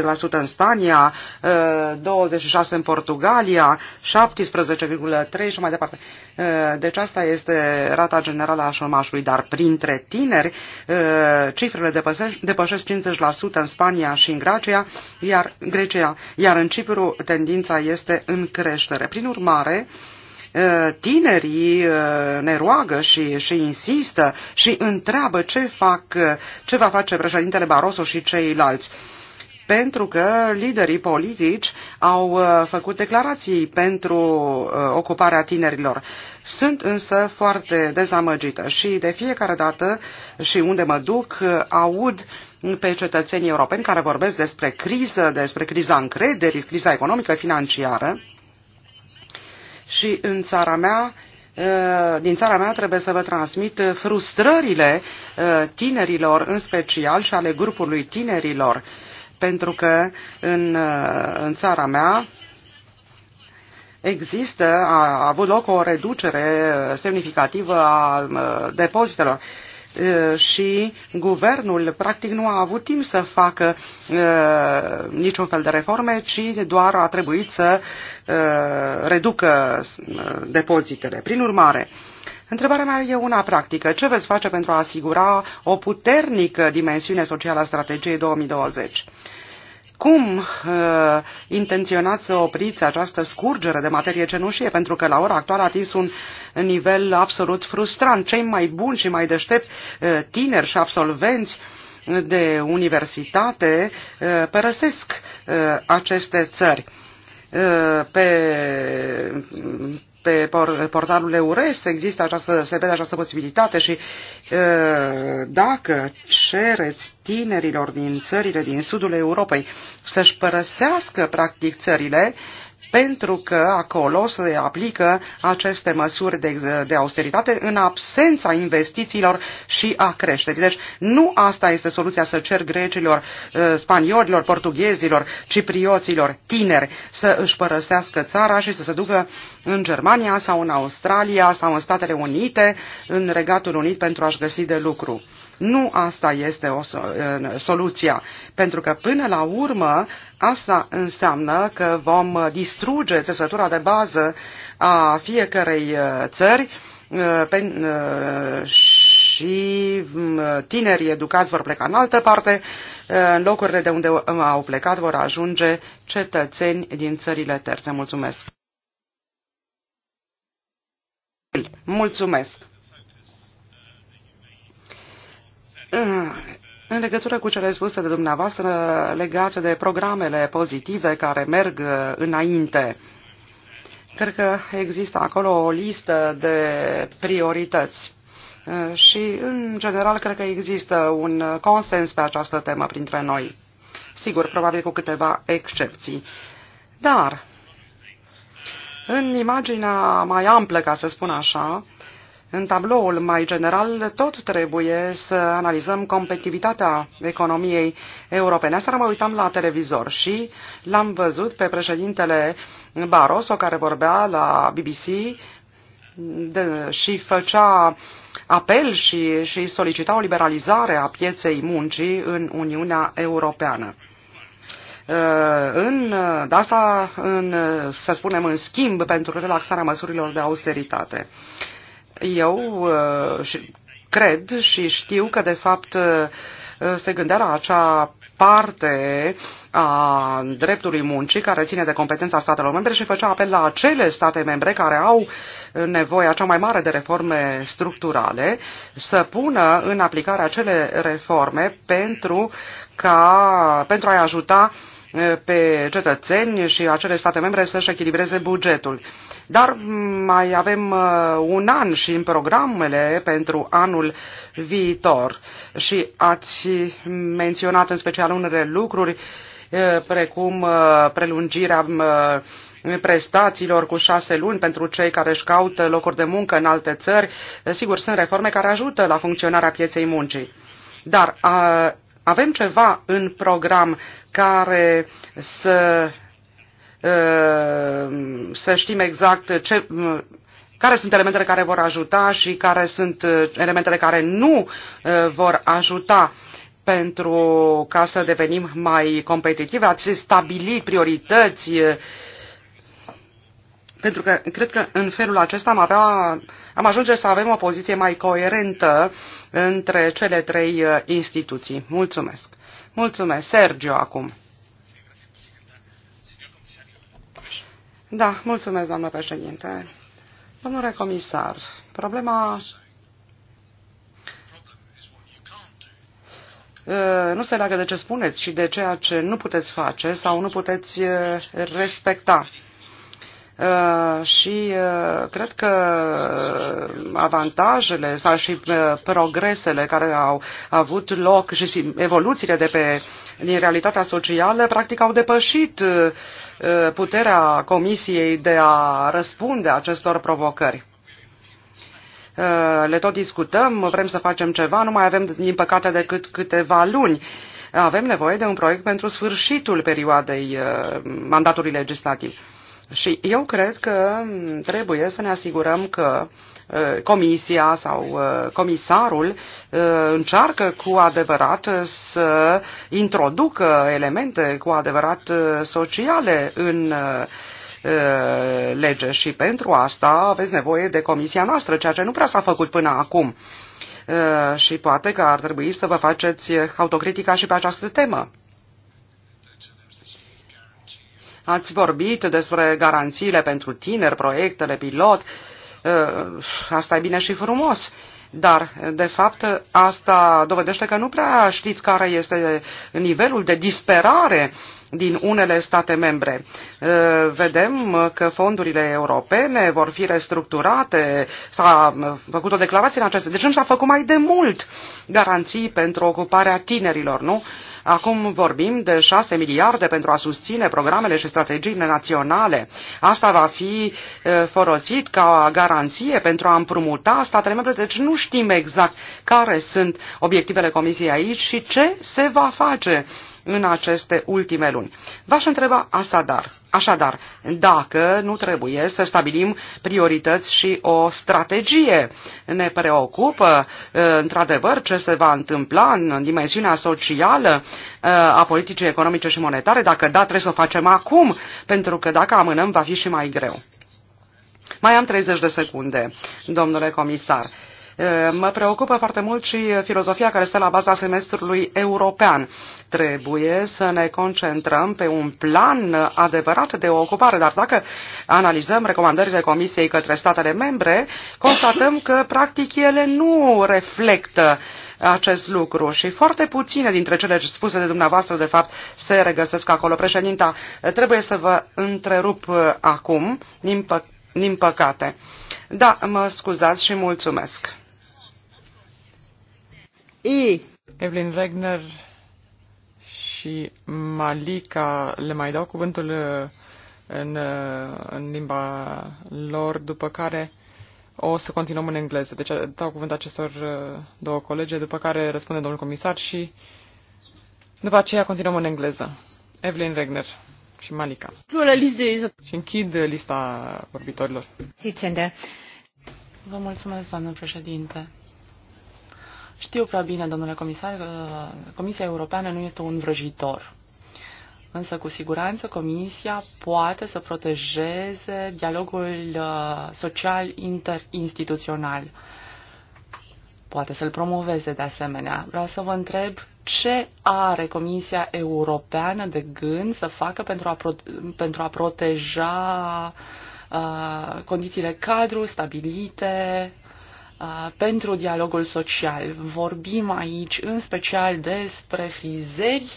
27% în Spania, e, 26% în Portugalia, 17,3% și mai departe. E, deci asta este rata generală a șomajului, dar printre tineri e, cifrele depășesc, depășesc 50% în Spania și în Grecia, iar, Grecia, iar în Cipru tendința este în creștere. Prin urmare, tinerii ne roagă și, și insistă și întreabă ce, fac, ce va face președintele Barroso și ceilalți pentru că liderii politici au făcut declarații pentru ocuparea tinerilor. Sunt însă foarte dezamăgită și de fiecare dată și unde mă duc aud pe cetățenii europeni care vorbesc despre criză, despre criza încrederii, criza economică, financiară și în țara mea, din țara mea trebuie să vă transmit frustrările tinerilor în special și ale grupului tinerilor, pentru că în, în țara mea există, a, a avut loc o reducere semnificativă a depozitelor și guvernul practic nu a avut timp să facă niciun fel de reforme, ci doar a trebuit să reducă depozitele. Prin urmare, Întrebarea mea e una practică. Ce veți face pentru a asigura o puternică dimensiune socială a strategiei 2020? Cum uh, intenționați să opriți această scurgere de materie cenușie? Pentru că la ora actuală a atins un nivel absolut frustrant. Cei mai buni și mai deștept uh, tineri și absolvenți de universitate uh, părăsesc uh, aceste țări uh, pe pe portalul EURES există această, se vede această posibilitate și dacă cereți tinerilor din țările din sudul Europei să-și părăsească practic țările pentru că acolo se aplică aceste măsuri de, de austeritate în absența investițiilor și a creșterii. Deci nu asta este soluția să cer grecilor, uh, spaniolilor, portughezilor, ciprioților tineri să își părăsească țara și să se ducă în Germania sau în Australia sau în Statele Unite, în Regatul Unit pentru a-și găsi de lucru. Nu asta este o soluția, pentru că până la urmă asta înseamnă că vom distruge țesătura de bază a fiecărei uh, țări uh, uh, și mm, tinerii educați vor pleca în altă parte, în locurile de unde au plecat vor ajunge cetățeni din țările terțe. Mulțumesc! Mulțumesc! În legătură cu cele spuse de dumneavoastră legate de programele pozitive care merg uh, înainte, cred că există acolo o listă de priorități. Uh, și, în general, cred că există un consens pe această temă printre noi. Sigur, probabil cu câteva excepții. Dar, în imaginea mai amplă, ca să spun așa, în tabloul mai general, tot trebuie să analizăm competitivitatea economiei europene. Asta mă uitam la televizor și l-am văzut pe președintele Barroso, care vorbea la BBC de, și făcea apel și, și solicita o liberalizare a pieței muncii în Uniunea Europeană. În, de asta, în, să spunem, în schimb pentru relaxarea măsurilor de austeritate eu uh, cred și știu că, de fapt, uh, se gândea la acea parte a dreptului muncii care ține de competența statelor membre și făcea apel la acele state membre care au nevoia cea mai mare de reforme structurale să pună în aplicare acele reforme pentru, ca, pentru a-i ajuta uh, Eh, pe cetățeni și acele state membre să-și echilibreze bugetul. Dar mai avem eh, un an și în programele pentru anul viitor și ați menționat în special unele lucruri eh, precum prelungirea prestațiilor cu șase luni pentru cei care își caută locuri de muncă în alte țări. Sigur, sunt reforme care ajută la funcționarea pieței muncii. Dar avem ceva în program care să ă, să știm exact ce, care sunt elementele care vor ajuta și care sunt elementele care nu ă, vor ajuta pentru ca să devenim mai competitivi. Ați stabilit priorități pentru că cred că în felul acesta am, avea, am ajunge să avem o poziție mai coerentă între cele trei uh, instituții. Mulțumesc. Mulțumesc. Sergio acum. Da, mulțumesc, doamnă președinte. Domnule comisar, problema uh, nu se leagă de ce spuneți și de ceea ce nu puteți face sau nu puteți uh, respecta. Uh, și uh, cred că uh, avantajele sau și progresele care au avut loc și evoluțiile de pe, din realitatea socială practic au depășit puterea Comisiei de a răspunde acestor provocări le tot discutăm, vrem să facem ceva, nu mai avem, din păcate, decât câteva luni. Avem nevoie de un proiect pentru sfârșitul perioadei mandatului legislativ. Și eu cred că trebuie să ne asigurăm că uh, comisia sau uh, comisarul uh, încearcă cu adevărat să introducă elemente cu adevărat sociale în lege și pentru asta aveți nevoie de comisia noastră, ceea ce nu prea s-a făcut până acum. Și poate că ar trebui să vă faceți autocritica și pe această temă. Ați vorbit despre garanțiile pentru tineri, proiectele pilot. Ă, asta e bine și frumos. Dar, de fapt, asta dovedește că nu prea știți care este nivelul de disperare din unele state membre. Ă, vedem că fondurile europene vor fi restructurate, s-a făcut o declarație în aceste. Deci nu s-a făcut mai de mult garanții pentru ocuparea tinerilor, nu? Acum vorbim de 6 miliarde pentru a susține programele și strategiile naționale. Asta va fi folosit ca garanție pentru a împrumuta statele membre, deci nu știm exact care sunt obiectivele Comisiei aici și ce se va face în aceste ultime luni. V-aș întreba dar Așadar, dacă nu trebuie să stabilim priorități și o strategie, ne preocupă uh, într-adevăr ce se va întâmpla în dimensiunea socială uh, a politicii economice și monetare. Dacă da, trebuie să o facem acum, pentru că dacă amânăm va fi și mai greu. Mai am 30 de secunde, domnule comisar. Mă preocupă foarte mult și filozofia care stă la baza semestrului european. Trebuie să ne concentrăm pe un plan adevărat de ocupare, dar dacă analizăm recomandările Comisiei către statele membre, constatăm că practic ele nu reflectă acest lucru și foarte puține dintre cele spuse de dumneavoastră, de fapt, se regăsesc acolo. Președinta, trebuie să vă întrerup acum, din, pă- din păcate. Da, mă scuzați și mulțumesc et Evelyn Regner și Malika le mai dau cuvântul uh, în, uh, în limba lor, după care o să continuăm în engleză. Deci uh, dau cuvânt acestor două colege, după care răspunde domnul comisar și după aceea continuăm în engleză. Evelyn Regner și Malika. Și închid lista vorbitorilor. Vă mulțumesc, doamnă președinte. Știu prea bine, domnule comisar, că Comisia Europeană nu este un vrăjitor. Însă, cu siguranță, Comisia poate să protejeze dialogul uh, social interinstituțional. Poate să-l promoveze de asemenea. Vreau să vă întreb ce are Comisia Europeană de gând să facă pentru a, pro- pentru a proteja uh, condițiile cadru stabilite uh, Uh, pentru dialogul social. Vorbim aici în special despre frizeri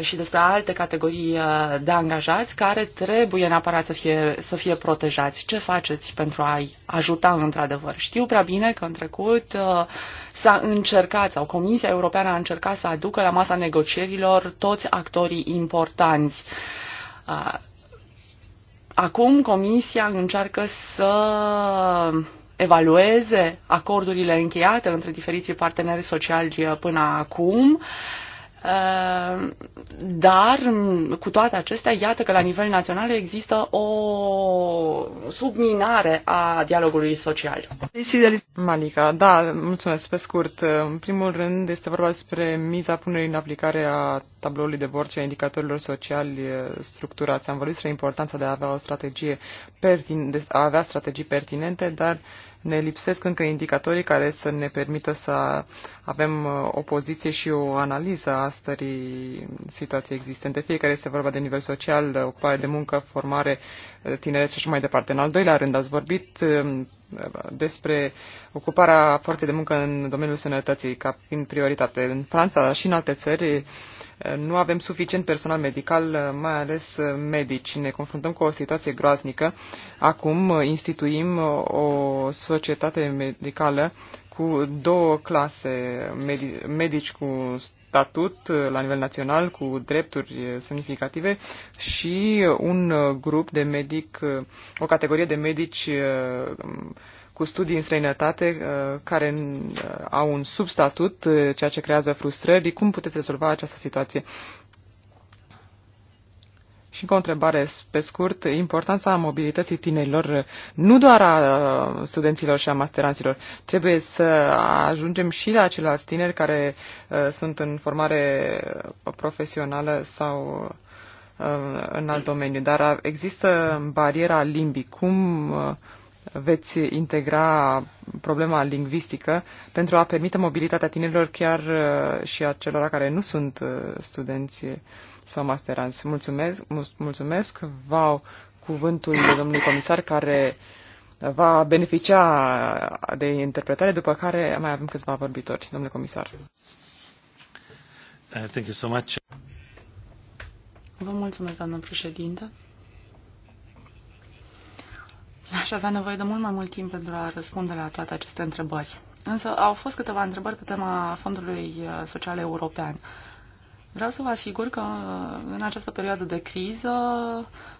și despre alte categorii uh, de angajați care trebuie neapărat să fie, să fie protejați. Ce faceți pentru a-i ajuta într-adevăr? Știu prea bine că în trecut uh, s-a încercat sau Comisia Europeană a încercat să aducă la masa negocierilor toți actorii importanți. Acum Comisia încearcă să evalueze acordurile încheiate între diferiții parteneri sociali până acum, Ehm, dar, cu toate acestea, iată că la nivel național există o subminare a dialogului social. Malica, da, mulțumesc, pe scurt. În primul rând, este vorba despre miza punerii în aplicare a tabloului de bord și a indicatorilor sociali structurați. Am vorbit despre importanța de a avea o strategie pertin- de a avea strategii pertinente, dar uh, ne lipsesc încă indicatorii care să ne permită să avem uh, o poziție și o analiză a stării situației existente. Fie că este vorba de nivel social, ocupare de muncă, formare, uh, tineret și așa mai departe. În al doilea rând, ați vorbit um, despre ocuparea forței de muncă în domeniul sănătății ca fiind prioritate. În Franța și în alte țări nu avem suficient personal medical, mai ales medici. Ne confruntăm cu o situație groaznică. Acum instituim o societate medicală cu două clase, medici cu statut la nivel național, cu drepturi semnificative și un grup de medic, o categorie de medici cu studii în străinătate uh, care uh, au un substatut, uh, ceea ce creează frustrări. Cum puteți rezolva această situație? Și încă o întrebare pe scurt, importanța mobilității tinerilor, nu doar a studenților și a masteranților. Trebuie să ajungem și la ceilalți tineri care uh, sunt în formare profesională sau uh, în alt domeniu. Dar există bariera limbii. Cum uh, veți integra problema lingvistică pentru a permite mobilitatea tinerilor chiar uh, și a celor care nu sunt uh, studenți sau masteranți. Mulțumesc, mulțumesc. Vau cuvântul domnului comisar care va beneficia de interpretare, după care mai avem câțiva vorbitori. Domnule comisar. Uh, thank you so much. Vă mulțumesc, doamnă președinte. Aș avea nevoie de mult mai mult timp pentru a răspunde la toate aceste întrebări. Însă au fost câteva întrebări pe tema Fondului Social European. Vreau să vă asigur că în această perioadă de criză,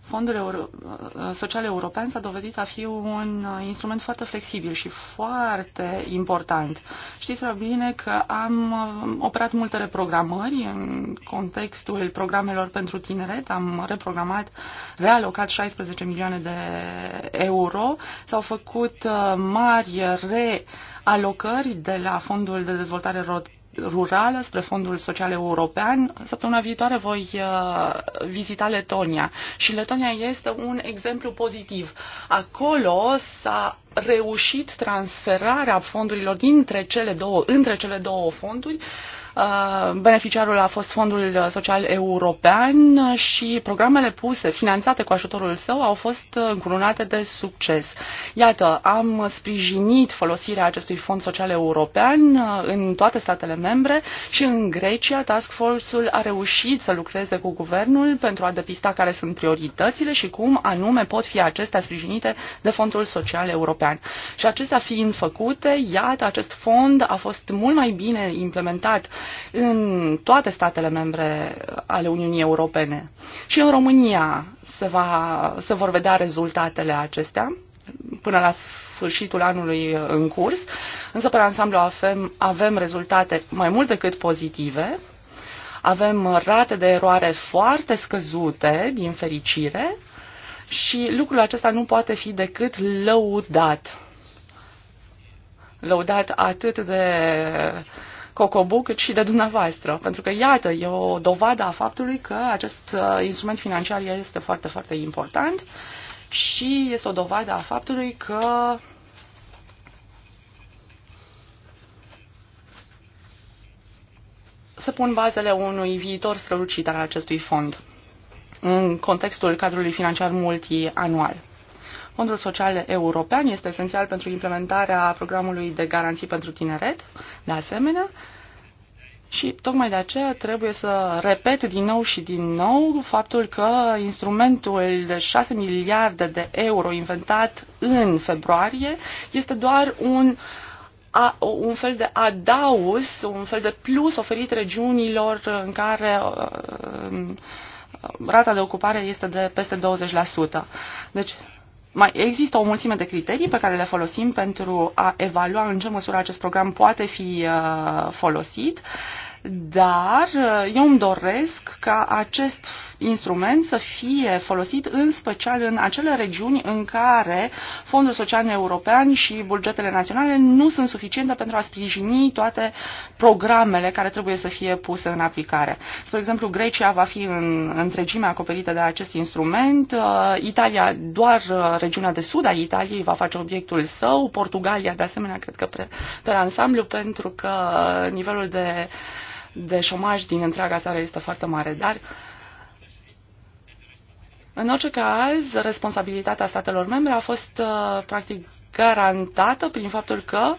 fondurile euro- europene s-a dovedit a fi un instrument foarte flexibil și foarte important. Știți prea bine că am operat multe reprogramări în contextul programelor pentru tineret. Am reprogramat, realocat 16 milioane de euro. S-au făcut uh, mari realocări de la Fondul de Dezvoltare Rot rurală, spre Fondul Social European. Săptămâna viitoare voi uh, vizita Letonia și Letonia este un exemplu pozitiv. Acolo s-a reușit transferarea fondurilor dintre cele două, între cele două fonduri uh, Uh, beneficiarul a fost Fondul Social European și programele puse, finanțate cu ajutorul său, au fost încurunate de succes. Iată, am sprijinit folosirea acestui Fond Social European uh, în toate statele membre și în Grecia Task Force-ul a reușit să lucreze cu guvernul pentru a depista care sunt prioritățile și cum anume pot fi acestea sprijinite de Fondul Social European. Și acestea fiind făcute, iată, acest fond a fost mult mai bine implementat în toate statele membre ale Uniunii Europene. Și în România se, va, se vor vedea rezultatele acestea până la sfârșitul anului în curs, însă pe ansamblu avem, avem rezultate mai mult decât pozitive, avem rate de eroare foarte scăzute, din fericire, și lucrul acesta nu poate fi decât lăudat. Lăudat atât de Cocobu, cât și de dumneavoastră. Pentru că, iată, e o dovadă a faptului că acest uh, instrument financiar este foarte, foarte important și este o dovadă a faptului că se pun bazele unui viitor strălucit al acestui fond în contextul cadrului financiar multianual. Fondul Social European este esențial pentru implementarea programului de garanții pentru tineret, de asemenea, și tocmai de aceea trebuie să repet din nou și din nou faptul că instrumentul de 6 miliarde de euro inventat în februarie este doar un, a, un fel de adaus, un fel de plus oferit regiunilor în care uh, um, rata de ocupare este de peste 20%. Deci mai există o mulțime de criterii pe care le folosim pentru a evalua în ce măsură acest program poate fi uh, folosit, dar uh, eu îmi doresc ca acest instrument să fie folosit în special în acele regiuni în care Fondul Social European și bugetele naționale nu sunt suficiente pentru a sprijini toate programele care trebuie să fie puse în aplicare. Spre exemplu, Grecia va fi în întregime acoperită de acest instrument, uh, Italia, doar uh, regiunea de sud a Italiei va face obiectul său, Portugalia de asemenea, cred că pe, pe ansamblu, pentru că nivelul de de șomaj din întreaga țară este foarte mare, dar uh, în orice caz, responsabilitatea statelor membre a fost uh, practic garantată prin faptul că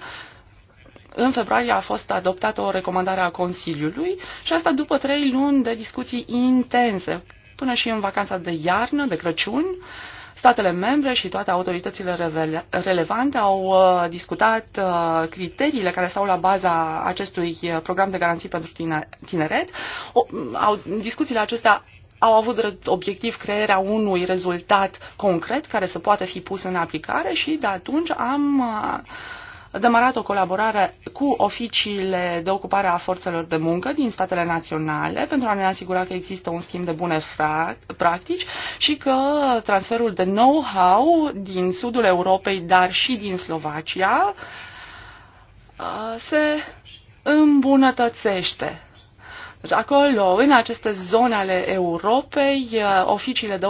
în februarie a fost adoptată o recomandare a Consiliului și asta după trei luni de discuții intense, până și în vacanța de iarnă, de Crăciun. Statele membre și toate autoritățile relevante au uh, discutat uh, criteriile care stau la baza acestui program de garanții pentru tineret. O, au, discuțiile acestea au avut drept obiectiv crearea unui rezultat concret care să poată fi pus în aplicare și de atunci am uh, demarat o colaborare cu oficiile de ocupare a forțelor de muncă din statele naționale pentru a ne asigura că există un schimb de bune practici și că transferul de know-how din sudul Europei, dar și din Slovacia, uh, se îmbunătățește. Deci acolo, în aceste zone ale Europei, uh, oficiile de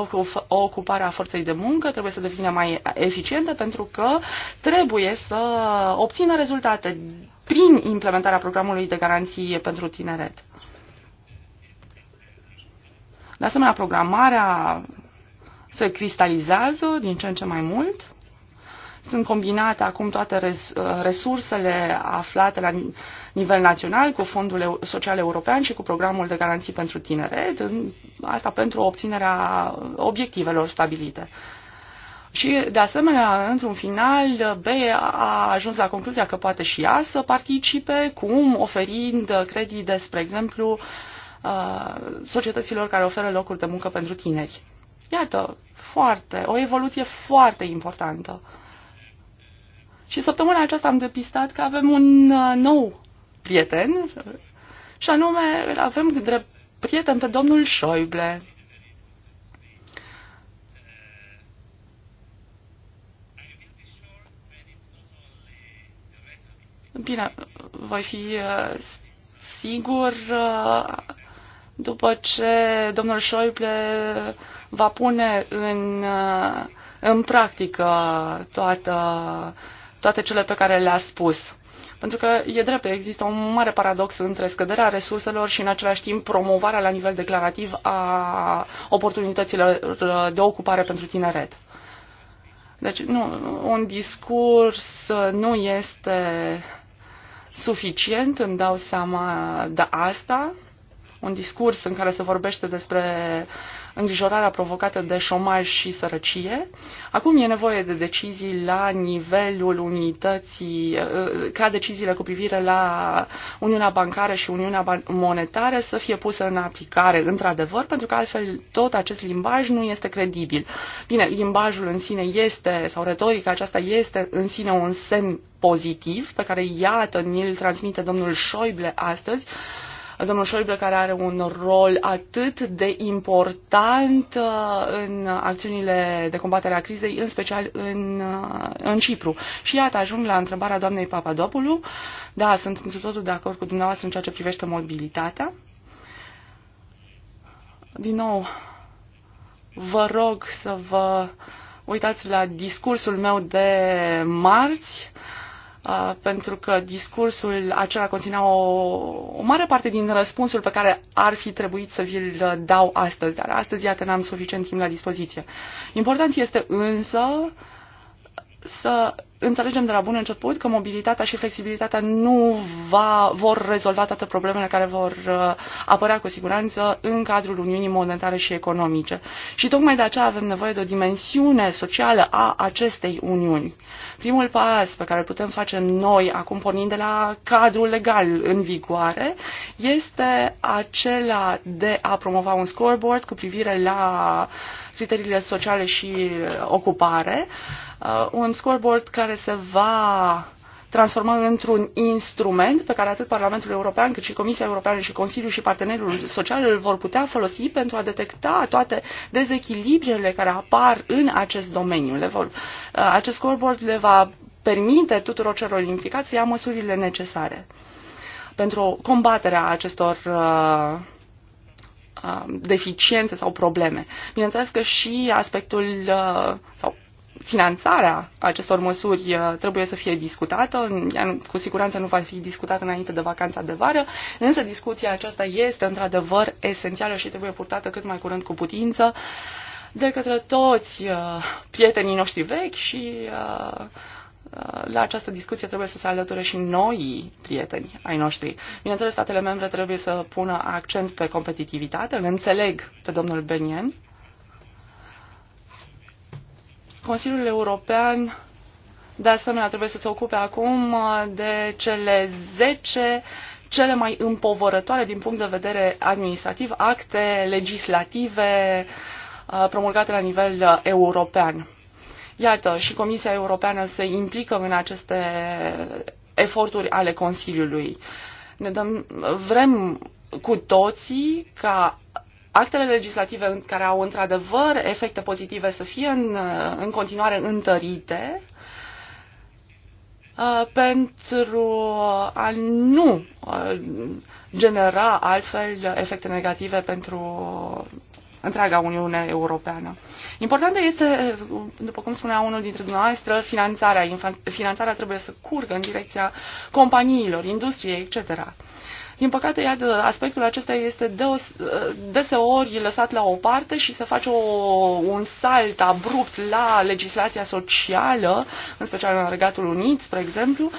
ocupare a forței de muncă trebuie să devină mai eficiente pentru că trebuie să obțină rezultate prin implementarea programului de garanție pentru tineret. De asemenea, programarea se cristalizează din ce în ce mai mult. Sunt combinate acum toate uh, resursele aflate la nivel național, cu Fondul Social European și cu Programul de Garanții pentru Tineret, asta pentru obținerea obiectivelor stabilite. Și, de asemenea, într-un final, B a ajuns la concluzia că poate și ea să participe, cum oferind credite, spre exemplu, uh, societăților care oferă locuri de muncă pentru tineri. Iată, foarte, o evoluție foarte importantă. Și săptămâna aceasta am depistat că avem un uh, nou prieten și anume îl avem drept prieten pe domnul Șoible. Bine, voi fi uh, sigur uh, după ce domnul Șoible va pune în, uh, în practică toată, toate cele pe care le-a spus. Pentru că e drept, există un mare paradox între scăderea resurselor și în același timp promovarea la nivel declarativ a oportunităților de ocupare pentru tineret. Deci, nu, un discurs nu este suficient, îmi dau seama de asta, un discurs în care se vorbește despre uh, îngrijorarea provocată de șomaj și sărăcie. Acum e nevoie de decizii la nivelul unității, uh, ca deciziile cu privire la Uniunea Bancară și Uniunea Monetară să fie puse în aplicare, într-adevăr, pentru că altfel tot acest limbaj nu este credibil. Bine, limbajul în sine este, sau retorica aceasta este în sine un semn pozitiv pe care, iată, ni-l transmite domnul Șoible astăzi, domnul Schäuble, care are un rol atât de important uh, în acțiunile de combatere a crizei, în special în, uh, în Cipru. Și iată, ajung la întrebarea doamnei Papadopoulou. Da, sunt într totul de acord cu dumneavoastră în ceea ce privește mobilitatea. Din nou, vă rog să vă uitați la discursul meu de marți. Uh, Uh, pentru că discursul acela conținea o, o mare parte din răspunsul pe care ar fi trebuit să vi-l uh, dau astăzi, dar astăzi, iată, n-am suficient timp la dispoziție. Important este însă uh, să înțelegem de la bun început că mobilitatea și flexibilitatea nu va, vor rezolva toate problemele care vor uh, apărea cu siguranță în cadrul Uniunii Monetare și Economice. Și tocmai de aceea avem nevoie de o dimensiune socială a acestei Uniuni. Primul pas pe care îl putem face noi, acum pornind de la cadrul legal în vigoare, este acela de a promova un scoreboard cu privire la criteriile sociale și uh, ocupare, uh, Uh, un scoreboard care se va transforma într-un instrument pe care atât Parlamentul European cât și Comisia Europeană și Consiliul și partenerul social îl vor putea folosi pentru a detecta toate dezechilibrele care apar în acest domeniu. Le vor, uh, acest scoreboard le va permite tuturor celor implicați să ia măsurile necesare pentru combaterea acestor uh, uh deficiențe sau probleme. Bineînțeles că și aspectul sau finanțarea acestor măsuri uh, trebuie să fie discutată. cu siguranță nu va fi discutată înainte de vacanța de vară, însă discuția aceasta este într-adevăr esențială și trebuie purtată cât mai curând cu putință de către toți uh, prietenii noștri vechi și uh, la această discuție trebuie să se alăture și noi prieteni ai noștri. Bineînțeles, statele membre trebuie să pună accent pe competitivitate. Îl înțeleg pe domnul Benien Consiliul European de asemenea trebuie să se ocupe acum uh, de cele 10 cele mai împovărătoare din punct de vedere administrativ acte legislative uh, promulgate la nivel uh, european. Iată, și Comisia Europeană se implică în aceste eforturi ale Consiliului. Ne dăm, vrem cu toții ca actele legislative care au într-adevăr efecte pozitive să fie în, uh, în continuare întărite uh, pentru a nu uh, genera altfel efecte negative pentru întreaga Uniune Europeană. Importantă este, după cum spunea unul dintre dumneavoastră, finanțarea. Finanțarea trebuie să curgă în direcția companiilor, industriei, etc. Din păcate, aspectul acesta este deos, deseori lăsat la o parte și se face o, un salt abrupt la legislația socială, în special în Regatul Unit, spre exemplu,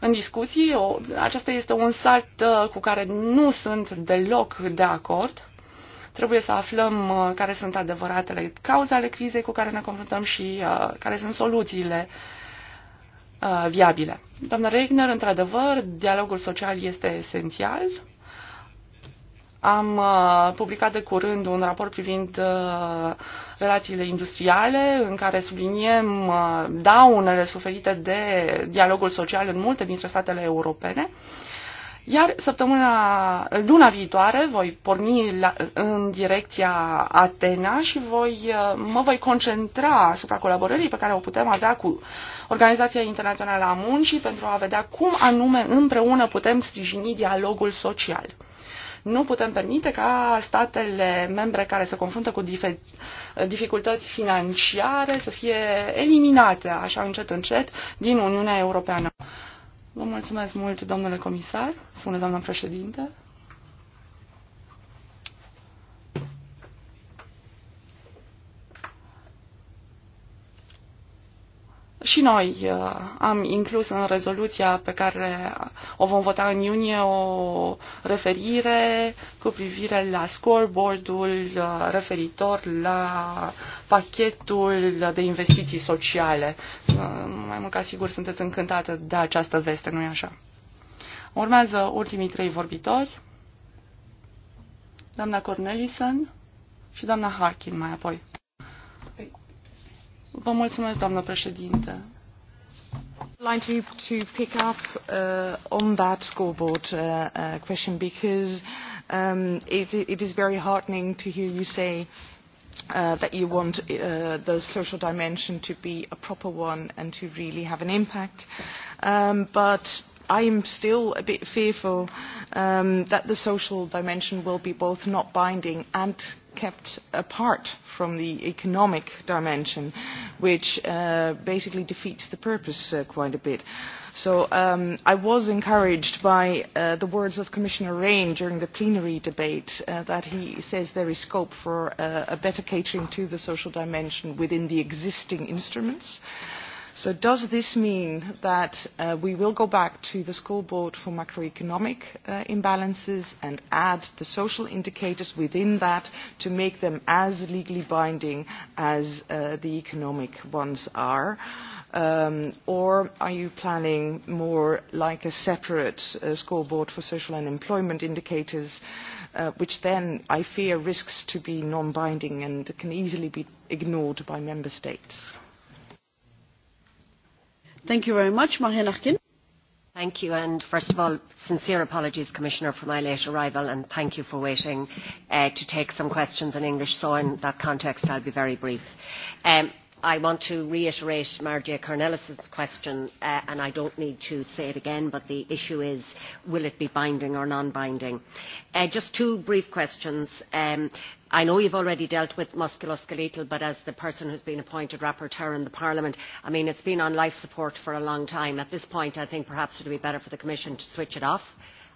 în discuții. O, acesta este un salt uh, cu care nu sunt deloc de acord. Trebuie să aflăm uh, care sunt adevăratele cauze ale crizei cu care ne confruntăm și uh, care sunt soluțiile uh, Uh, viabile. Doamna Regner, într-adevăr, dialogul social este esențial. Am uh, publicat de curând un raport privind uh, relațiile industriale în care subliniem daunele suferite de dialogul social în multe dintre statele europene. Iar săptămâna, luna viitoare voi porni la, în direcția Atena și voi, uh, mă voi concentra asupra colaborării pe care o putem avea cu Organizația Internațională a Muncii pentru a vedea cum anume împreună putem sprijini dialogul social. Nu putem permite ca statele membre care se confruntă cu dificultăți financiare să fie eliminate așa încet încet din Uniunea Europeană. Vă mulțumesc mult, domnule comisar, spune doamna președinte. Și noi uh, am inclus în rezoluția pe care o vom vota în iunie o referire cu privire la scoreboard-ul uh, referitor la pachetul de investiții sociale. Uh, mai mult ca sigur sunteți încântată de această veste, nu-i așa? Urmează ultimii trei vorbitori, doamna Cornelison și doamna Harkin mai apoi. Vă mulțumesc, doamnă președinte. I'd like to, to pick up uh, on that scoreboard uh, uh, question because um, it, it is very heartening to hear you say Uh, that you want uh, the social dimension to be a proper one and to really have an impact. Um, but I am still a bit fearful um, that the social dimension will be both not binding and kept apart from the economic dimension, which uh, basically defeats the purpose uh, quite a bit. So um, I was encouraged by uh, the words of Commissioner Rehn during the plenary debate uh, that he says there is scope for uh, a better catering to the social dimension within the existing instruments. Uh, So does this mean that uh, we will go back to the scoreboard for macroeconomic uh, imbalances and add the social indicators within that to make them as legally binding as uh, the economic ones are? Um, or are you planning more like a separate uh, scoreboard for social and employment indicators, uh, which then I fear risks to be non-binding and can easily be ignored by member states? Thank you very much, Marianne Thank you, and first of all, sincere apologies, Commissioner, for my late arrival, and thank you for waiting uh, to take some questions in English. So, in that context, I'll be very brief. Um, I want to reiterate Marja Cornelis's question, uh, and I don't need to say it again, but the issue is, will it be binding or non-binding? Uh, just two brief questions. Um, I know you've already dealt with musculoskeletal, but as the person who's been appointed rapporteur in the Parliament, I mean, it's been on life support for a long time. At this point, I think perhaps it would be better for the Commission to switch it off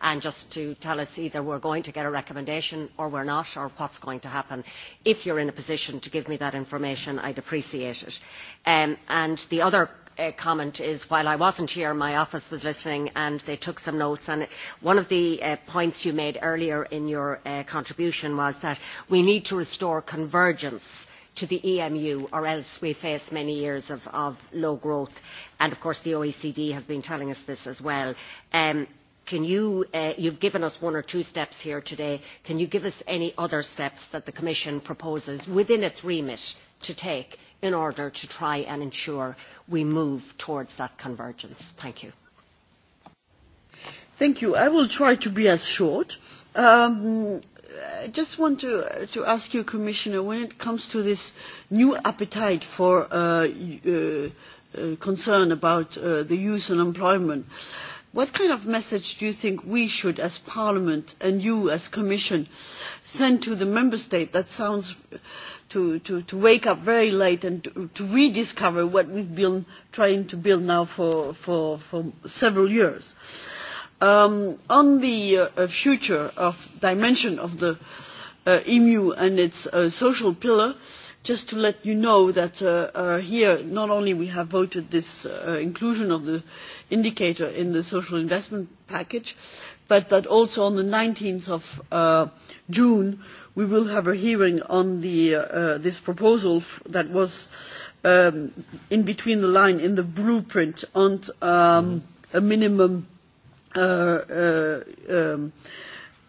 and just to tell us either we're going to get a recommendation or we're not or what's going to happen. If you're in a position to give me that information, I'd appreciate it. Um, and the other uh, comment is while I wasn't here, my office was listening and they took some notes. And one of the uh, points you made earlier in your uh, contribution was that we need to restore convergence to the EMU or else we face many years of, of low growth. And of course the OECD has been telling us this as well. Um, can you have uh, you've given us one or two steps here today can you give us any other steps that the commission proposes within its remit to take in order to try and ensure we move towards that convergence thank you thank you i will try to be as short um, I just want to, to ask you, Commissioner, when it comes to this new appetite for uh, uh, uh, concern about uh, the youth and employment, uh, What kind of message do you think we should, as Parliament and you as Commission, send to the Member State that sounds to, to, to wake up very late and to, to rediscover what we've been trying to build now for, for, for several years? Um, on the uh, uh future of dimension of the uh, EMU and its uh, social pillar, just to let you know that uh, uh, here not only we have voted this uh, inclusion of the indicator in the social investment package but that also on the 19th of uh, June we will have a hearing on the, uh, uh this proposal that was um, in between the line in the blueprint on um, a minimum uh, uh, um,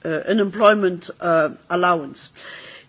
uh, unemployment uh, allowance. Uh,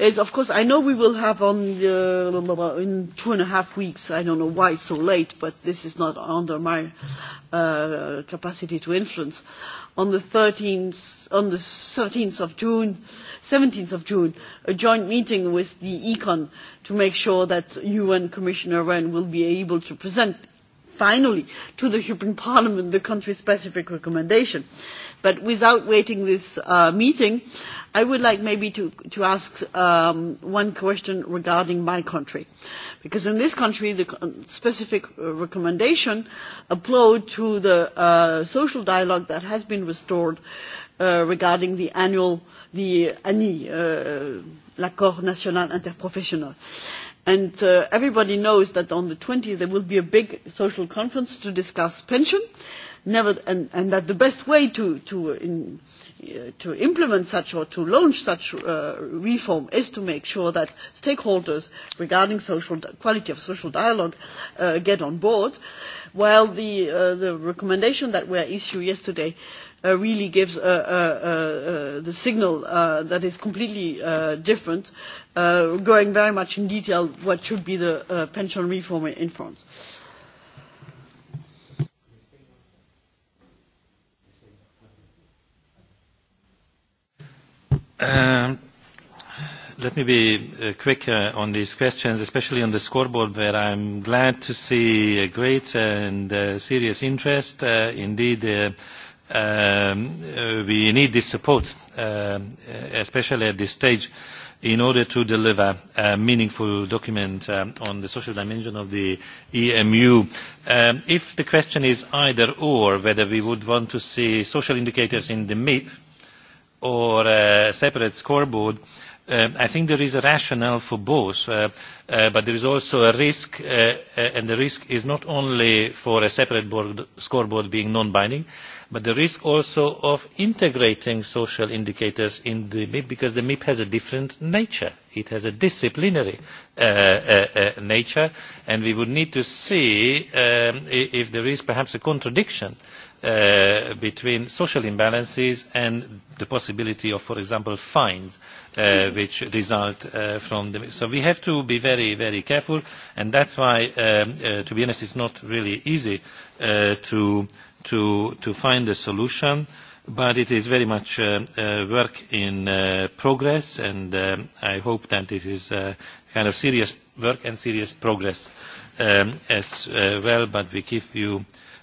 is of course I know we will have on the, uh, in two and a half weeks I don't know why so late but this is not under my uh, capacity to influence on the 13th on the 13th of June 17th of June a joint meeting with the econ to make sure that UN Commissioner Wren will be able to present finally to the European Parliament the country specific recommendation uh, But without waiting this uh, meeting, I would like maybe to, to ask um, one question regarding my country. Because in this country, the specific uh, recommendation applied to the uh, social dialogue that has been restored uh, regarding the annual, the ANI, uh, l'accord national interprofessionnel. And uh, everybody knows that on the 20th there will be a big social conference to discuss pension never, and, and that the best way to, to, in, uh, to implement such or to launch such uh, reform is to make sure that stakeholders regarding social quality of social dialogue uh, get on board, while the, uh, the recommendation that we issued yesterday uh, really gives uh, uh, the signal uh, that is completely uh, different, uh, going very much in detail what should be the uh, pension reform in France. Um, let me be uh, quick uh, on these questions, especially on the scoreboard, where I'm glad to see a great and uh, serious interest. Uh, indeed, uh, um, uh, we need this support, uh, especially at this stage, in order to deliver a meaningful document um, on the social dimension of the EMU. Um, if the question is either or, whether we would want to see social indicators in the MIP, or a uh, separate scoreboard, uh, I think there is a rationale for both, uh, uh, but there is also a risk, uh, uh, and the risk is not only for a separate board, scoreboard being non-binding, but the risk also of integrating social indicators in the MIP, because the MIP has a different nature. It has a disciplinary uh, uh, uh, nature, and we would need to see um, if there is perhaps a contradiction Uh, between social imbalances and the possibility of, for example, fines uh, mm-hmm. which result uh, from the... So we have to be very, very careful, and that's why, um, uh, to be honest, it's not really easy uh, to, to, to find a solution, but it is very much uh, uh, work in uh, progress, and um, I hope that it is uh, kind of serious work and serious progress um, as uh, well, but we give you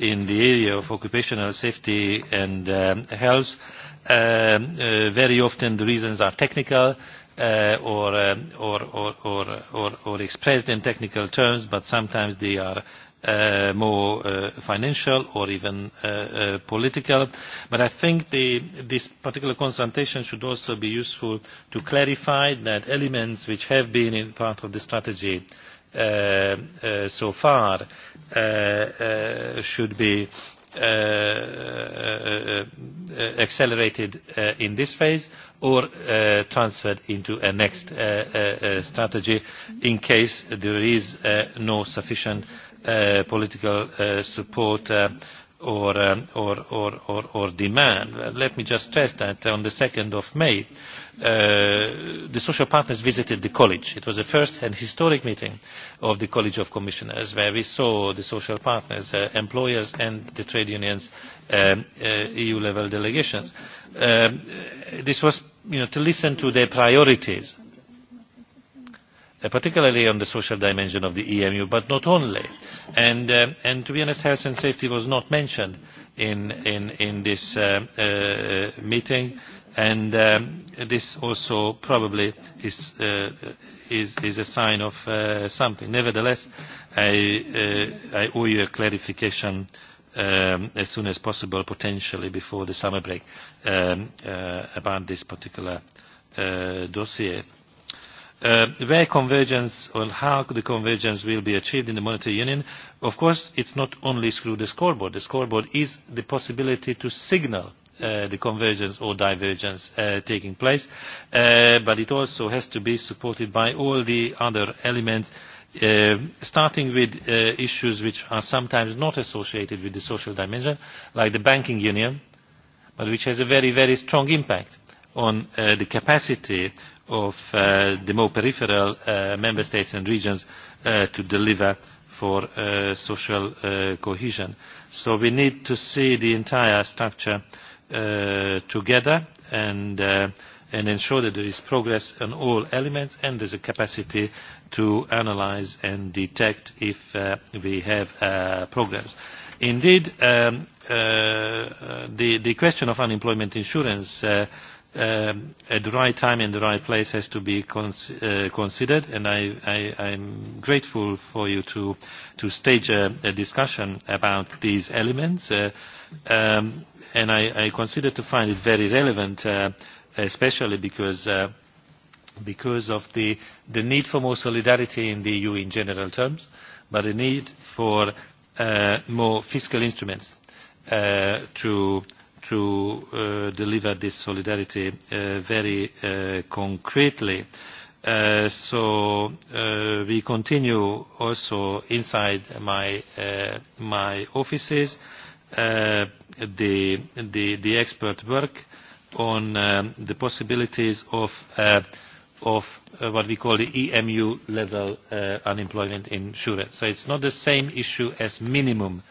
in the area of occupational safety and um, health, uh, uh, very often the reasons are technical uh, or, um, or, or, or, or, or expressed in technical terms, but sometimes they are uh, more uh, financial or even uh, uh, political. But I think the, this particular consultation should also be useful to clarify that elements which have been in part of the strategy Uh, uh, so far uh, should be accelerated in this phase or transferred into a next strategy in case there is no sufficient political support or, um, or, or, or, or demand. Let me just stress that on the 2nd of May, uh, the social partners visited the college. It was the first and historic meeting of the College of Commissioners where we saw the social partners, uh, employers and the trade unions, um, uh, EU-level delegations. Um, this was you know, to listen to their priorities Uh, particularly on the social dimension of the emu but not only and, uh, and to be honest health and safety was not mentioned in, in, in this uh, uh, meeting and um, this also probably is, uh, is, is a sign of uh, something. nevertheless I, i owe you a clarification um, as soon as possible potentially before the summer break um, about this particular dossier. Uh, where convergence or how the convergence will be achieved in the monetary union of course it is not only through the scoreboard the scoreboard is the possibility to signal uh, the convergence or divergence uh, taking place uh, but it also has to be supported by all the other elements uh, starting with uh, issues which are sometimes not associated with the social dimension like the banking union but which has a very very strong impact on the capacity of uh, the more peripheral uh, member states and regions uh, to deliver for uh, social uh, cohesion. So we need to see the entire structure uh, together and, uh, and ensure that there is progress on all elements and there's a capacity to analyse and detect if uh, we have uh, problems. Indeed, um, uh, the, the question of unemployment insurance uh, Uh, at the right time in the right place has to be cons uh, considered and I, I, I'm grateful for you to, to stage a, a discussion about these elements uh, um, and I, I consider to find it very relevant uh, especially because uh, because of the, the need for more solidarity in the EU in general terms, but the need for uh, more fiscal instruments uh, to uh, to uh, deliver this solidarity uh, very uh, concretely. Uh, so uh, we continue also inside my, uh, my offices uh, the, the, the expert work on um, the possibilities of, uh, of uh, what we call the EMU level uh, unemployment insurance. So it's not the same issue as minimum uh,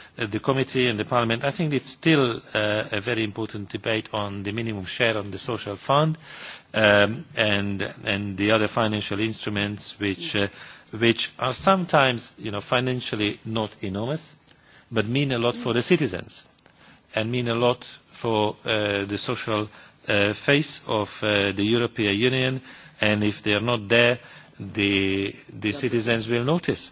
Uh, the committee and the parliament i think it is still uh, a very important debate on the minimum share on the social fund um, and, the other financial instruments uh, which, are sometimes you know, financially not enormous but mean a lot for the citizens and mean a lot for the social face of the european union and if they are not there the, the citizens will notice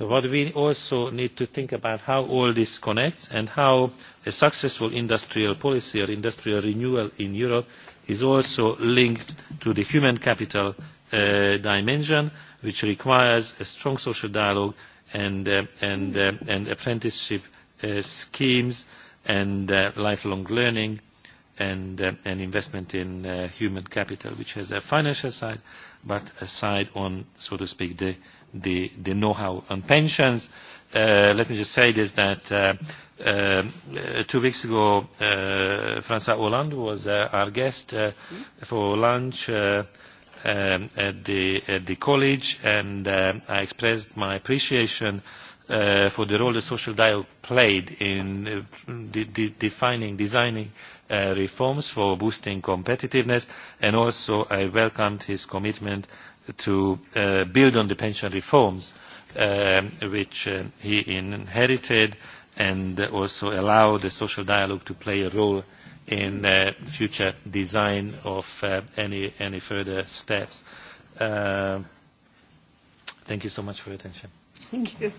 so what we also need to think about is how all this connects and how a successful industrial policy or industrial renewal in europe is also linked to the human capital uh, dimension which requires a strong social dialogue and, uh, and, uh, and apprenticeship uh, schemes and uh, lifelong learning and, uh, and investment in human capital which has a financial side but a side on so to speak the the, the know-how on pensions. Uh, let me just say this, that uh, uh, two weeks ago, uh, François Hollande was uh, our guest uh, for lunch uh, um, at, the, at the college, and uh, I expressed my appreciation uh, for the role the social dialogue played in uh, de de defining, designing uh, reforms for boosting competitiveness, and also I welcomed his commitment uh, to uh, build on the pension reforms um, which uh, he inherited and also allow the social dialogue to play a role in uh, future design of uh, any, any further steps. Uh, thank you so much for your attention. Thank you.